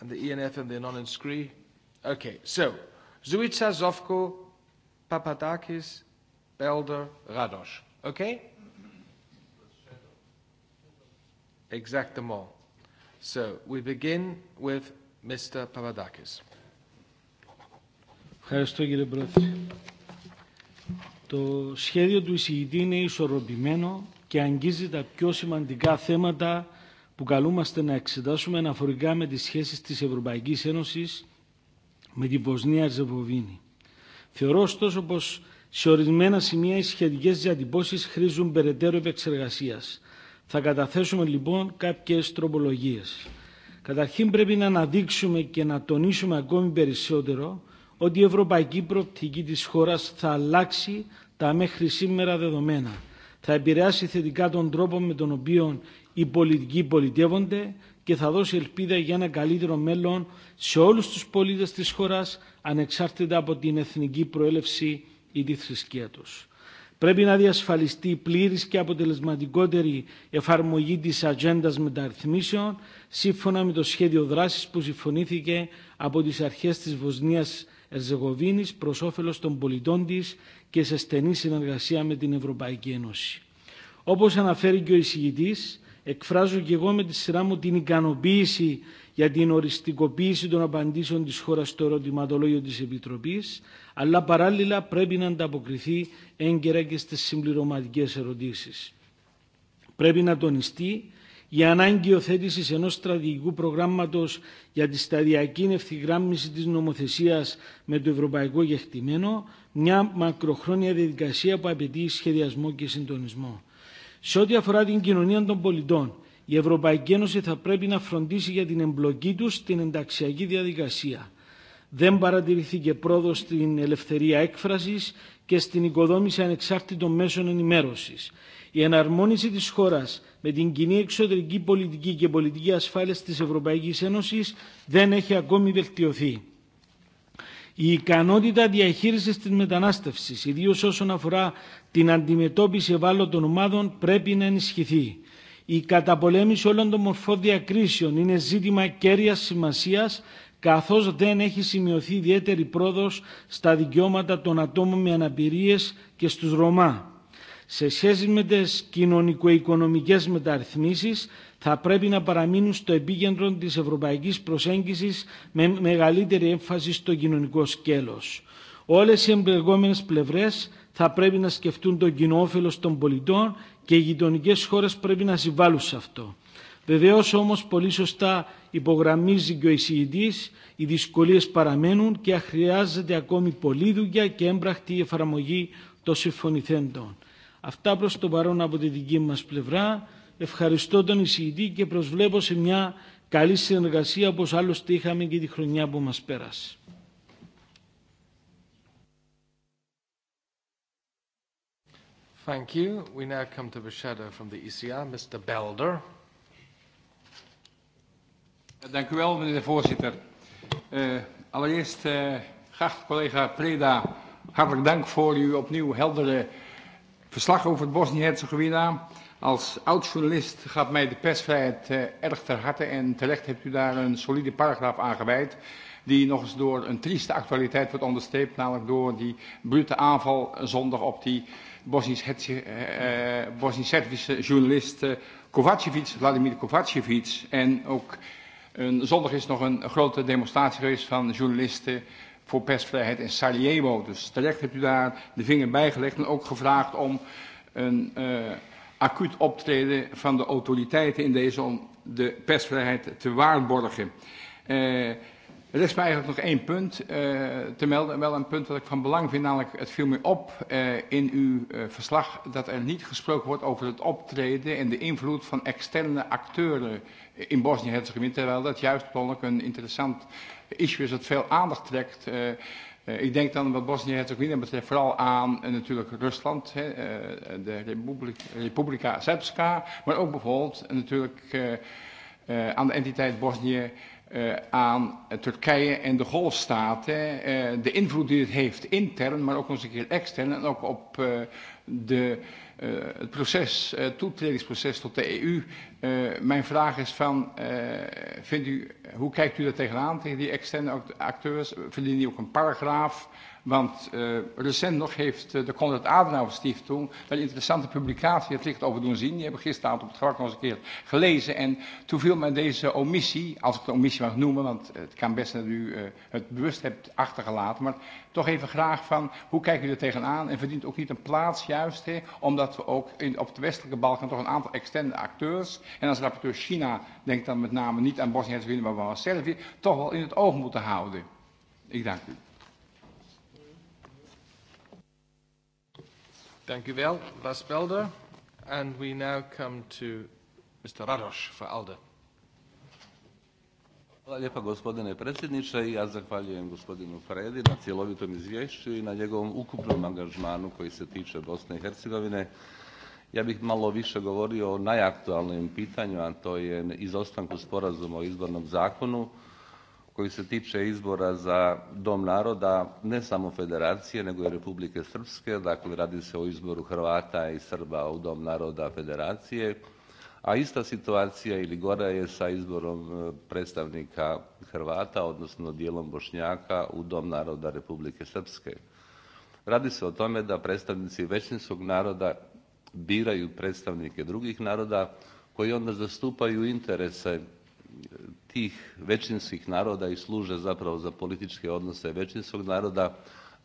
and the ENF and the non-inscree. Okay, so Zuitsa, Zovko, Papadakis, Belder, Radosh. Okay? Exactement. So we begin with Mr. Papadakis. Ευχαριστώ κύριε Πρόεδρε. Το σχέδιο του εισηγητή είναι ισορροπημένο και αγγίζει τα πιο σημαντικά θέματα που καλούμαστε να εξετάσουμε αναφορικά με τις σχέσεις της Ευρωπαϊκής Ένωσης με την Βοσνία Ζεβοβίνη. Θεωρώ ωστόσο πως σε ορισμένα σημεία οι σχετικές διατυπώσεις χρήζουν περαιτέρω επεξεργασίας. Θα καταθέσουμε λοιπόν κάποιες τροπολογίες. Καταρχήν πρέπει να αναδείξουμε και να τονίσουμε ακόμη περισσότερο ότι η ευρωπαϊκή προοπτική της χώρας θα αλλάξει τα μέχρι σήμερα δεδομένα. Θα επηρεάσει θετικά τον τρόπο με τον οποίο οι πολιτικοί πολιτεύονται και θα δώσει ελπίδα για ένα καλύτερο μέλλον σε όλους τους πολίτες της χώρας ανεξάρτητα από την εθνική προέλευση ή τη θρησκεία τους. Πρέπει να διασφαλιστεί πλήρης και αποτελεσματικότερη εφαρμογή της ατζέντα μεταρρυθμίσεων σύμφωνα με το σχέδιο δράσης που συμφωνήθηκε από τις αρχές της Βοσνίας Ερζεγοβίνης προς όφελος των πολιτών της και σε στενή συνεργασία με την Ευρωπαϊκή Ένωση. Όπως αναφέρει και ο εισηγητής, εκφράζω και εγώ με τη σειρά μου την ικανοποίηση για την οριστικοποίηση των απαντήσεων της χώρας στο ερωτηματολόγιο της Επιτροπής, αλλά παράλληλα πρέπει να ανταποκριθεί έγκαιρα και στις συμπληρωματικές ερωτήσεις. Πρέπει να τονιστεί η ανάγκη οθέτησης ενός στρατηγικού προγράμματος για τη σταδιακή ευθυγράμμιση της νομοθεσίας με το ευρωπαϊκό γεχτημένο, μια μακροχρόνια διαδικασία που απαιτεί σχεδιασμό και συντονισμό. Σε ό,τι αφορά την κοινωνία των πολιτών, η Ευρωπαϊκή Ένωση θα πρέπει να φροντίσει για την εμπλοκή του στην ενταξιακή διαδικασία. Δεν παρατηρηθήκε πρόοδο στην ελευθερία έκφραση και στην οικοδόμηση ανεξάρτητων μέσων ενημέρωση. Η εναρμόνιση τη χώρα με την κοινή εξωτερική πολιτική και πολιτική ασφάλεια τη Ευρωπαϊκή Ένωση δεν έχει ακόμη βελτιωθεί. Η ικανότητα διαχείρισης της μετανάστευσης, ιδίως όσον αφορά την αντιμετώπιση ευάλωτων ομάδων, πρέπει να ενισχυθεί. Η καταπολέμηση όλων των μορφών διακρίσεων είναι ζήτημα κέρδιας σημασίας, καθώς δεν έχει σημειωθεί ιδιαίτερη πρόοδος στα δικαιώματα των ατόμων με αναπηρίες και στους Ρωμά σε σχέση με τις κοινωνικο-οικονομικές μεταρρυθμίσεις θα πρέπει να παραμείνουν στο επίκεντρο της ευρωπαϊκής προσέγγισης με μεγαλύτερη έμφαση στο κοινωνικό σκέλος. Όλες οι εμπλεγόμενες πλευρές θα πρέπει να σκεφτούν το κοινό όφελος των πολιτών και οι γειτονικέ χώρες πρέπει να συμβάλλουν σε αυτό. Βεβαίω όμω, πολύ σωστά υπογραμμίζει και ο εισηγητή, οι δυσκολίε παραμένουν και χρειάζεται ακόμη πολλή δουλειά και έμπραχτη εφαρμογή των συμφωνηθέντων. Αυτά προς το παρόν από τη δική μας πλευρά. Ευχαριστώ τον εισηγητή και προσβλέπω σε μια καλή συνεργασία όπως άλλωστε είχαμε και τη χρονιά που μας πέρασε. Thank you. We now come to the shadow from the ECR, Mr. Belder. Dank u wel, meneer de voorzitter. Uh, allereerst, uh, graag collega Preda, hartelijk dank voor uw opnieuw heldere verslag over het Bosnië-Herzegovina. Als oud-journalist gaat mij de persvrijheid eh, erg ter harte en terecht hebt u daar een solide paragraaf aan gewijd. Die nog eens door een trieste actualiteit wordt onderstreept, namelijk door die brute aanval zondag op die Bosnisch-Servische eh, Bosnisch journalist eh, Kovacevic, Vladimir Kovacevic. En ook een, zondag is nog een grote demonstratie geweest van journalisten voor persvrijheid in Sarajevo. Dus terecht hebt u daar de vinger bij gelegd en ook gevraagd om een uh, acuut optreden van de autoriteiten in deze om de persvrijheid te waarborgen. Uh, Er is mij eigenlijk nog één punt uh, te melden. Wel een punt dat ik van belang vind, namelijk het viel me op uh, in uw uh, verslag dat er niet gesproken wordt over het optreden en de invloed van externe acteuren in Bosnië-Herzegovina. Terwijl dat juist ook een interessant issue is dat veel aandacht trekt. Uh, ik denk dan wat Bosnië-Herzegovina betreft vooral aan natuurlijk Rusland, hè, de Republika, Republika Srpska, maar ook bijvoorbeeld natuurlijk aan de entiteit Bosnië uh, aan Turkije en de golfstaten, uh, de invloed die het heeft intern, maar ook nog eens een keer extern en ook op uh, de, uh, het proces, uh, toetredingsproces tot de EU. Uh, mijn vraag is van, uh, vindt u, hoe kijkt u daar tegenaan, tegen die externe acteurs? Verdienen die ook een paragraaf? Want uh, recent nog heeft uh, de Konrad Adenauer Stiftung een interessante publicatie het licht over doen zien. Die hebben gisteravond op het vlak nog eens een keer gelezen. En toen viel mij deze omissie, als ik de omissie mag noemen, want het kan best dat u uh, het bewust hebt achtergelaten. Maar toch even graag van, hoe kijken u er tegenaan? En verdient ook niet een plaats juist, hè? omdat we ook in, op de westelijke Balkan toch een aantal externe acteurs. En als rapporteur China denkt dan met name niet aan Bosnië-Herzegovina, maar wel Servië. Toch wel in het oog moeten houden. Ik dank u. Dank u wel, Bas Belder. And we now come to Mr. Radoš for ALDE. Hvala lijepa gospodine predsjedniče. Ja zahvaljujem gospodinu Fredi na cjelovitom izvješću i na njegovom ukupnom angažmanu koji se tiče Bosne i Hercegovine. Ja bih malo više govorio o najaktualnijem pitanju, a to je izostanku sporazuma o izbornom zakonu koji se tiče izbora za Dom naroda ne samo Federacije nego i Republike Srpske, dakle radi se o izboru Hrvata i Srba u Dom naroda Federacije, a ista situacija ili gora je sa izborom e, predstavnika Hrvata, odnosno dijelom Bošnjaka u Dom naroda Republike Srpske. Radi se o tome da predstavnici većinskog naroda biraju predstavnike drugih naroda koji onda zastupaju interese tih većinskih naroda i služe zapravo za političke odnose većinskog naroda,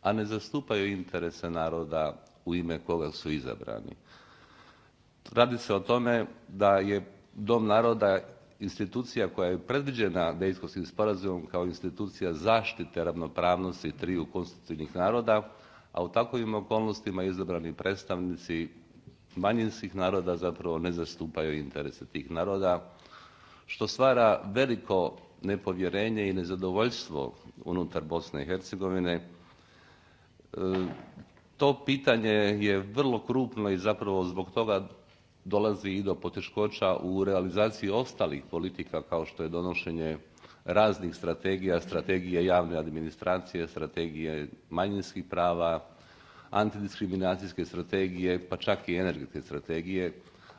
a ne zastupaju interese naroda u ime koga su izabrani. Radi se o tome da je Dom naroda institucija koja je predviđena Dejskovskim sporazumom kao institucija zaštite ravnopravnosti triju konstitutivnih naroda, a u takvim okolnostima izabrani predstavnici manjinskih naroda zapravo ne zastupaju interese tih naroda, što stvara veliko nepovjerenje i nezadovoljstvo unutar Bosne i Hercegovine. E, to pitanje je vrlo krupno i zapravo zbog toga dolazi i do poteškoća u realizaciji ostalih politika kao što je donošenje raznih strategija, strategije javne administracije, strategije manjinskih prava, antidiskriminacijske strategije pa čak i energetske strategije.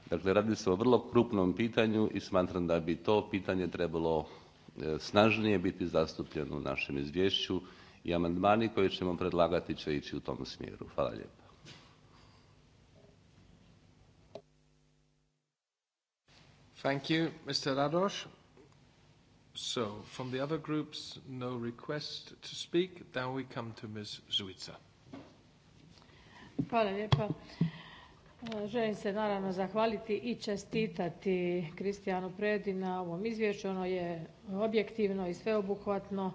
Dakle, radi se o vrlo krupnom pitanju i smatram da bi to pitanje trebalo e, snažnije biti zastupljeno u našem izvješću i amandmani koje ćemo predlagati će ići u tom smjeru. Hvala lijepo. Thank you, Mr. Radoš. So, from the other groups, no request to speak. Then we come to Ms. Zuica. Hvala lijepo. Želim se naravno zahvaliti i čestitati Kristijanu Predi na ovom izvješću. Ono je objektivno i sveobuhvatno.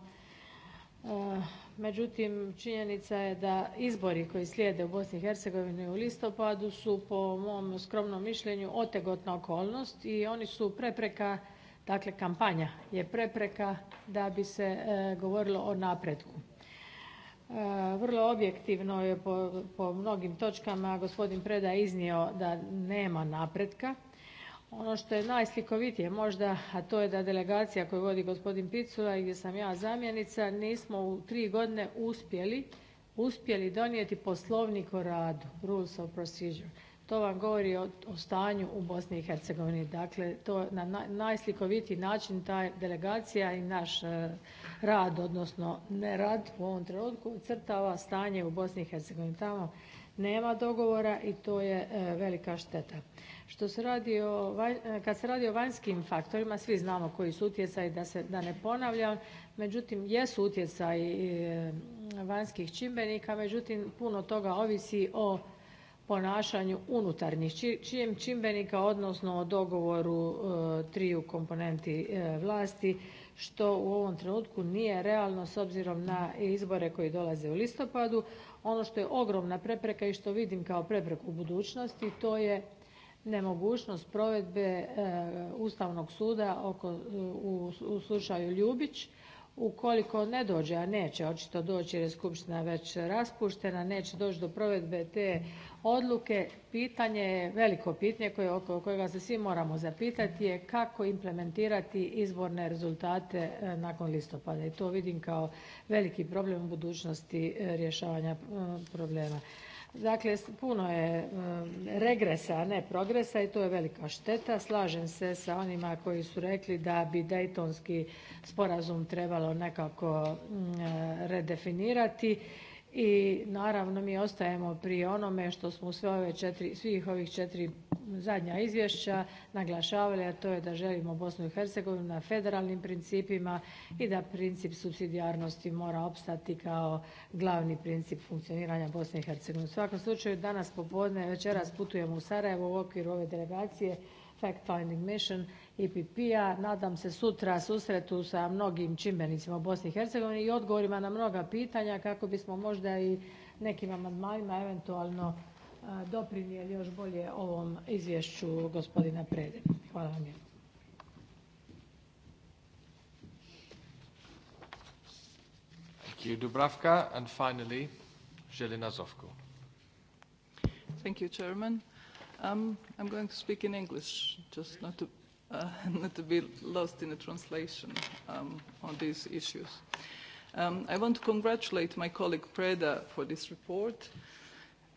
Međutim, činjenica je da izbori koji slijede u Bosni i Hercegovini u listopadu su po mom skromnom mišljenju otegotna okolnost i oni su prepreka, dakle kampanja je prepreka da bi se e, govorilo o napretku. Eh, vrlo objektivno je po mnogim točkama gospodin preda iznio da nema napretka. ono što je najslikovitije možda a to je da delegacija koju vodi gospodin picula i gdje sam ja zamjenica nismo u tri godine uspjeli donijeti poslovnik o radu rules of procedure. To vam govori o stanju u Bosni i Hercegovini. Dakle, to na najslikovitiji način ta delegacija i naš e, rad, odnosno nerad u ovom trenutku ocrtava stanje u Bosni i Hercegovini. Tamo nema dogovora i to je e, velika šteta. Što se radi o, e, kad se radi o vanjskim faktorima, svi znamo koji su utjecaji, da, se, da ne ponavljam, međutim jesu utjecaji vanjskih čimbenika, međutim puno toga ovisi o ponašanju unutarnjih čimbenika odnosno o dogovoru e, triju komponenti e, vlasti što u ovom trenutku nije realno s obzirom na izbore koji dolaze u listopadu. Ono što je ogromna prepreka i što vidim kao prepreku u budućnosti to je nemogućnost provedbe e, Ustavnog suda u slučaju Ljubić ukoliko ne dođe, a neće očito doći jer je skupština već raspuštena, neće doći do provedbe te odluke, pitanje je, veliko pitanje oko kojega se svi moramo zapitati je kako implementirati izborne rezultate e, nakon listopada i to vidim kao veliki problem u budućnosti e, rješavanja e, problema. Dakle, puno je um, regresa, a ne progresa i to je velika šteta. Slažem se sa onima koji su rekli da bi Daytonski sporazum trebalo nekako mm, e, redefinirati i naravno mi ostajemo pri onome što smo u svih ovih četiri zadnja izvješća naglašavali, a to je da želimo Bosnu i Hercegovinu na federalnim principima i da princip supsidijarnosti mora opstati kao glavni princip funkcioniranja Bosne i Hercegovine. U svakom slučaju danas popodne, večeras putujemo u Sarajevo u okviru ove delegacije Fact Finding Mission EPP-a. Nadam se sutra susretu sa mnogim čimbenicima u Bosni i Hercegovini i odgovorima na mnoga pitanja kako bismo možda i nekim amandmanima eventualno doprinijeli još bolje ovom izvješću gospodina Prede. Hvala vam lijepo. Thank you, Dubravka. And finally, Jelena Zovko. Thank you, Chairman. Um, I'm going to speak in English, just not to, uh, not to be lost in the translation um, on these issues. Um, I want to congratulate my colleague Preda for this report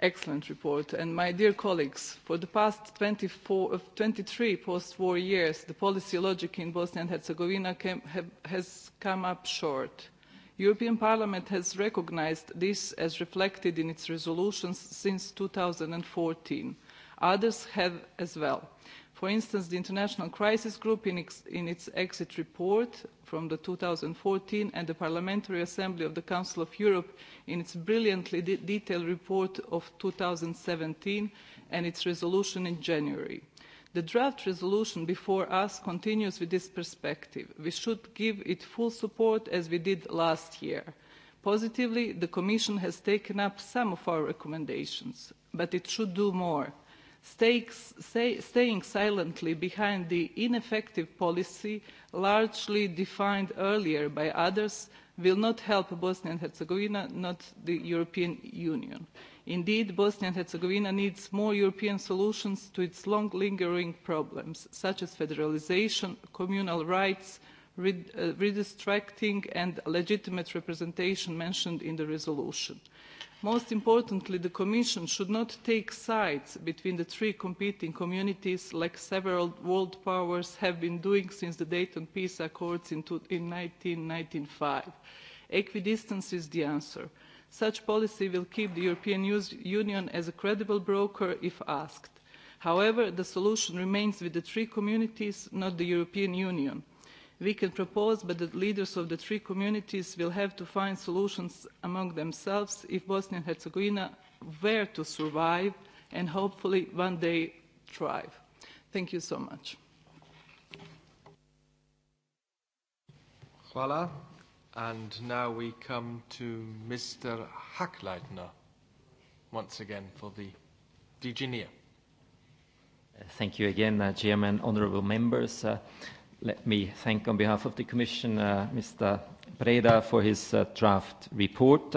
excellent report. And my dear colleagues, for the past 24, 23 uh, post-war years, the policy logic in Bosnia and Herzegovina came, have, has come up short. European Parliament has recognised this as reflected in its resolutions since 2014. Others have as well. For instance, the International Crisis Group, in, ex in its exit report from the 2014, and the Parliamentary Assembly of the Council of Europe, in its brilliantly de detailed report of 2017 and its resolution in January. The draft resolution before us continues with this perspective. We should give it full support as we did last year. Positively, the Commission has taken up some of our recommendations, but it should do more staying silently behind the ineffective policy largely defined earlier by others will not help Bosnia and Herzegovina, not the European Union. Indeed, Bosnia and Herzegovina needs more European solutions to its long lingering problems, such as federalisation, communal rights, uh, redistracting and legitimate representation mentioned in the resolution most importantly the commission should not take sides between the three competing communities like several world powers have been doing since the dayton peace accords in, 1995. equidistance is the answer. such policy will keep the european union as a credible broker if asked. however the solution remains with the three communities not the european union we can propose but the leaders of the three communities will have to find solutions among themselves if bosnia and herzegovina were to survive and hopefully one day thrive. thank you so much. Hvala. And now we come to Mr. Hackleitner once again for the DGNIA. Thank you again, uh, Chairman, honorable members. Uh, Let me thank on behalf of the Commission uh, Mr. Preda for his uh, draft report.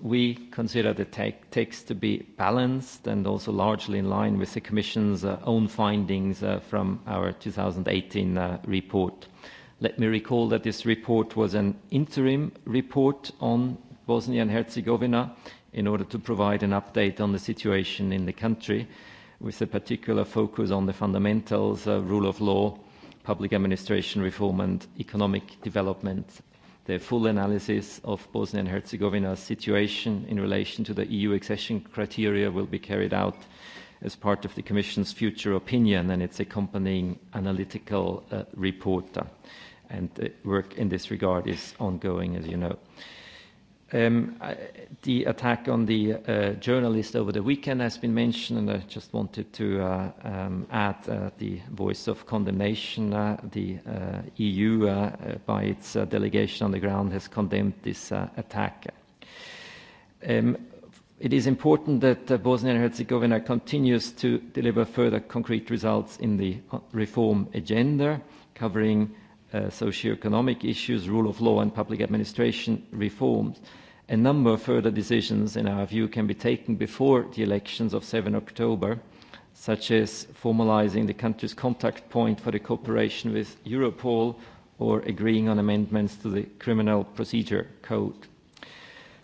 We consider the te text to be balanced and also largely in line with the Commission's uh, own findings uh, from our 2018 uh, report. Let me recall that this report was an interim report on Bosnia and Herzegovina in order to provide an update on the situation in the country with a particular focus on the fundamentals, uh, rule of law, public administration reform and economic development. The full analysis of Bosnia and Herzegovina's situation in relation to the EU accession criteria will be carried out as part of the Commission's future opinion and its accompanying analytical uh, report. And the uh, work in this regard is ongoing, as you know. Uh, Um, the attack on the uh, journalist over the weekend has been mentioned, and I just wanted to uh, um, add uh, the voice of condemnation. Uh, the uh, EU, uh, uh, by its uh, delegation on the ground, has condemned this uh, attack. Um, it is important that uh, Bosnia and Herzegovina continues to deliver further concrete results in the uh, reform agenda, covering uh, socioeconomic issues, rule of law, and public administration reforms A number of further decisions, in our view, can be taken before the elections of 7 October, such as formalizing the country's contact point for the cooperation with Europol or agreeing on amendments to the Criminal Procedure Code.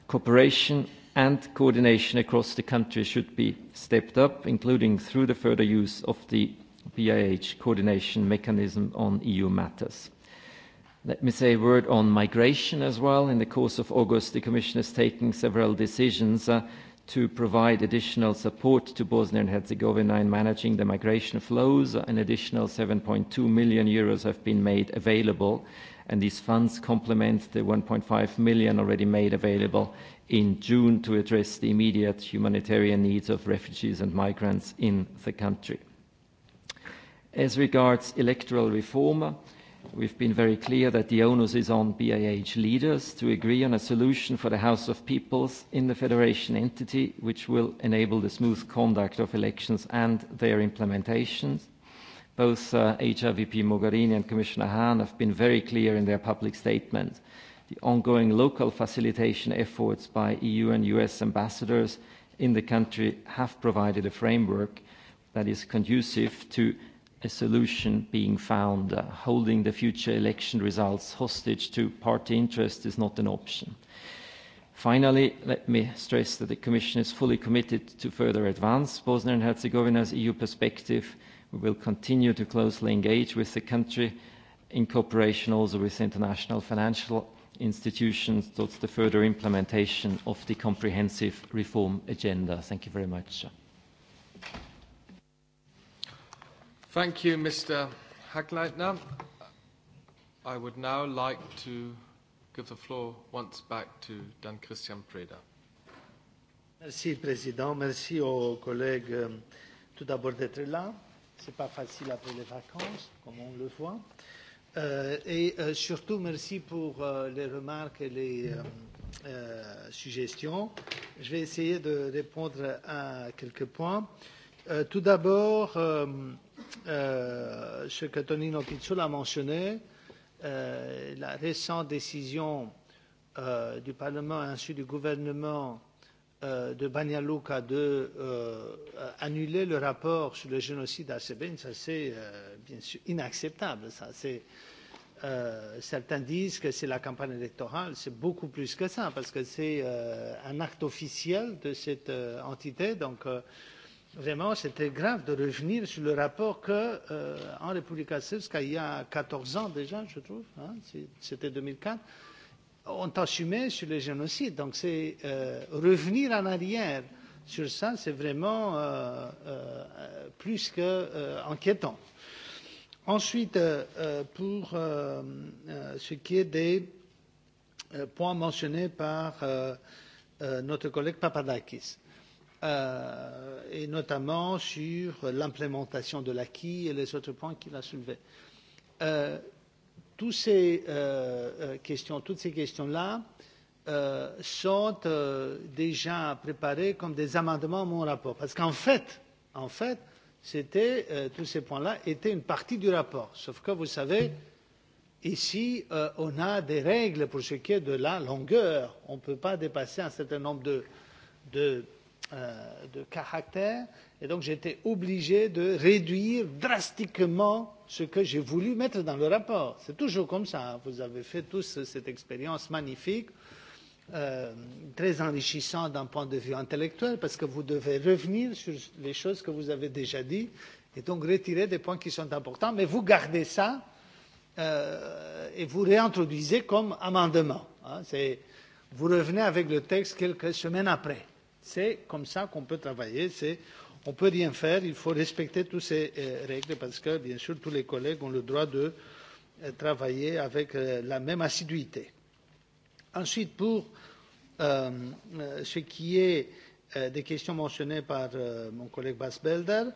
Cooperation and coordination across the country should be stepped up, including through the further use of the BIH coordination mechanism on EU matters. Let me say a word on migration as well. In the course of August, the Commission is taking several decisions uh, to provide additional support to Bosnia and Herzegovina in managing the migration flows. An additional 7.2 million euros have been made available, and these funds complement the 1.5 million already made available in June to address the immediate humanitarian needs of refugees and migrants in the country. As regards electoral reform, We've been very clear that the onus is on BIH leaders to agree on a solution for the House of Peoples in the Federation entity, which will enable the smooth conduct of elections and their implementations. Both uh, HRVP Mogherini and Commissioner Hahn have been very clear in their public statement. The ongoing local facilitation efforts by EU and US ambassadors in the country have provided a framework that is conducive to a solution being found. Holding the future election results hostage to party interest is not an option. Finally, let me stress that the Commission is fully committed to further advance Bosnia and Herzegovina's EU perspective. We will continue to closely engage with the country in cooperation also with international financial institutions towards the further implementation of the comprehensive reform agenda. Thank you very much. Thank you, Mr. Hagleitner. I would now like to give the floor once back to Dan Christian Preda. Merci, Président. Merci aux collègues, euh, tout d'abord, d'être là. Ce n'est pas facile après les vacances, comme on le voit. Euh, et euh, surtout, merci pour euh, les remarques et les euh, euh, suggestions. Je vais essayer de répondre à quelques points. Euh, tout d'abord, euh, Euh, ce que Tonino Pizzul a mentionné, euh, la récente décision euh, du Parlement ainsi du gouvernement euh, de Banyaluka de euh, annuler le rapport sur le génocide à Sébène, ça c'est euh, bien sûr inacceptable. Ça, euh, certains disent que c'est la campagne électorale, c'est beaucoup plus que ça, parce que c'est euh, un acte officiel de cette euh, entité. Donc, euh, Vraiment, c'était grave de revenir sur le rapport que, euh, en République Srpska, il y a 14 ans déjà, je trouve, hein, c'était 2004, ont assumé sur le génocide. Donc, c'est euh, revenir en arrière sur ça, c'est vraiment euh, euh, plus que euh, inquiétant. Ensuite, euh, euh pour euh, euh, ce qui est des euh, points mentionnés par euh, euh, notre collègue Papadakis. Euh, euh, et notamment sur l'implémentation de l'acquis et les autres points qu'il a soulevés. Euh, toutes ces euh, euh, questions, toutes ces questions-là euh, sont euh, déjà préparées comme des amendements à mon rapport. Parce qu'en fait, en fait, c'était euh, tous ces points-là étaient une partie du rapport. Sauf que vous savez, ici, euh, on a des règles pour ce qui est de la longueur. On ne peut pas dépasser un certain nombre de, de Euh, de caractère et donc j'étais obligé de réduire drastiquement ce que j'ai voulu mettre dans le rapport. C'est toujours comme ça. Hein. Vous avez fait tous cette expérience magnifique, euh, très enrichissante d'un point de vue intellectuel, parce que vous devez revenir sur les choses que vous avez déjà dites et donc retirer des points qui sont importants, mais vous gardez ça euh, et vous réintroduisez comme amendement. Hein. Vous revenez avec le texte quelques semaines après C'est comme ça qu'on peut travailler. C'est on peut rien faire. Il faut respecter toutes ces euh, règles parce que bien sûr tous les collègues ont le droit de euh, travailler avec euh, la même assiduité. Ensuite, pour euh, ce qui est euh, des questions mentionnées par euh, mon collègue Bas Belder,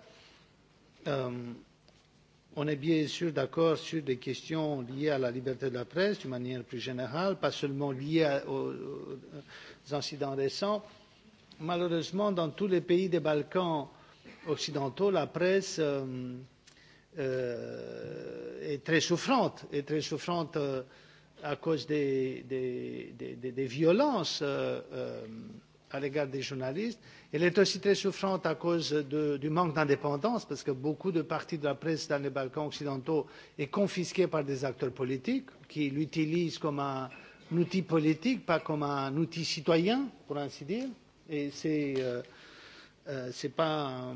euh, on est bien sûr d'accord sur des questions liées à la liberté de la presse d'une manière plus générale, pas seulement liées à, aux, aux incidents récents. Euh, malheureusement dans tous les pays des balkans occidentaux la presse euh, euh, est très souffrante est très souffrante euh, à cause des, des, des, des violences euh, euh, à l'égard des journalistes. Elle est aussi très souffrante à cause de, du manque d'indépendance, parce que beaucoup de parties de la presse dans les Balkans occidentaux est confisquée par des acteurs politiques qui l'utilisent comme un outil politique, pas comme un outil citoyen, pour ainsi dire. Et c'est euh, euh, pas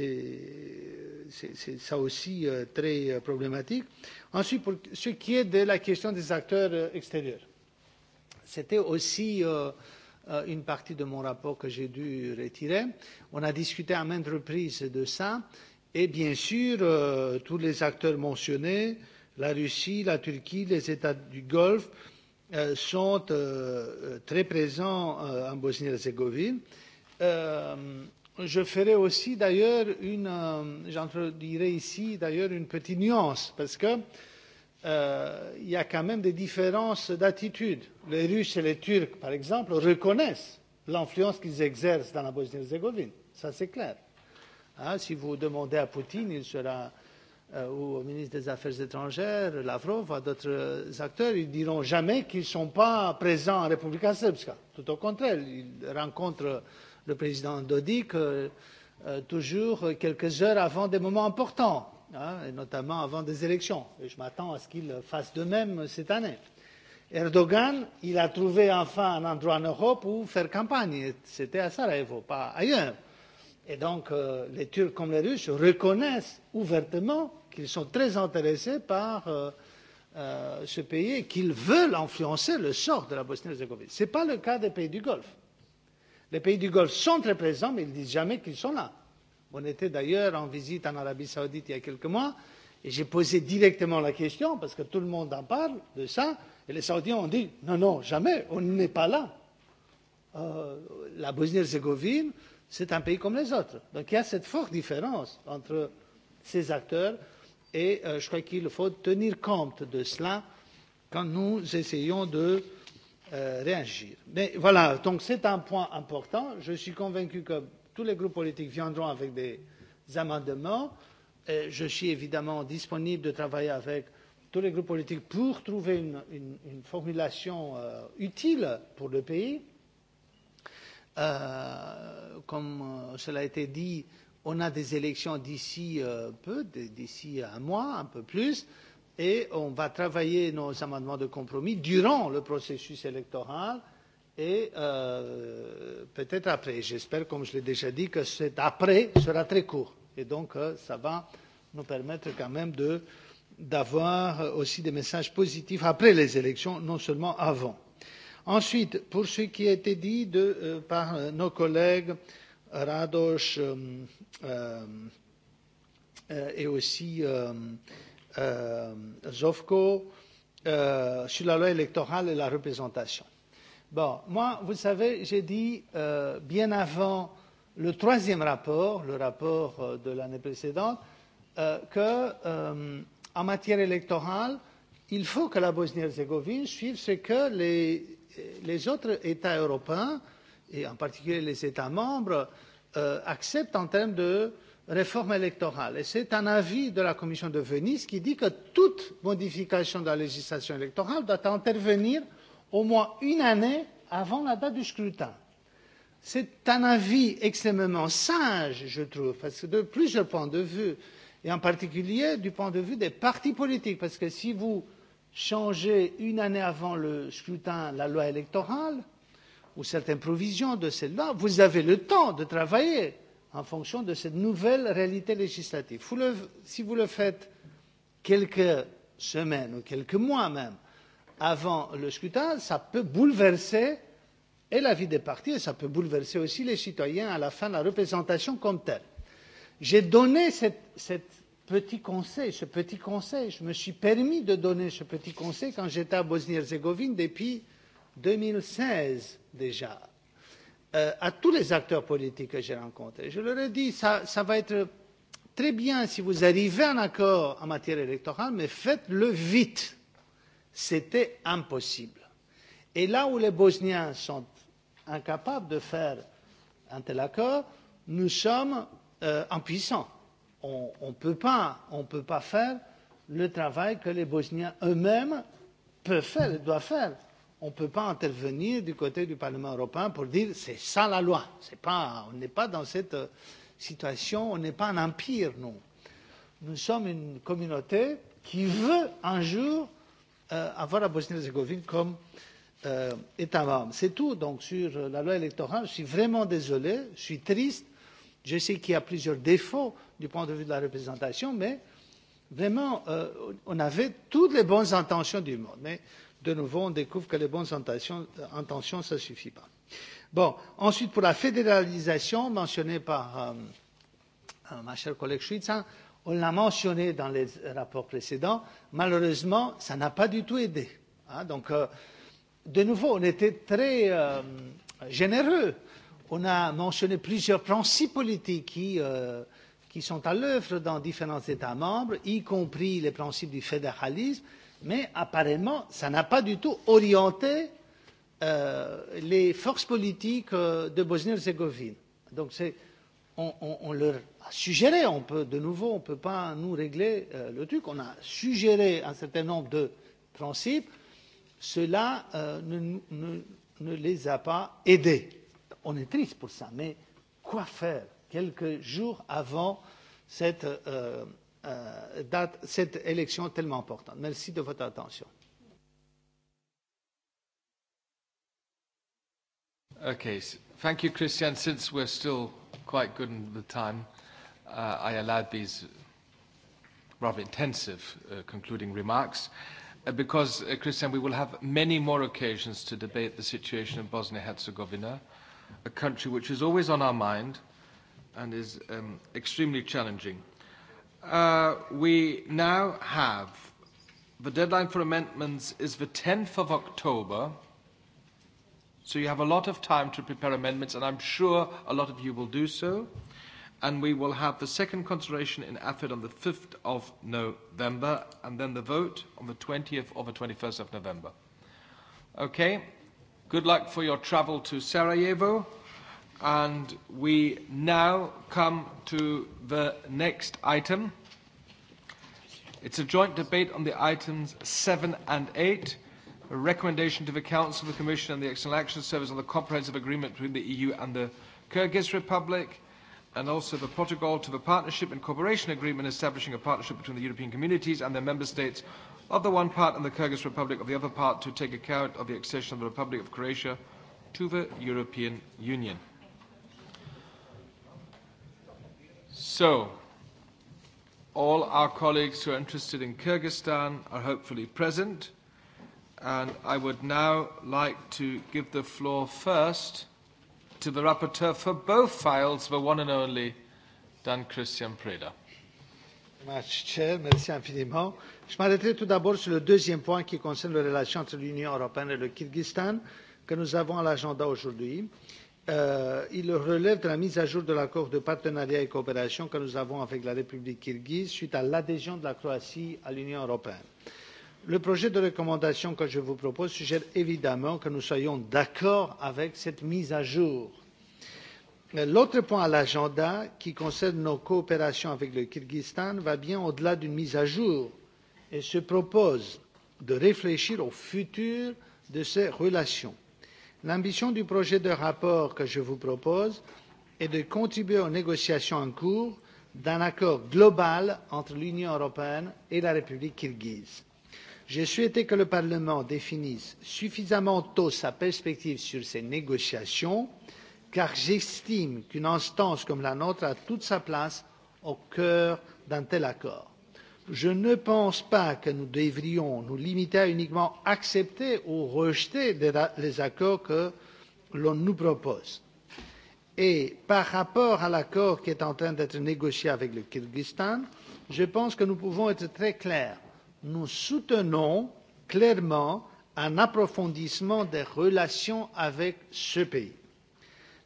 euh, c'est ça aussi euh, très euh, problématique. Ensuite, pour ce qui est de la question des acteurs euh, extérieurs, c'était aussi euh, euh, une partie de mon rapport que j'ai dû retirer. On a discuté à maintes reprises de ça. Et bien sûr, euh, tous les acteurs mentionnés, la Russie, la Turquie, les États du Golfe, euh, Euh, sont euh, euh, très présents en Bosnie-Herzégovine. Je ferai aussi d'ailleurs une, j'introduirai ici d'ailleurs une petite nuance parce que il y a quand même des différences d'attitude. Les Russes et les Turcs, par exemple, reconnaissent l'influence qu'ils exercent dans la Bosnie-Herzégovine. Ça, c'est clair. Hein, si vous demandez à Poutine, il sera ou euh, au ministre des Affaires étrangères, Lavrov, à d'autres acteurs, ils diront jamais qu'ils ne sont pas présents en République Srpska. Tout au contraire, ils rencontrent le président Dodik euh, toujours quelques heures avant des moments importants, hein, et notamment avant des élections. Et je m'attends à ce qu'il fasse de même cette année. Erdogan, il a trouvé enfin un endroit en Europe où faire campagne. C'était à Sarajevo, pas ailleurs. Et donc, euh, les Turcs comme les Russes reconnaissent ouvertement qu'ils sont très intéressés par euh, euh, ce pays et qu'ils veulent influencer le sort de la Bosnie-Herzégovine. Ce n'est pas le cas des pays du Golfe. Les pays du Golfe sont très présents, mais ils ne disent jamais qu'ils sont là. On était d'ailleurs en visite en Arabie Saoudite il y a quelques mois et j'ai posé directement la question parce que tout le monde en parle de ça et les Saoudiens ont dit non, non, jamais, on n'est pas là. Euh, la Bosnie-Herzégovine, c'est un pays comme les autres. donc il y a cette forte différence entre ces acteurs et euh, je crois qu'il faut tenir compte de cela quand nous essayons de euh, réagir. Mais voilà, donc c'est un point important. Je suis convaincu que tous les groupes politiques viendront avec des amendements. Et je suis évidemment disponible de travailler avec tous les groupes politiques pour trouver une, une, une formulation euh, utile pour le pays Euh, comme euh, cela a été dit, on a des élections d'ici euh, peu, d'ici un mois, un peu plus, et on va travailler nos amendements de compromis durant le processus électoral et euh, peut-être après. J'espère, comme je l'ai déjà dit, que cet après sera très court et donc ça va nous permettre quand même de d'avoir aussi des messages positifs après les élections, non seulement avant ensuite pour ce qui a été dit de, euh, par euh, nos collègues euh, euh, et aussi zovko sur la loi électorale et la représentation. Bon, moi, vous savez, j'ai dit euh, bien avant le troisième rapport, le rapport de l'année précédente, euh, que euh, en matière électorale, il faut que la Bosnie-Herzégovine suive ce que les les autres États européens, et en particulier les États membres, euh, acceptent en termes de réforme électorale. Et c'est un avis de la Commission de Venise qui dit que toute modification de la législation électorale doit intervenir au moins une année avant la date du scrutin. C'est un avis extrêmement sage, je trouve, parce que de plusieurs points de vue, et en particulier du point de vue des partis politiques, parce que si vous changer une année avant le scrutin la loi électorale ou certaines provisions de celle-là, vous avez le temps de travailler en fonction de cette nouvelle réalité législative. Vous le, si vous le faites quelques semaines ou quelques mois même avant le scrutin, ça peut bouleverser et la vie des partis et ça peut bouleverser aussi les citoyens à la fin de la représentation comme telle. J'ai donné cette, cette petit conseil, ce petit conseil. Je me suis permis de donner ce petit conseil quand j'étais à Bosnie-Herzégovine depuis 2016 déjà, euh, à tous les acteurs politiques que j'ai rencontrés. Je leur ai dit, ça, ça va être très bien si vous arrivez à un accord en matière électorale, mais faites-le vite. C'était impossible. Et là où les Bosniens sont incapables de faire un tel accord, nous sommes euh, impuissants on ne peut pas, on peut pas faire le travail que les Bosniens eux-mêmes peuvent faire et doivent faire. On ne peut pas intervenir du côté du Parlement européen pour dire c'est ça la loi. C'est pas, on n'est pas dans cette euh, situation, on n'est pas un empire, nous. Nous sommes une communauté qui veut un jour euh, avoir la Bosnie-Herzégovine comme euh, État membre. C'est tout donc sur euh, la loi électorale. Je suis vraiment désolé, je suis triste Je sais qu'il y a plusieurs défauts du point de vue de la représentation, mais vraiment, euh, on avait toutes les bonnes intentions du monde. Mais de nouveau, on découvre que les bonnes intentions, intentions ça ne suffit pas. Bon, ensuite, pour la fédéralisation mentionnée par euh, euh, ma chère collègue Schwitz, hein, on l'a mentionné dans les rapports précédents. Malheureusement, ça n'a pas du tout aidé. Hein, donc, euh, de nouveau, on était très euh, généreux euh, on a mentionné plusieurs principes politiques qui, euh, qui sont à l'œuvre dans différents États membres, y compris les principes du fédéralisme, mais apparemment, ça n'a pas du tout orienté euh, les forces politiques euh, de Bosnie-Herzégovine. Donc c'est, on, on, on leur a suggéré, on peut, de nouveau, on ne peut pas nous régler euh, le truc, on a suggéré un certain nombre de principes, cela euh, ne, ne, ne les a pas aidés on est triste pour ça, mais quoi faire quelques jours avant cette, euh, euh, date, cette élection tellement importante Merci de votre attention. Okay, so thank you, Christian. Since we're still quite good in the time, uh, I allowed these rather intensive uh, concluding remarks uh, because, uh, Christian, we will have many more occasions to debate the situation in Bosnia-Herzegovina a country which is always on our mind and is um, extremely challenging. Uh, we now have the deadline for amendments is the 10th of October. So you have a lot of time to prepare amendments, and I'm sure a lot of you will do so. And we will have the second consideration in AFID on the 5th of November, and then the vote on the 20th or the 21st of November. Okay, Good luck for your travel to Sarajevo. And we now come to the next item. It's a joint debate on the items 7 and 8, a recommendation to the Council, the Commission and the External Action Service on the comprehensive agreement between the EU and the Kyrgyz Republic, and also the protocol to the partnership and cooperation agreement establishing a partnership between the European communities and their member states of the one part and the Kyrgyz Republic of the other part to take account of the accession of the Republic of Croatia to the European Union. So, all our colleagues who are interested in Kyrgyzstan are hopefully present. And I would now like to give the floor first to the rapporteur for both files, the one and only Dan Christian Preda. Merci, infiniment. Je m'arrêterai tout d'abord sur le deuxième point qui concerne les relations entre l'Union européenne et le Kyrgyzstan que nous avons à l'agenda aujourd'hui. Euh, il relève de la mise à jour de l'accord de partenariat et coopération que nous avons avec la République kirghize suite à l'adhésion de la Croatie à l'Union européenne. Euh, le projet de recommandation que je vous propose suggère évidemment que nous soyons d'accord avec cette mise à jour. Euh, l'autre point à l'agenda qui concerne nos coopérations avec le Kyrgyzstan va bien au-delà d'une mise à jour et se propose de réfléchir au futur de ces relations. L'ambition du projet de rapport que je vous propose est de contribuer aux négociations en cours d'un accord global entre l'Union européenne et la République kirghize j'ai souhaité que le parlement définisse suffisamment tôt sa perspective sur ces négociations car j'estime qu'une instance comme la nôtre a toute sa place au cœur d'un tel accord. je ne pense pas que nous devrions nous limiter à uniquement accepter ou rejeter les accords que l'on nous propose. et par rapport à l'accord qui est en train d'être négocié avec le kirghizstan je pense que nous pouvons être très clairs nous soutenons clairement un approfondissement des relations avec ce pays.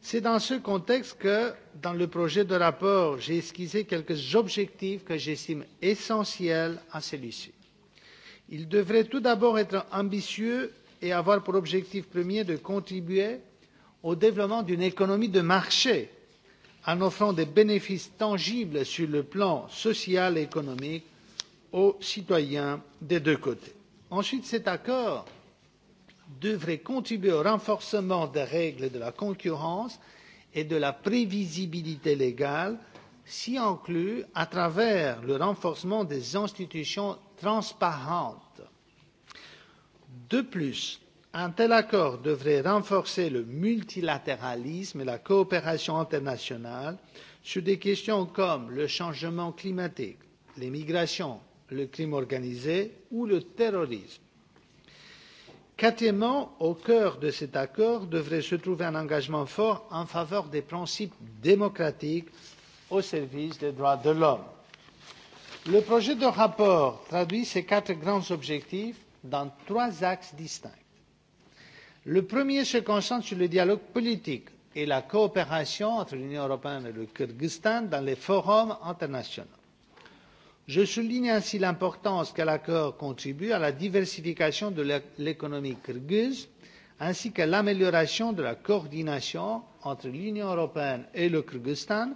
c'est dans ce contexte que dans le projet de rapport j'ai esquissé quelques objectifs que j'estime essentiels à celui ci. il devrait tout d'abord être ambitieux et avoir pour objectif premier de contribuer au développement d'une économie de marché en offrant des bénéfices tangibles sur le plan social et économique aux citoyens des deux côtés. ensuite cet accord devrait contribuer au renforcement des règles de la concurrence et de la prévisibilité légale s'y inclut à travers le renforcement des institutions transparentes. de plus un tel accord devrait renforcer le multilatéralisme et la coopération internationale sur des questions comme le changement climatique les migrations le crime organisé ou le terrorisme. Quatrièmement, au cœur de cet accord devrait se trouver un engagement fort en faveur des principes démocratiques au service des droits de l'homme. Le projet de rapport traduit ces quatre grands objectifs dans trois axes distincts. Le premier se concentre sur le dialogue politique et la coopération entre l'Union européenne et le Kyrgyzstan dans les forums internationaux je souligne ainsi l'importance que l'accord contribue à la diversification de l'économie kirghize ainsi qu'à l'amélioration de la coordination entre l'union européenne et le kirghizstan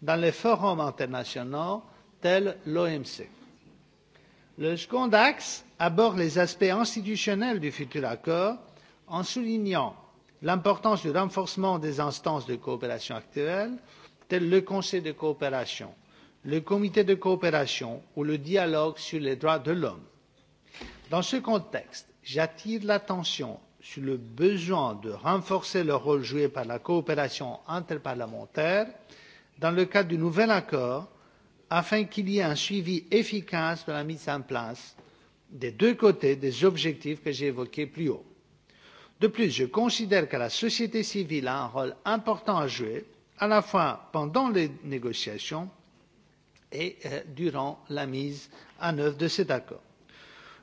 dans les forums internationaux tels que l'omc. le second axe aborde les aspects institutionnels du futur accord en soulignant l'importance du renforcement des instances de coopération actuelles telles le conseil de coopération le comité de coopération ou le dialogue sur les droits de l'homme. Dans ce contexte, j'attire l'attention sur le besoin de renforcer le rôle joué par la coopération interparlementaire dans le cadre du nouvel accord afin qu'il y ait un suivi efficace de la mise en place des deux côtés des objectifs que j'ai évoqués plus haut. De plus, je considère que la société civile a un rôle important à jouer, à la fois pendant les négociations et euh, durant la mise en œuvre de cet accord.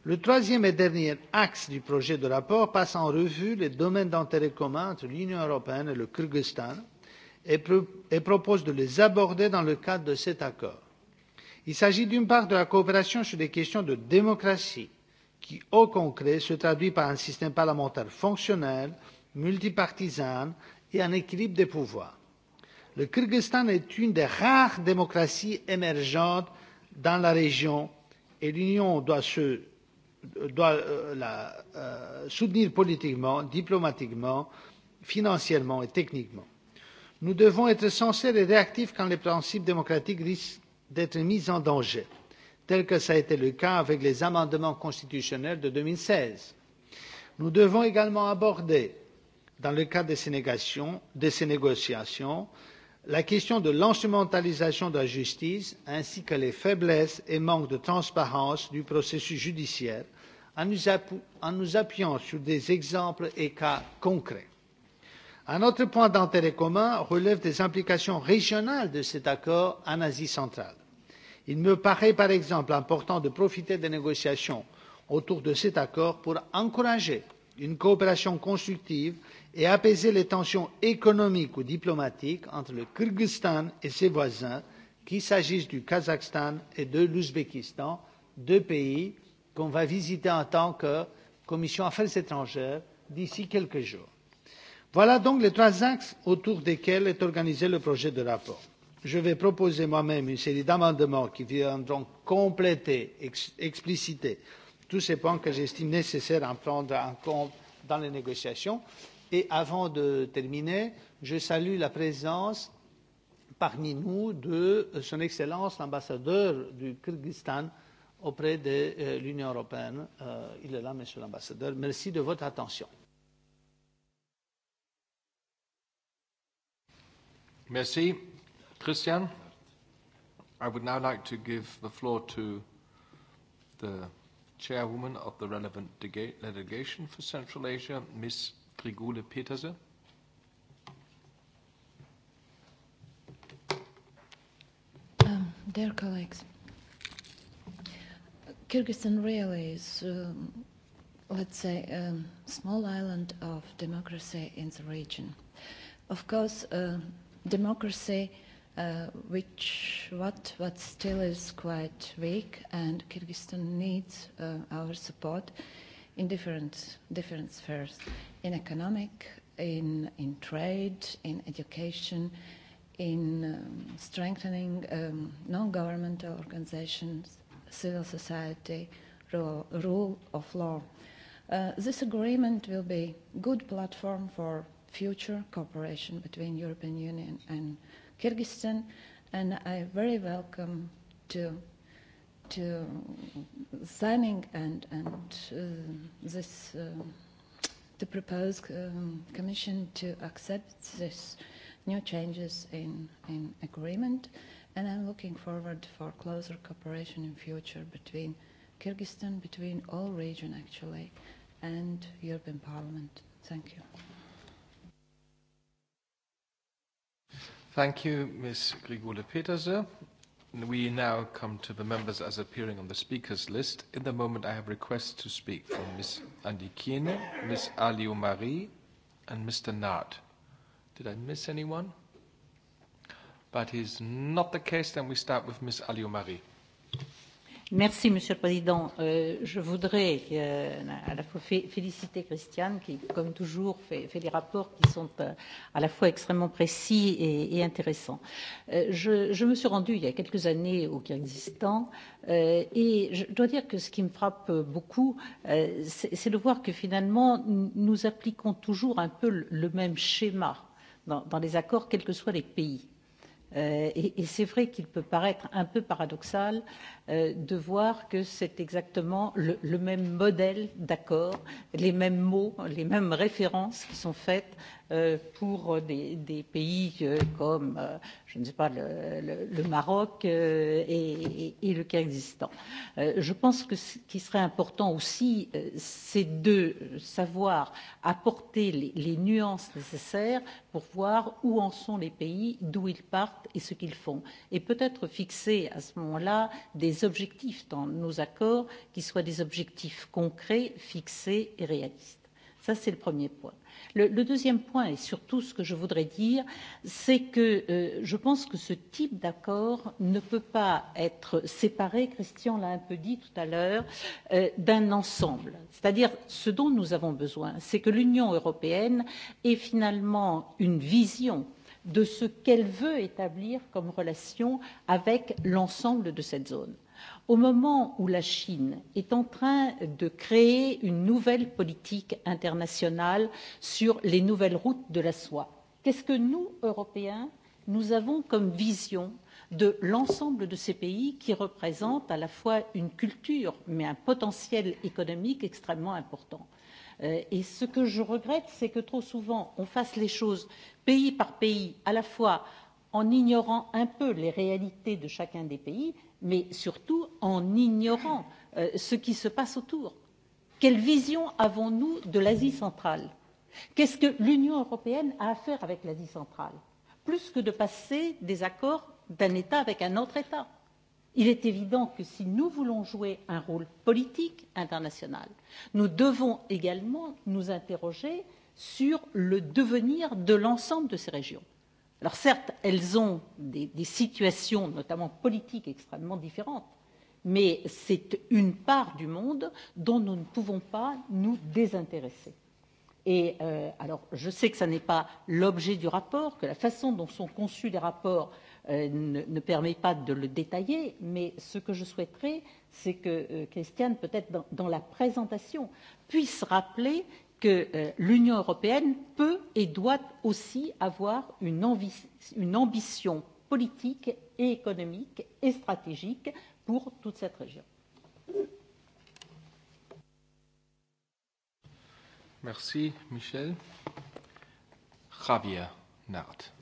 Le troisième et dernier axe du projet de rapport passe en revue les domaines d'intérêt commun entre l'Union européenne et le Kyrgyzstan et, pro et propose de les aborder dans le cadre de cet accord. Il s'agit d'une part de la coopération sur des questions de démocratie, qui au concret se traduit par un système parlementaire fonctionnel, multipartisan et un équilibre des pouvoirs le Kyrgyzstan est une des rares démocraties émergentes dans la région et l'union doit, se, doit euh, la euh, soutenir politiquement diplomatiquement financièrement et techniquement. nous devons être sincères et réactifs quand les principes démocratiques risquent d'être mis en danger tel que cela a été le cas avec les amendements constitutionnels de. deux mille seize nous devons également aborder dans le cadre de ces négociations la question de l'instrumentalisation de la justice ainsi que les faiblesses et manques de transparence du processus judiciaire en nous appuyant sur des exemples et cas concrets. un autre point d'intérêt commun relève des implications régionales de cet accord en asie centrale. il me paraît par exemple important de profiter des négociations autour de cet accord pour encourager une coopération constructive et apaiser les tensions économiques ou diplomatiques entre le kirghizstan et ses voisins qu'il s'agisse du kazakhstan et de l'ouzbékistan deux pays que nous allons visiter en tant que commission affaires étrangères d'ici quelques jours. voilà donc les trois axes autour desquels est organisé le projet de rapport. je vais proposer moi même une série d'amendements qui viendront compléter et expliciter tous ces points que j'estime nécessaire à prendre en compte dans les négociations. Et avant de terminer, je salue la présence parmi nous de euh, Son Excellence l'ambassadeur du Kyrgyzstan auprès de euh, l'Union européenne. Euh, il est là, Monsieur l'ambassadeur. Merci de votre attention. Merci. Christian, I would now like to give the floor to the Chairwoman of the relevant delegation for Central Asia, Ms. Grigule Petersen. Um, dear colleagues, Kyrgyzstan really is, um, let's say, a small island of democracy in the region. Of course, uh, democracy uh, which what what still is quite weak, and Kyrgyzstan needs uh, our support in different different spheres, in economic, in in trade, in education, in um, strengthening um, non-governmental organizations, civil society, rule, rule of law. Uh, this agreement will be good platform for future cooperation between European Union and Kyrgyzstan, and I very welcome to to signing and and uh, this uh, to propose um, commission to accept this new changes in in agreement, and I'm looking forward for closer cooperation in future between Kyrgyzstan, between all region actually, and European Parliament. Thank you. Thank you, Ms. Grigole-Peterse. We now come to the members as appearing on the speakers list. In the moment, I have requests to speak from Ms. Andikine, Ms. Aliou Marie, and Mr. Nard. Did I miss anyone? That is not the case, then we start with Ms. Aliou Marie. Merci, Monsieur le Président. Euh, je voudrais euh, à la fois féliciter Christiane, qui, comme toujours, fait, fait des rapports qui sont euh, à la fois extrêmement précis et, et intéressants. Euh, je, je me suis rendue il y a quelques années au Kyrgyzstan euh, et je dois dire que ce qui me frappe beaucoup, euh, c'est de voir que finalement, nous appliquons toujours un peu le, le même schéma dans, dans les accords, quels que soient les pays Euh, et et c'est vrai qu'il peut paraître un peu paradoxal euh, de voir que c'est exactement le, le même modèle d'accord, les mêmes mots, les mêmes références qui sont faites Euh, pour des, des pays comme, euh, je ne sais pas, le, le, le Maroc euh, et, et, et le Kyrgyzstan. Je pense que ce qui serait important aussi, c'est de savoir apporter les, les nuances nécessaires pour voir où en sont les pays, d'où ils partent et ce qu'ils font. Et peut-être fixer à ce moment-là des objectifs dans nos accords qui soient des objectifs concrets, fixés et réalistes. Ça, c'est le premier point. Le, le deuxième point, et surtout ce que je voudrais dire, c'est que euh, je pense que ce type d'accord ne peut pas être séparé, Christian l'a un peu dit tout à l'heure, euh, d'un ensemble. C'est-à-dire, ce dont nous avons besoin, c'est que l'Union européenne ait finalement une vision de ce qu'elle veut établir comme relation avec l'ensemble de cette zone Au moment où la Chine est en train de créer une nouvelle politique internationale sur les nouvelles routes de la soie, qu'est-ce que nous, Européens, nous avons comme vision de l'ensemble de ces pays qui représentent à la fois une culture mais un potentiel économique extrêmement important. Euh, et ce que je regrette, c'est que trop souvent on fasse les choses pays par pays, à la fois en ignorant un peu les réalités de chacun des pays, mais surtout en ignorant euh, ce qui se passe autour. Quelle vision avons-nous de l'Asie centrale Qu'est-ce que l'Union européenne a à faire avec l'Asie centrale Plus que de passer des accords d'un État avec un autre État. Il est évident que si nous voulons jouer un rôle politique international, nous devons également nous interroger sur le devenir de l'ensemble de ces régions. Alors certes, elles ont des, des situations, notamment politiques, extrêmement différentes, mais c'est une part du monde dont nous ne pouvons pas nous désintéresser. Et euh, alors, je sais que ça n'est pas l'objet du rapport, que la façon dont sont conçus les rapports euh, ne, ne permet pas de le détailler, mais ce que je souhaiterais, c'est que euh, Christiane, peut-être dans, dans la présentation, puisse rappeler que euh, l'Union européenne peut et doit aussi avoir une, ambi une ambition politique et économique et stratégique pour toute cette région. Merci, Michel. Javier Nart.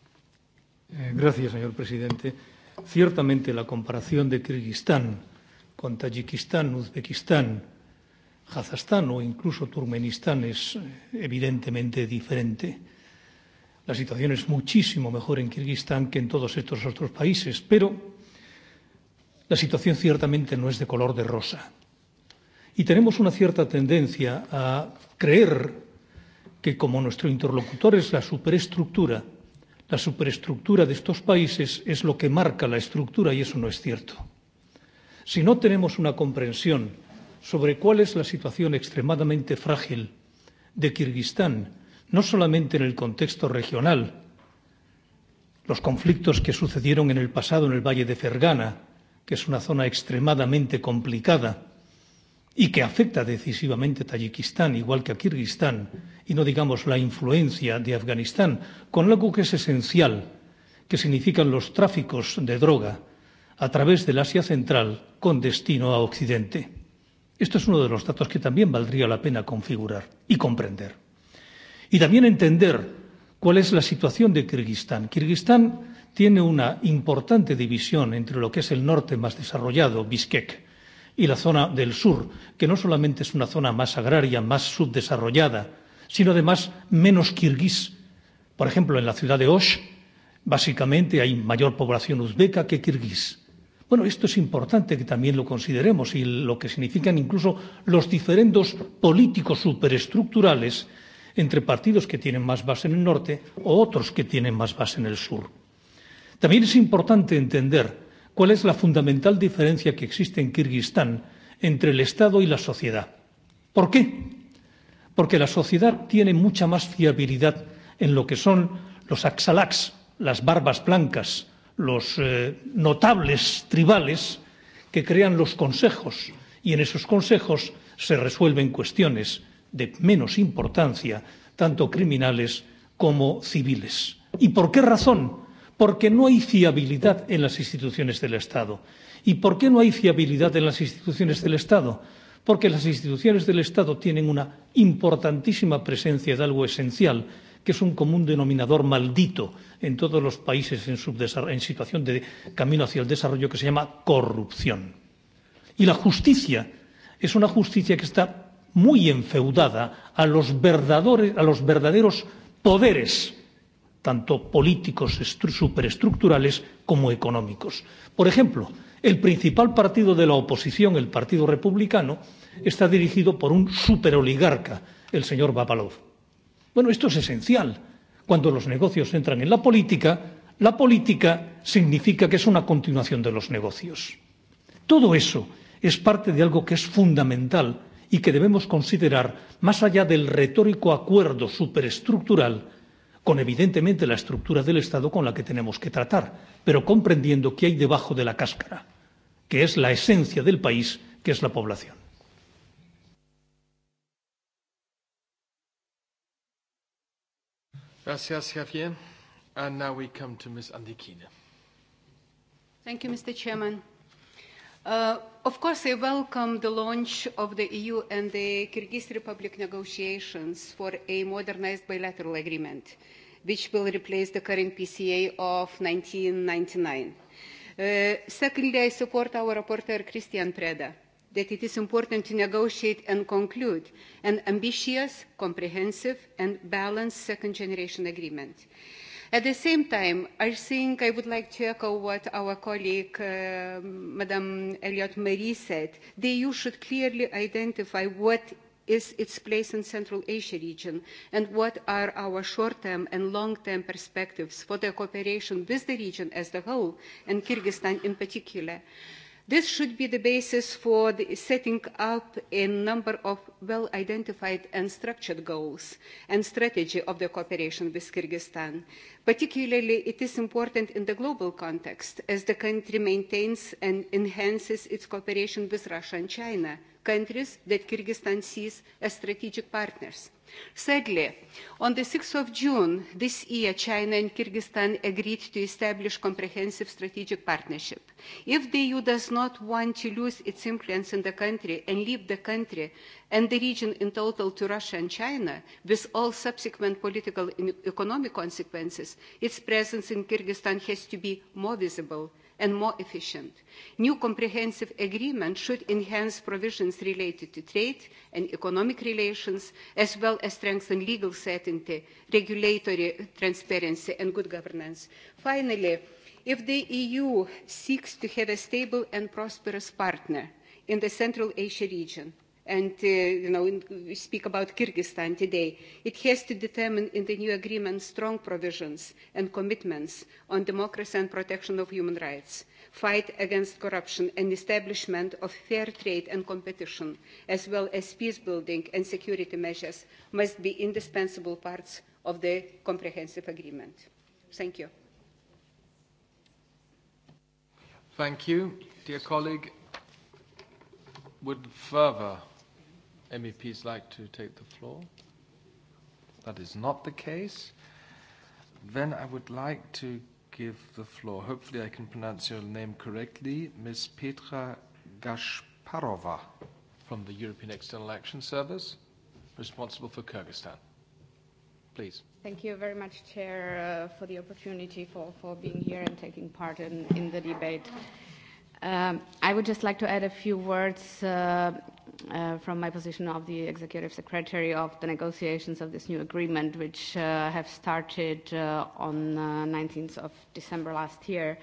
Eh, gracias, señor presidente. Ciertamente la comparación de Kirguistán con Tayikistán, Uzbekistán, Kazajstán o incluso Turkmenistán es eh, evidentemente diferente. La situación es muchísimo mejor en Kirguistán que en todos estos otros países, pero la situación ciertamente no es de color de rosa. Y tenemos una cierta tendencia a creer que como nuestro interlocutor es la superestructura, la superestructura de estos países es lo que marca la estructura y eso no es cierto. Si no tenemos una comprensión sobre cuál es la situación extremadamente frágil de Kirguistán, no solamente en el contexto regional, los conflictos que sucedieron en el pasado en el Valle de Fergana, que es una zona extremadamente complicada y que afecta decisivamente a Tayikistán, igual que a Kirguistán, y no digamos la influencia de Afganistán, con algo que es esencial, que significan los tráficos de droga a través del Asia Central con destino a Occidente. Esto es uno de los datos que también valdría la pena configurar y comprender. Y también entender cuál es la situación de Kirguistán. Kirguistán tiene una importante división entre lo que es el norte más desarrollado, Bishkek, y la zona del sur, que no solamente es una zona más agraria, más subdesarrollada, sino además menos kirguís. Por ejemplo, en la ciudad de Osh, básicamente hay mayor población uzbeka que kirguís. Bueno, esto es importante que también lo consideremos y lo que significan incluso los diferendos políticos superestructurales entre partidos que tienen más base en el norte o otros que tienen más base en el sur. También es importante entender cuál es la fundamental diferencia que existe en Kirguistán entre el Estado y la sociedad. ¿Por qué? Porque la sociedad tiene mucha más fiabilidad en lo que son los axalaks, las barbas blancas, los eh, notables tribales que crean los consejos y en esos consejos se resuelven cuestiones de menos importancia, tanto criminales como civiles. ¿Y por qué razón? Porque no hay fiabilidad en las instituciones del Estado. ¿Y por qué no hay fiabilidad en las instituciones del Estado? Porque las instituciones del Estado tienen una importantísima presencia de algo esencial, que es un común denominador maldito en todos los países en, en situación de camino hacia el desarrollo que se llama corrupción. Y la justicia es una justicia que está muy enfeudada a los, verdaderos, a los verdaderos poderes, tanto políticos superestructurales como económicos. Por ejemplo, el principal partido de la oposición, el Partido Republicano, está dirigido por un superoligarca, el señor Babalov. Bueno, esto es esencial Cuando los negocios entran en la política, la política significa que es una continuación de los negocios. Todo eso es parte de algo que es fundamental y que debemos considerar más allá del retórico acuerdo superestructural con evidentemente la estructura del Estado con la que tenemos que tratar, pero comprendiendo que hay debajo de la cáscara, que es la esencia del país, que es la población. Gracias, Javier. And now we come to Ms. Andikina. Thank you, Mr. Chairman. Uh, of course, I welcome the launch of the EU and the Kyrgyz Republic negotiations for a modernized bilateral agreement, which will replace the current PCA of 1999. Uh, secondly, I support our reporter, Christian Preda that it is important to negotiate and conclude an ambitious, comprehensive and balanced second generation agreement. At the same time, I think I would like to echo what our colleague, uh, Madame Elliot Marie said. The EU should clearly identify what is its place in Central Asia region and what are our short-term and long-term perspectives for the cooperation with the region as a whole and Kyrgyzstan in particular. This should be the basis for the setting up a number of well-identified and structured goals and strategy of the cooperation with Kyrgyzstan. Particularly, it is important in the global context as the country maintains and enhances its cooperation with Russia and China, countries that Kyrgyzstan sees as strategic partners. Sadly, on the 6th of June this year, China and Kyrgyzstan agreed to establish comprehensive strategic partnership. If the EU does not want to lose its influence in the country and leave the country and the region in total to Russia and China, with all subsequent political and economic consequences, its presence in Kyrgyzstan has to be more visible and more efficient. New comprehensive agreement should enhance provisions related to trade and economic relations, as well as strengthen legal certainty, regulatory transparency and good governance. Finally, if the EU seeks to have a stable and prosperous partner in the Central Asia region, and uh, you know in, we speak about Kyrgyzstan today. It has to determine in the new agreement strong provisions and commitments on democracy and protection of human rights, fight against corruption and establishment of fair trade and competition, as well as peace building and security measures must be indispensable parts of the comprehensive agreement. Thank you. Thank you, dear colleague. Would further MEPs like to take the floor? That is not the case. Then I would like to give the floor, hopefully I can pronounce your name correctly, Ms. Petra Gasparova from the European External Action Service, responsible for Kyrgyzstan. Please. Thank you very much, Chair, uh, for the opportunity for, for being here and taking part in, in the debate. Um, I would just like to add a few words uh, uh, from my position of the executive secretary of the negotiations of this new agreement, which uh, have started uh, on uh, 19th of December last year.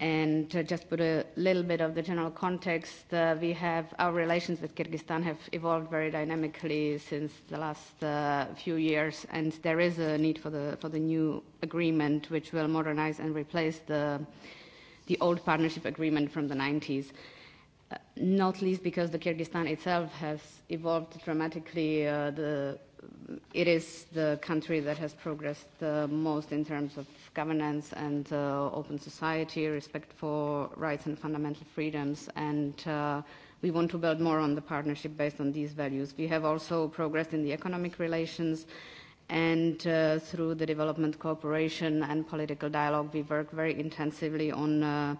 And uh, just put a little bit of the general context, uh, we have our relations with Kyrgyzstan have evolved very dynamically since the last uh, few years, and there is a need for the for the new agreement, which will modernize and replace the the old partnership agreement from the 90s not least because the Kyrgyzstan itself has evolved dramatically. Uh, the, it is the country that has progressed the most in terms of governance and uh, open society, respect for rights and fundamental freedoms, and uh, we want to build more on the partnership based on these values. We have also progressed in the economic relations, and uh, through the development cooperation and political dialogue, we work very intensively on uh,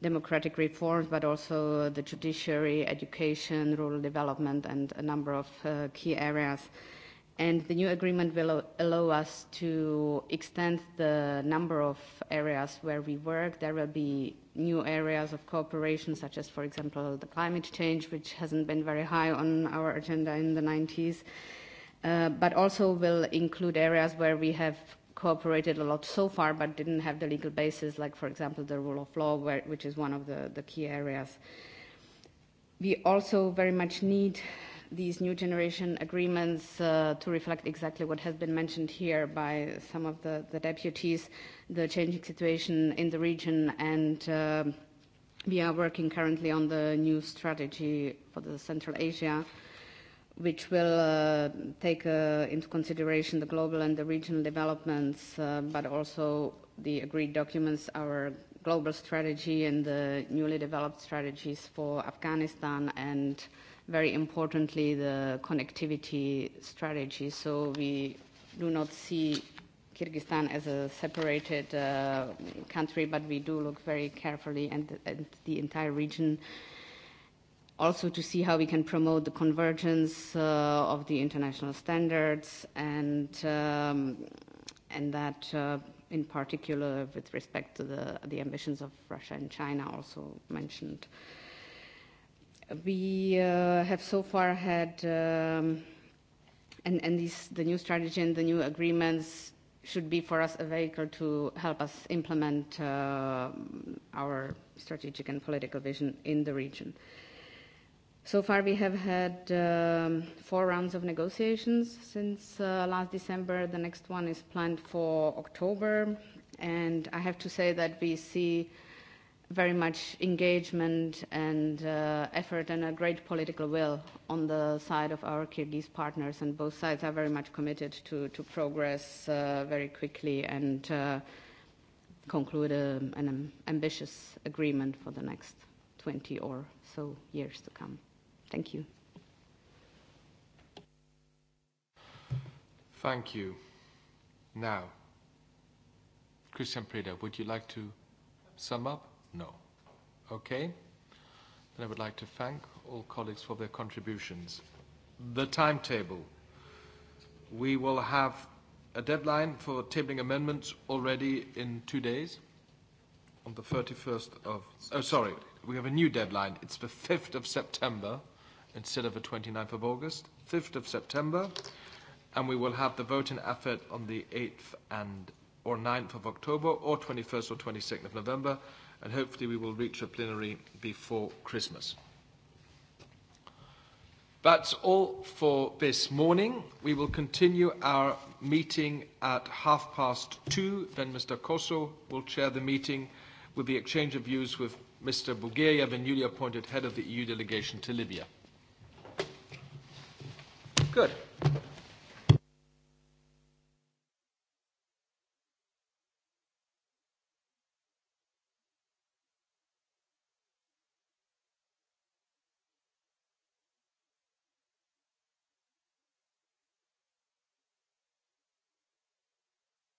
democratic reforms, but also the judiciary, education, rural development, and a number of uh, key areas. And the new agreement will allow us to extend the number of areas where we work. There will be new areas of cooperation, such as, for example, the climate change, which hasn't been very high on our agenda in the 90s, uh, but also will include areas where we have cooperated a lot so far, but didn't have the legal basis, like, for example, the rule of law, where, which is one of the, the key areas. We also very much need these new generation agreements uh, to reflect exactly what has been mentioned here by some of the, the deputies, the changing situation in the region, and uh, we are working currently on the new strategy for the Central Asia which will uh, take uh, into consideration the global and the regional developments, uh, but also the agreed documents, our global strategy and the newly developed strategies for Afghanistan, and very importantly, the connectivity strategy. So we do not see Kyrgyzstan as a separated uh, country, but we do look very carefully at, at the entire region also to see how we can promote the convergence uh, of the international standards and um, and that uh, in particular with respect to the the ambitions of Russia and China also mentioned. We uh, have so far had um, and and the new strategy and the new agreements should be for us a vehicle to help us implement uh, our strategic and political vision in the region. Uh, So far, we have had um, four rounds of negotiations since uh, last December. The next one is planned for October. And I have to say that we see very much engagement and uh, effort and a great political will on the side of our Kyrgyz partners. And both sides are very much committed to, to progress uh, very quickly and uh, conclude a, um, an ambitious agreement for the next 20 or so years to come. Thank you. Thank you. Now, Christian Preda, would you like to sum up? No. Okay. Then I would like to thank all colleagues for their contributions. The timetable. We will have a deadline for tabling amendments already in two days, on the 31st of... Oh, sorry. We have a new deadline. It's the 5th of September instead of the 29th of August, 5th of September, and we will have the vote in on the 8th and or 9th of October or 21st or 22nd of November, and hopefully we will reach a plenary before Christmas. That's all for this morning. We will continue our meeting at half past two. Then Mr. Koso will chair the meeting with the exchange of views with Mr. Bugeyev, the newly appointed head of the EU delegation to Libya. Good